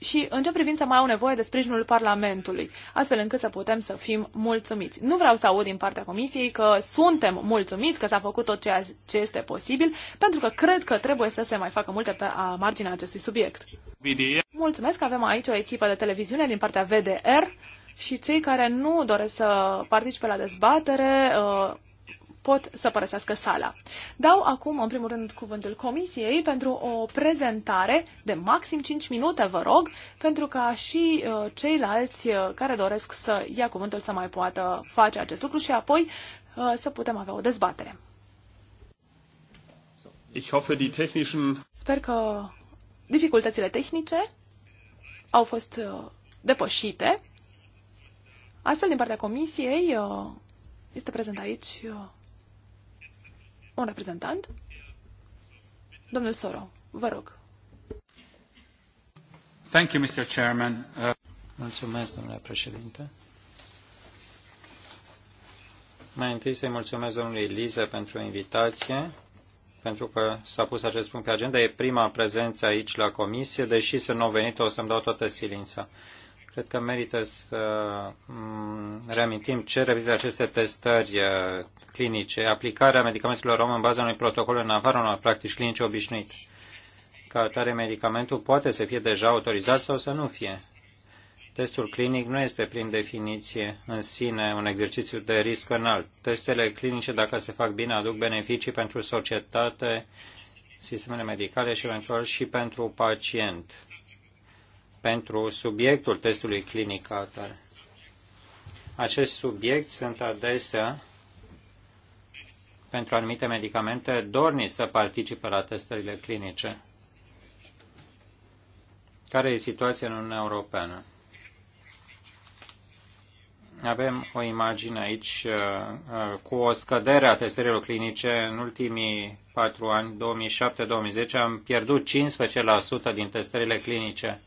și în ce privință mai au nevoie de sprijinul Parlamentului, astfel încât să putem să fim mulțumiți. Nu vreau să aud din partea Comisiei că suntem mulțumiți, că s-a făcut tot ceea ce este posibil, pentru că cred că trebuie să se mai facă multe pe a marginea acestui subiect. Mulțumesc că avem aici o echipă de televiziune din partea VDR și cei care nu doresc să participe la dezbatere uh, pot să părăsească sala. Dau acum, în primul rând, cuvântul Comisiei pentru o prezentare de maxim 5 minute, vă rog, pentru ca și uh, ceilalți uh, care doresc să ia cuvântul să mai poată face acest lucru și apoi uh, să putem avea o dezbatere. Ich hoffe, die technischen... Sper că dificultățile tehnice au fost depășite. Astfel, din partea comisiei, este prezent aici un reprezentant? Domnul Soro, vă rog. Thank you, Mr. Chairman. Uh... Mulțumesc, domnule președinte. Mai întâi să-i mulțumesc domnului Lize pentru invitație, pentru că s-a pus acest punct pe agenda. E prima prezență aici la comisie, deși să nu au venit, o să-mi dau toată silința. Cred că merită să mm, reamintim ce reprezintă aceste testări uh, clinice, aplicarea medicamentelor om în baza unui protocol în afara unor practici clinice obișnuite. Ca atare, medicamentul poate să fie deja autorizat sau să nu fie. Testul clinic nu este, prin definiție, în sine un exercițiu de risc înalt. Testele clinice, dacă se fac bine, aduc beneficii pentru societate, sistemele medicale și eventual și pentru pacient pentru subiectul testului clinic atare. Acest subiect sunt adesea pentru anumite medicamente dorni să participe la testările clinice. Care e situația în Uniunea Europeană? Avem o imagine aici uh, uh, cu o scădere a testărilor clinice în ultimii patru ani, 2007-2010, am pierdut 15% din testările clinice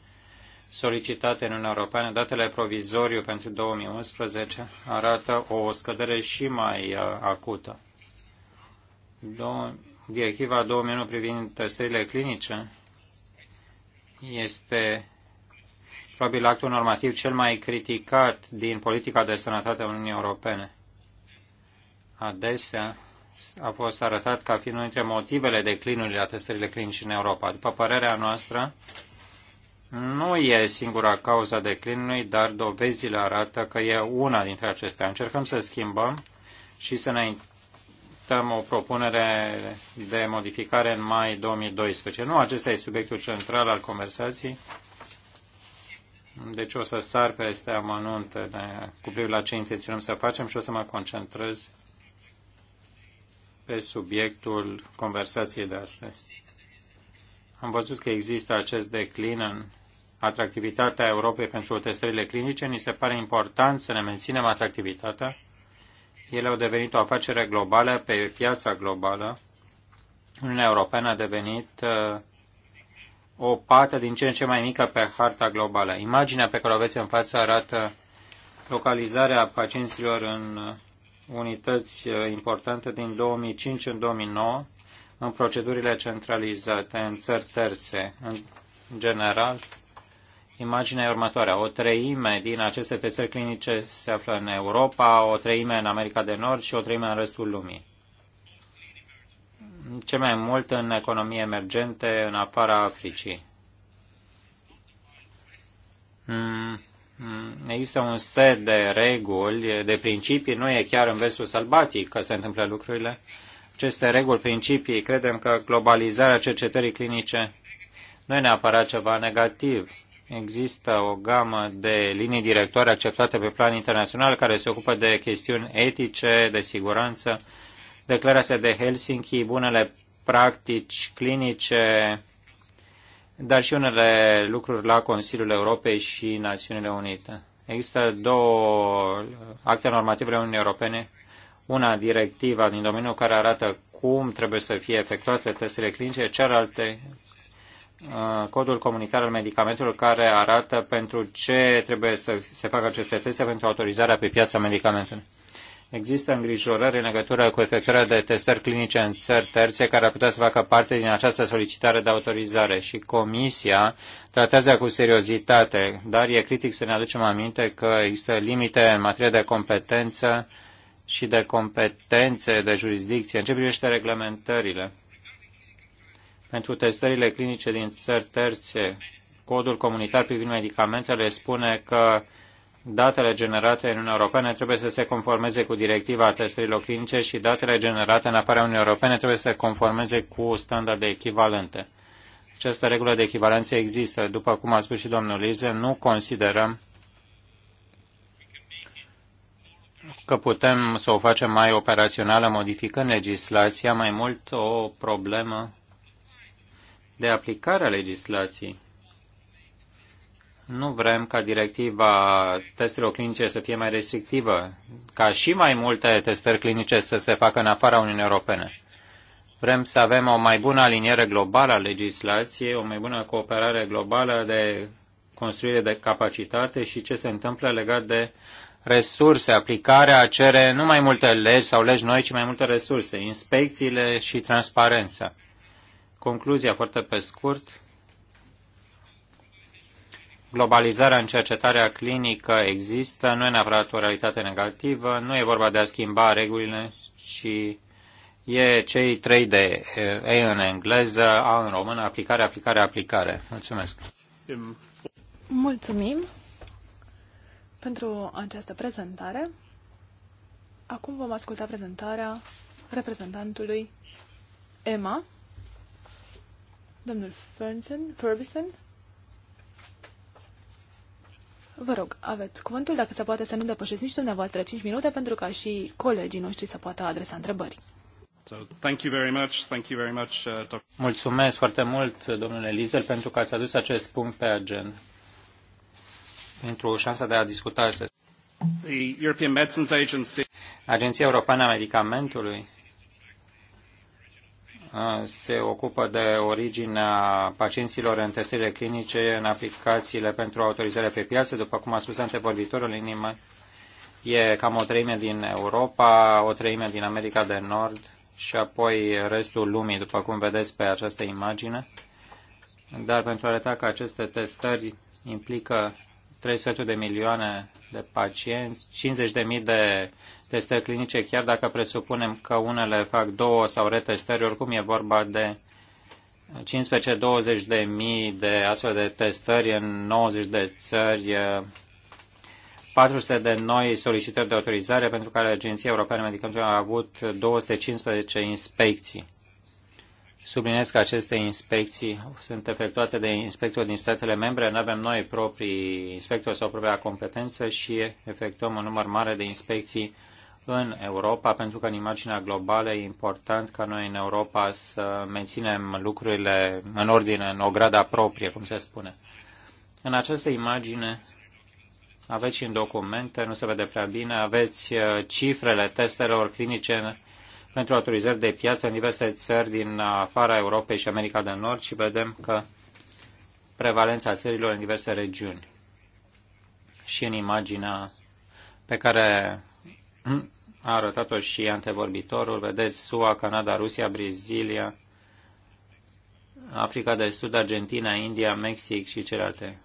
solicitate în Uniunea Europeană, datele provizoriu pentru 2011 arată o scădere și mai uh, acută. Directiva 2001 privind testările clinice este probabil actul normativ cel mai criticat din politica de sănătate a Uniunii Europene. Adesea a fost arătat ca fiind unul dintre motivele declinului la testările clinice în Europa. După părerea noastră, nu e singura cauza declinului, dar dovezile arată că e una dintre acestea. Încercăm să schimbăm și să ne adoptăm o propunere de modificare în mai 2012. Nu, acesta e subiectul central al conversației. Deci o să sar peste amănuntele cu privire la ce intenționăm să facem și o să mă concentrez pe subiectul conversației de astăzi. Am văzut că există acest declin în atractivitatea Europei pentru testările clinice, ni se pare important să ne menținem atractivitatea. Ele au devenit o afacere globală pe piața globală. Uniunea Europeană a devenit uh, o pată din ce în ce mai mică pe harta globală. Imaginea pe care o aveți în față arată localizarea pacienților în uh, unități uh, importante din 2005 în 2009 în procedurile centralizate în țări terțe. În general, Imaginea e următoarea. O treime din aceste testări clinice se află în Europa, o treime în America de Nord și o treime în restul lumii. Ce mai mult în economii emergente, în afara Africii. Mm, mm, există un set de reguli, de principii, nu e chiar în vestul sălbatic că se întâmplă lucrurile. Aceste reguli, principii, credem că globalizarea cercetării clinice nu e neapărat ceva negativ Există o gamă de linii directoare acceptate pe plan internațional care se ocupă de chestiuni etice, de siguranță, declarația de Helsinki, bunele practici clinice, dar și unele lucruri la Consiliul Europei și Națiunile Unite. Există două acte normative ale Uniunii Europene, una directiva din domeniu care arată cum trebuie să fie efectuate testele clinice, cealaltă Uh, codul comunitar al medicamentelor care arată pentru ce trebuie să se facă aceste teste pentru autorizarea pe piața medicamentelor. Există îngrijorări în legătură cu efectuarea de testări clinice în țări terțe care ar putea să facă parte din această solicitare de autorizare și Comisia tratează cu seriozitate, dar e critic să ne aducem aminte că există limite în materie de competență și de competențe de jurisdicție în ce privește reglementările pentru testările clinice din țări terțe. Codul comunitar privind medicamentele spune că datele generate în Uniunea Europeană trebuie să se conformeze cu directiva testărilor clinice și datele generate în afara Uniunii Europene trebuie să se conformeze cu standarde echivalente. Această regulă de echivalență există. După cum a spus și domnul Lize, nu considerăm că putem să o facem mai operațională modificând legislația, mai mult o problemă de aplicare a legislației. Nu vrem ca directiva testelor clinice să fie mai restrictivă, ca și mai multe testări clinice să se facă în afara Uniunii Europene. Vrem să avem o mai bună aliniere globală a legislației, o mai bună cooperare globală de construire de capacitate și ce se întâmplă legat de resurse. Aplicarea cere nu mai multe legi sau legi noi, ci mai multe resurse, inspecțiile și transparența. Concluzia foarte pe scurt. Globalizarea în cercetarea clinică există, nu e neapărat o realitate negativă, nu e vorba de a schimba regulile, ci e cei trei de E în engleză, A în română, aplicare, aplicare, aplicare. Mulțumesc! Mulțumim pentru această prezentare. Acum vom asculta prezentarea reprezentantului Emma. Domnul Fernsen, Ferguson? Vă rog, aveți cuvântul, dacă se poate să nu depășiți nici dumneavoastră 5 minute, pentru ca și colegii noștri să poată adresa întrebări. Uh, Mulțumesc foarte mult, domnule Lizel, pentru că ați adus acest punct pe agenda. Pentru șansa de a discuta astăzi. Agenția Europeană a Medicamentului se ocupă de originea pacienților în testele clinice, în aplicațiile pentru autorizare pe piață, după cum a spus antevorbitorul, inima e cam o treime din Europa, o treime din America de Nord și apoi restul lumii, după cum vedeți pe această imagine. Dar pentru a arăta că aceste testări implică 300 de milioane de pacienți, 50.000 de teste clinice, chiar dacă presupunem că unele fac două sau retestări, oricum e vorba de 15-20 de mii de astfel de testări în 90 de țări, 400 de noi solicitări de autorizare pentru care Agenția Europeană Medicamentelor a avut 215 inspecții. Subliniez că aceste inspecții sunt efectuate de inspectori din statele membre, nu avem noi proprii inspectori sau propria competență și efectuăm un număr mare de inspecții în Europa, pentru că în imaginea globală e important ca noi în Europa să menținem lucrurile în ordine, în o gradă proprie, cum se spune. În această imagine aveți și în documente, nu se vede prea bine, aveți uh, cifrele testelor clinice pentru autorizări de piață în diverse țări din afara Europei și America de Nord și vedem că prevalența țărilor în diverse regiuni. Și în imaginea pe care a arătat-o și antevorbitorul, vedeți SUA, Canada, Rusia, Brazilia, Africa de Sud, Argentina, India, Mexic și celelalte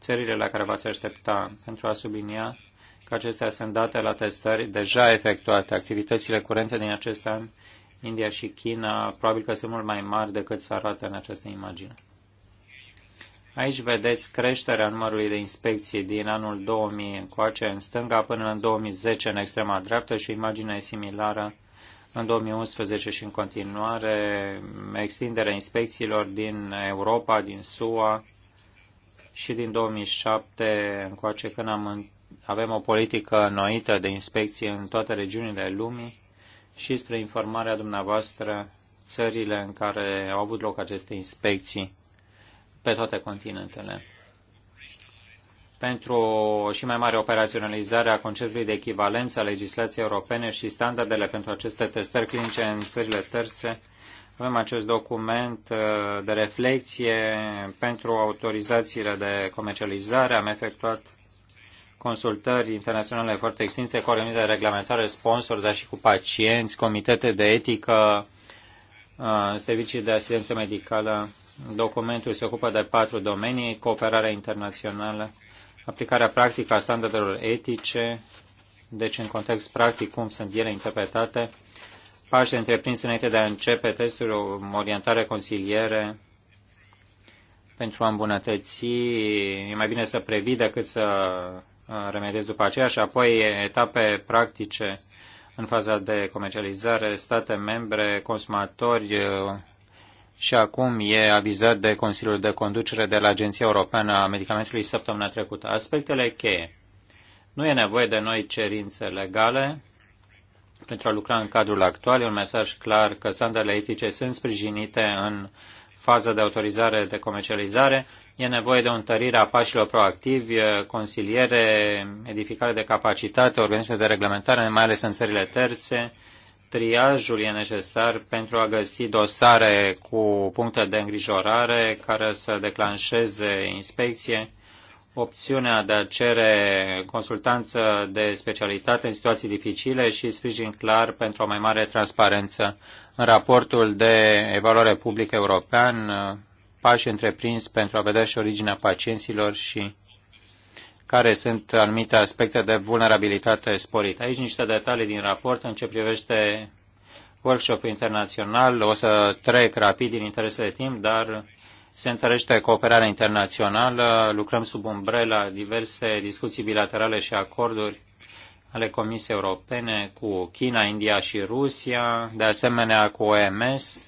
țările la care v-ați aștepta pentru a sublinia că acestea sunt date la testări deja efectuate. Activitățile curente din acest an, India și China, probabil că sunt mult mai mari decât se arată în această imagine. Aici vedeți creșterea numărului de inspecții din anul 2000 încoace în stânga până în 2010 în extrema dreaptă și imaginea e similară în 2011 și în continuare extinderea inspecțiilor din Europa, din SUA și din 2007 încoace când am, avem o politică noită de inspecție în toate regiunile lumii și spre informarea dumneavoastră țările în care au avut loc aceste inspecții pe toate continentele. Pentru o și mai mare operaționalizare a conceptului de echivalență a legislației europene și standardele pentru aceste testări clinice în țările terțe, avem acest document uh, de reflexie pentru autorizațiile de comercializare. Am efectuat consultări internaționale foarte extinse cu organizații de reglementare, sponsori, dar și cu pacienți, comitete de etică, uh, servicii de asistență medicală Documentul se ocupă de patru domenii, cooperarea internațională, aplicarea practică a standardelor etice, deci în context practic cum sunt ele interpretate, pași întreprinse înainte de a începe testul, orientare, consiliere, pentru a îmbunătăți, e mai bine să previi decât să uh, remediezi după aceea și apoi etape practice în faza de comercializare, state membre, consumatori, uh, și acum e avizat de Consiliul de Conducere de la Agenția Europeană a Medicamentului săptămâna trecută. Aspectele cheie. Nu e nevoie de noi cerințe legale pentru a lucra în cadrul actual. E un mesaj clar că standardele etice sunt sprijinite în faza de autorizare de comercializare. E nevoie de o întărire a pașilor proactivi, consiliere, edificare de capacitate, organisme de reglementare, mai ales în țările terțe, triajul e necesar pentru a găsi dosare cu puncte de îngrijorare care să declanșeze inspecție, opțiunea de a cere consultanță de specialitate în situații dificile și sprijin clar pentru o mai mare transparență. În raportul de evaluare publică european, pași întreprins pentru a vedea și originea pacienților și care sunt anumite aspecte de vulnerabilitate sporită. Aici niște detalii din raport în ce privește workshop internațional. O să trec rapid din interese de timp, dar se întărește cooperarea internațională, lucrăm sub umbrela diverse discuții bilaterale și acorduri ale Comisiei Europene cu China, India și Rusia, de asemenea cu OMS,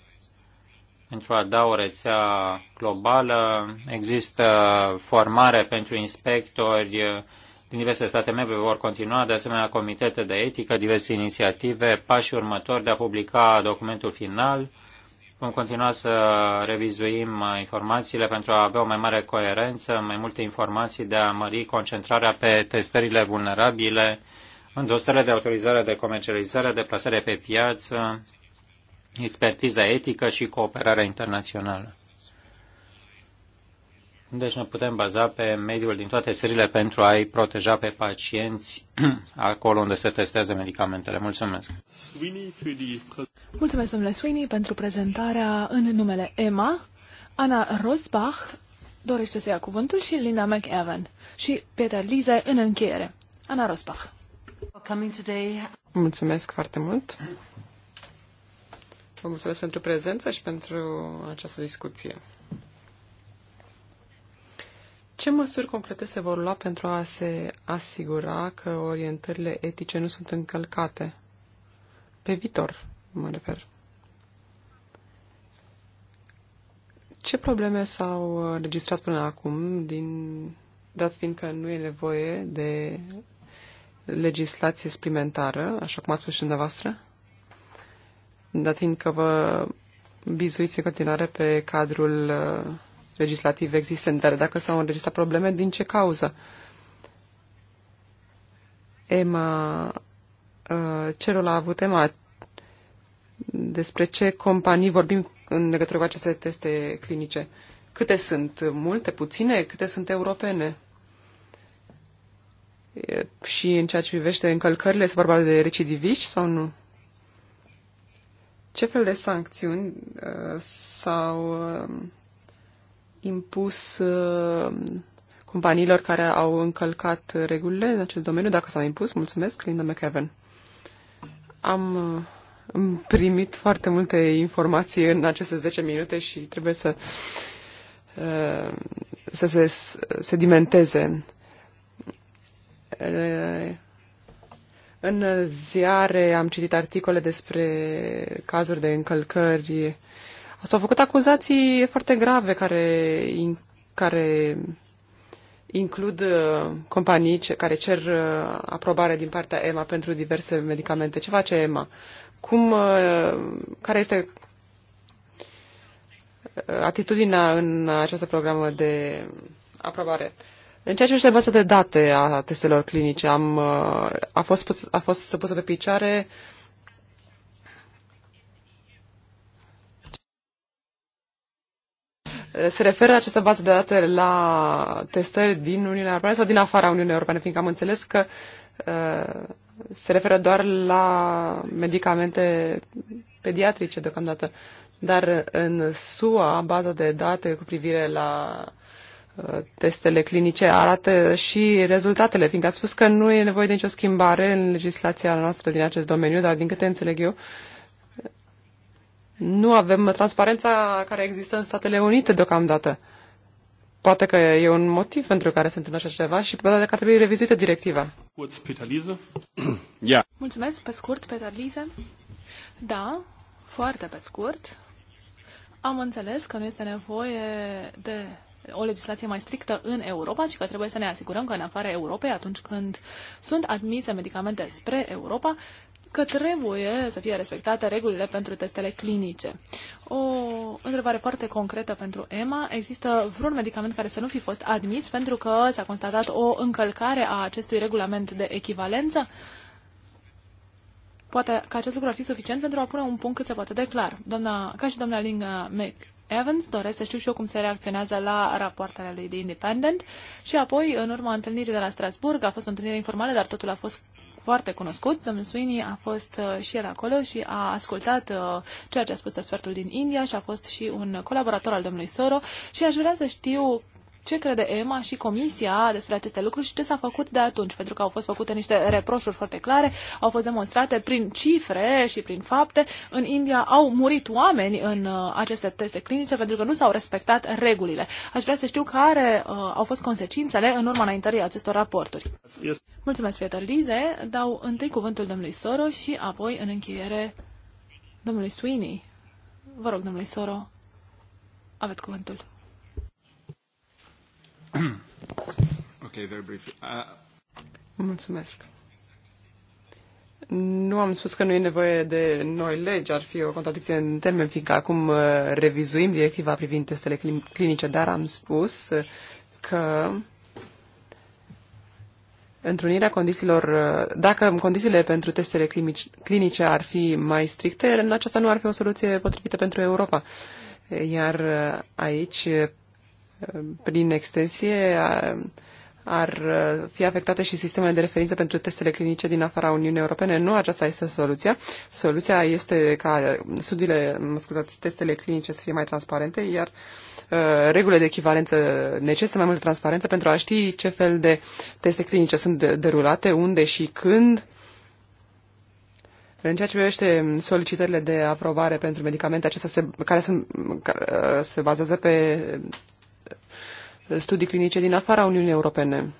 pentru a da o rețea globală. Există formare pentru inspectori din diverse state membre vor continua, de asemenea comitete de etică, diverse inițiative, pașii următori de a publica documentul final. Vom continua să revizuim informațiile pentru a avea o mai mare coerență, mai multe informații de a mări concentrarea pe testările vulnerabile, în dosarele de autorizare de comercializare, de plasare pe piață, expertiza etică și cooperarea internațională. Deci ne putem baza pe mediul din toate țările pentru a-i proteja pe pacienți acolo unde se testează medicamentele. Mulțumesc! Mulțumesc, domnule Sweeney, pentru prezentarea în numele EMA. Ana Rosbach dorește să ia cuvântul și Linda McEwen și Peter Lize în încheiere. Ana Rosbach. Mulțumesc foarte mult! Vă mulțumesc pentru prezență și pentru această discuție. Ce măsuri concrete se vor lua pentru a se asigura că orientările etice nu sunt încălcate? Pe viitor, mă refer. Ce probleme s-au registrat până acum, din, dat fiind că nu e nevoie de legislație suplimentară, așa cum ați spus și dumneavoastră? dar fiindcă că vă bizuiți în continuare pe cadrul uh, legislativ existent, dar dacă s-au înregistrat probleme, din ce cauză? EMA, uh, rol a avut Emma? despre ce companii vorbim în legătură cu aceste teste clinice? Câte sunt? Multe? Puține? Câte sunt europene? Și în ceea ce privește încălcările, se vorba de recidiviști sau nu? Ce fel de sancțiuni uh, s-au uh, impus uh, companiilor care au încălcat regulile în acest domeniu, dacă s-au impus? Mulțumesc, Linda McEwen. Am uh, primit foarte multe informații în aceste 10 minute și trebuie să, uh, să se sedimenteze. Uh, în ziare am citit articole despre cazuri de încălcări. S-au făcut acuzații foarte grave care, in, care includ uh, companii care cer uh, aprobare din partea EMA pentru diverse medicamente. Ce face EMA? Cum, uh, care este atitudinea în această programă de aprobare? În ceea ce se bază de date a testelor clinice, am, uh, a fost, pus, a fost pusă pe picioare Se referă această bază de date la testări din Uniunea Europeană sau din afara Uniunii Europene, fiindcă am înțeles că uh, se referă doar la medicamente pediatrice deocamdată. Dar în SUA, baza de date cu privire la testele clinice arată și rezultatele, fiindcă ați spus că nu e nevoie de nicio schimbare în legislația noastră din acest domeniu, dar din câte înțeleg eu, nu avem transparența care există în Statele Unite deocamdată. Poate că e un motiv pentru care se întâmplă așa ceva și poate că ar trebui revizuită directiva. Mulțumesc, pe scurt, Peter Lize. Da, foarte pe scurt. Am înțeles că nu este nevoie de o legislație mai strictă în Europa, ci că trebuie să ne asigurăm că în afara Europei, atunci când sunt admise medicamente spre Europa, că trebuie să fie respectate regulile pentru testele clinice. O întrebare foarte concretă pentru Emma. Există vreun medicament care să nu fi fost admis pentru că s-a constatat o încălcare a acestui regulament de echivalență? Poate că acest lucru ar fi suficient pentru a pune un punct cât se poate de clar. Doamna, ca și doamna Linga Mac Evans. Doresc să știu și eu cum se reacționează la rapoartele lui The Independent. Și apoi, în urma întâlnirii de la Strasburg, a fost o întâlnire informală, dar totul a fost foarte cunoscut. Domnul Sweeney a fost uh, și el acolo și a ascultat uh, ceea ce a spus expertul din India și a fost și un colaborator al domnului Soro și aș vrea să știu ce crede EMA și Comisia despre aceste lucruri și ce s-a făcut de atunci, pentru că au fost făcute niște reproșuri foarte clare, au fost demonstrate prin cifre și prin fapte. În India au murit oameni în uh, aceste teste clinice pentru că nu s-au respectat regulile. Aș vrea să știu care uh, au fost consecințele în urma înaintării acestor raporturi. Mulțumesc, Peter Lize. Dau întâi cuvântul domnului Soro și apoi, în încheiere, domnului Sweeney. Vă rog, domnului Soro, aveți cuvântul. okay, very Uh... Mulțumesc. Nu am spus că nu e nevoie de noi legi, ar fi o contradicție în termen, fiindcă acum uh, revizuim directiva privind testele clinice, dar am spus uh, că întrunirea condițiilor, uh, dacă condițiile pentru testele clinice ar fi mai stricte, în aceasta nu ar fi o soluție potrivită pentru Europa. Iar aici prin extensie, ar fi afectate și sistemele de referință pentru testele clinice din afara Uniunii Europene. Nu aceasta este soluția. Soluția este ca studiile, mă scuzați, testele clinice să fie mai transparente, iar regulile de echivalență necesită mai multă transparență pentru a ști ce fel de teste clinice sunt derulate, unde și când. În ceea ce privește solicitările de aprobare pentru medicamente, acestea se, care, sunt, care se bazează pe studii clinice din afara Uniunii Europene.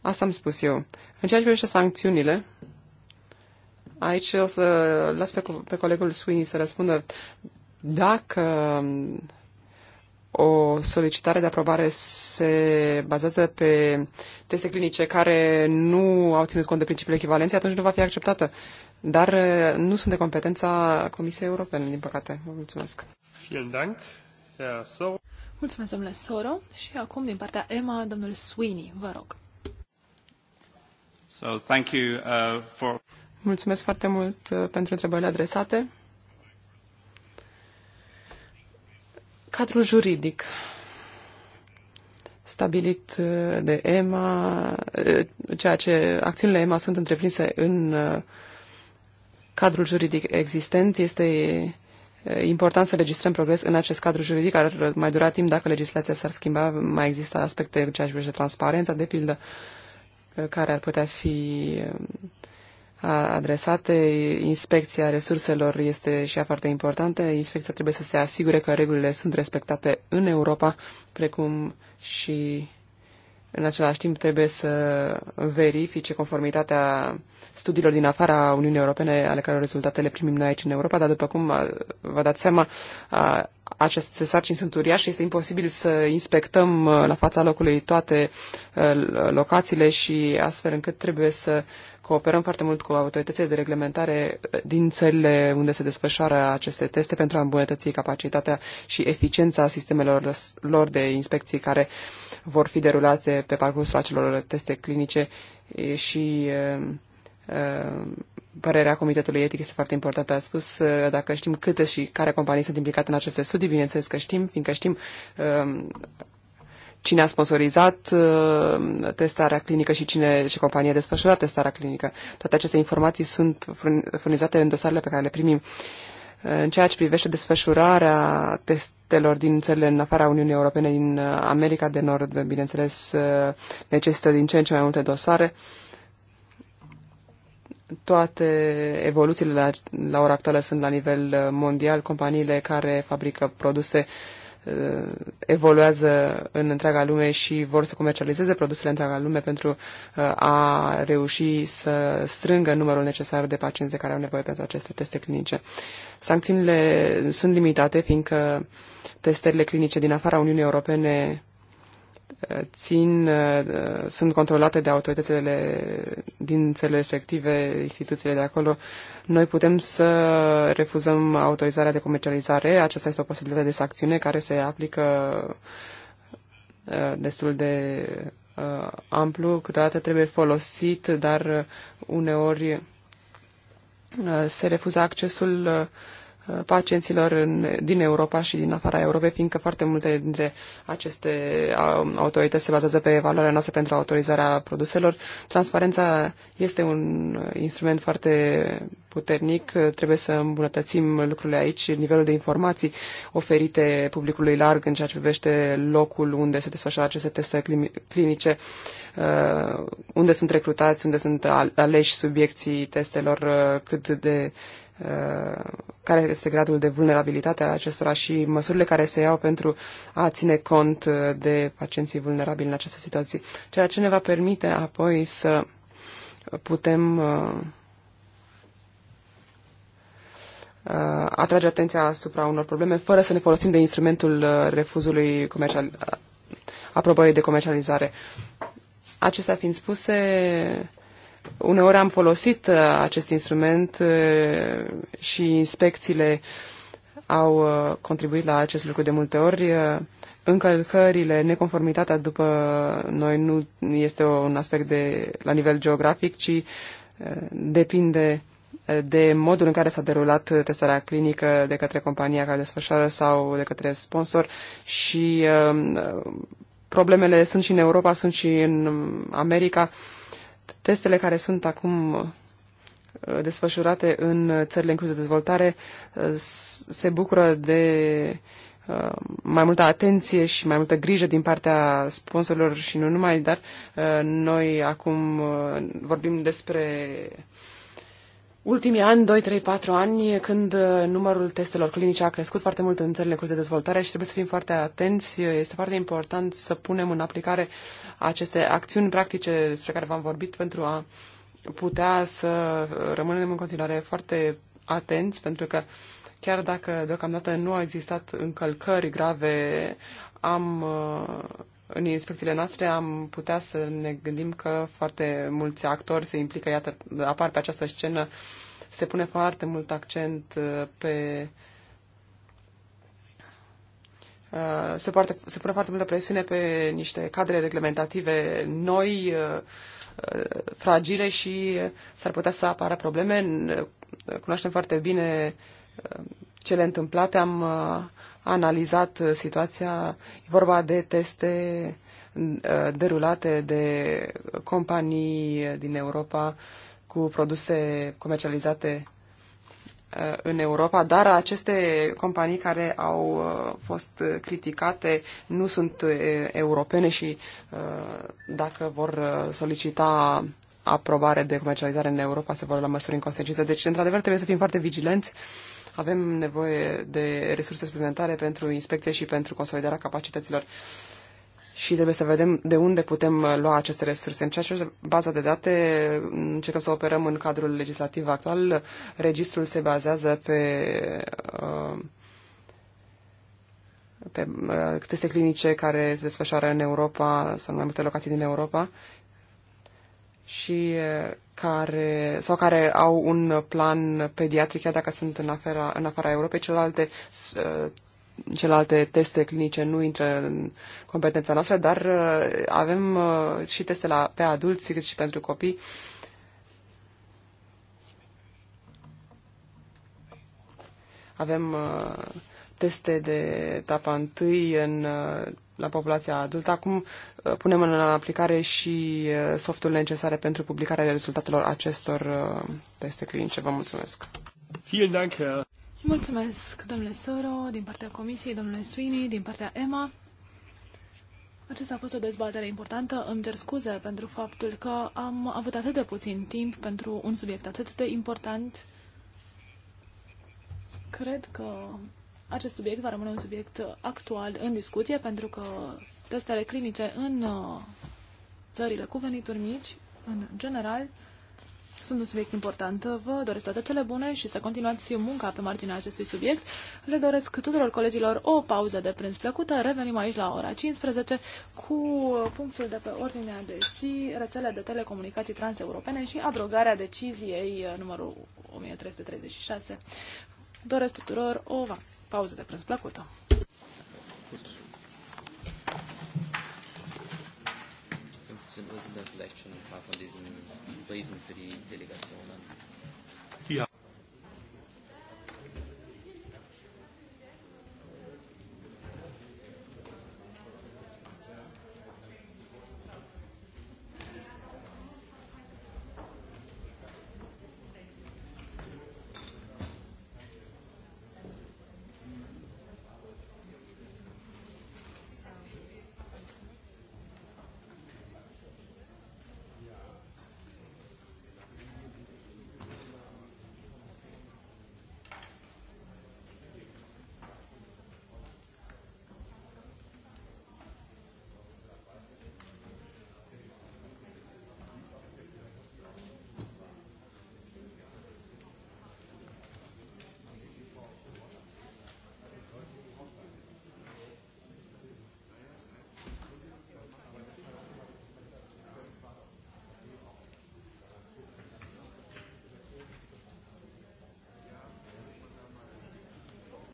Asta am spus eu. În ceea ce privește sancțiunile, aici o să las pe, co pe colegul Sweeney să răspundă dacă um, o solicitare de aprobare se bazează pe teste clinice care nu au ținut cont de principiul echivalenței, atunci nu va fi acceptată. Uh, dar nu sunt de competența Comisiei Europene, din păcate. Vă mulțumesc. Mulțumesc, domnule Soro. Și acum, din partea EMA, domnul Sweeney, vă rog. So, thank you, uh, for... Mulțumesc foarte mult uh, pentru întrebările adresate. Cadrul juridic stabilit uh, de EMA, uh, ceea ce acțiunile EMA sunt întreprinse în uh, Cadrul juridic existent este important să registrăm progres în acest cadru juridic, ar mai dura timp dacă legislația s-ar schimba, mai există aspecte în ceea ce privește transparența, de pildă, care ar putea fi adresate. Inspecția resurselor este și ea foarte importantă. Inspecția trebuie să se asigure că regulile sunt respectate în Europa, precum și în același timp trebuie să verifice conformitatea studiilor din afara Uniunii Europene, ale căror le primim noi aici în Europa, dar după cum vă dați seama, aceste sarcini sunt uriașe, este imposibil să inspectăm la fața locului toate locațiile și astfel încât trebuie să Cooperăm foarte mult cu autoritățile de reglementare uh, din țările unde se desfășoară aceste teste pentru a îmbunătăți capacitatea și eficiența sistemelor lor de inspecții care vor fi derulate pe parcursul acelor teste clinice și părerea Comitetului Etic este foarte importantă. A spus dacă știm câte și care companii sunt implicate în aceste studii, bineînțeles că știm, fiindcă știm cine a sponsorizat uh, testarea clinică și cine și compania a desfășurat testarea clinică. Toate aceste informații sunt furnizate în dosarele pe care le primim. În ceea ce privește desfășurarea testelor din țările în afara Uniunii Europene, din uh, America de Nord, bineînțeles, uh, necesită din ce în ce mai multe dosare. Toate evoluțiile la, la ora actuală sunt la nivel mondial. Companiile care fabrică produse uh, Uh, evoluează în întreaga lume și vor să comercializeze produsele în întreaga lume pentru uh, a reuși să strângă numărul necesar de pacienți de care au nevoie pentru aceste teste clinice. Sancțiunile sunt limitate, fiindcă testările clinice din afara Uniunii Europene țin, uh, sunt controlate de autoritățile din țările respective, instituțiile de acolo, noi putem să refuzăm autorizarea de comercializare. Aceasta este o posibilitate de sancțiune care se aplică uh, destul de uh, amplu, câteodată trebuie folosit, dar uneori se refuză accesul uh, Uh, pacienților în, din Europa și din afara Europei, fiindcă foarte multe dintre aceste um, autorități se bazează pe evaluarea noastră pentru autorizarea produselor. Transparența este un instrument foarte puternic. Trebuie să îmbunătățim lucrurile aici, nivelul de informații oferite publicului larg în ceea ce privește locul unde se desfășoară aceste teste clinice, uh, unde sunt recrutați, unde sunt aleși subiecții testelor, uh, cât de Uh, care este gradul de vulnerabilitate a acestora și măsurile care se iau pentru a ține cont uh, de pacienții vulnerabili în această situație. Ceea ce ne va permite apoi să putem uh, atrage atenția asupra unor probleme fără să ne folosim de instrumentul refuzului comercial, aprobării de comercializare. Acestea fiind spuse, Uneori am folosit uh, acest instrument uh, și inspecțiile au uh, contribuit la acest lucru de multe ori. Încălcările, neconformitatea după noi nu este un aspect de, la nivel geografic, ci depinde de modul în care s-a derulat testarea clinică de către compania care desfășoară sau de către sponsor și problemele sunt și în Europa, sunt și în America Testele care sunt acum uh, desfășurate în țările în curs de dezvoltare uh, se bucură de uh, mai multă atenție și mai multă grijă din partea sponsorilor și nu numai, dar noi acum vorbim despre ultimii ani, 2, 3, 4 ani, când uh, numărul testelor clinice a crescut foarte mult în țările cu de dezvoltare și trebuie să fim foarte atenți. Uh, este foarte important să punem în aplicare aceste acțiuni practice despre care v-am vorbit pentru a putea să uh, rămânem în continuare foarte atenți, pentru că chiar dacă deocamdată nu au existat încălcări grave, am în inspecțiile noastre am putea să ne gândim că foarte mulți actori se implică, iată, apar pe această scenă, se pune foarte mult accent uh, pe uh, se, poate, se pune foarte multă presiune pe niște cadre reglementative noi, uh, fragile și s-ar putea să apară probleme. Cunoaștem foarte bine cele întâmplate. Am analizat uh, situația. E vorba de teste uh, derulate de companii uh, din Europa cu produse comercializate în Europa, dar aceste companii care au fost criticate nu sunt europene și dacă vor solicita aprobare de comercializare în Europa se vor lua măsuri în consecință. Deci, într-adevăr, trebuie să fim foarte vigilenți uh, avem nevoie de resurse suplimentare pentru inspecție și pentru consolidarea capacităților și trebuie să vedem de unde putem lua aceste resurse. În ceea ce baza de date, încercăm să operăm în cadrul legislativ actual. Registrul se bazează pe, uh, pe uh, teste clinice care se desfășoară în Europa sau în mai multe locații din Europa și care, sau care au un plan pediatric, chiar dacă sunt în afara, în afara Europei, celelalte, celelalte teste clinice nu intră în competența noastră, dar avem și teste la, pe adulți cât și pentru copii. Avem teste de etapa întâi în la populația adultă. Acum uh, punem în aplicare și uh, softurile necesare pentru publicarea rezultatelor acestor uh, teste clinice. Vă mulțumesc! Mulțumesc, domnule Soro, din partea Comisiei, domnule Sweeney, din partea EMA. acesta a fost o dezbatere importantă. Îmi cer scuze pentru faptul că am avut atât de puțin timp pentru un subiect atât de important. Cred că acest subiect va rămâne un subiect actual în discuție, pentru că testele clinice în uh, țările cu venituri mici, în general, sunt un subiect important. Vă doresc toate cele bune și să continuați munca pe marginea acestui subiect. Le doresc tuturor colegilor o pauză de prânz plăcută. Revenim aici la ora 15 cu punctul de pe ordinea de zi, rețele de telecomunicații transeuropene și abrogarea deciziei uh, numărul 1336. Doresc tuturor o vacanță. Pauză de prânz plăcută! Sunt văzut sind dann vielleicht schon ein paar von diesen Briefen für die Delegation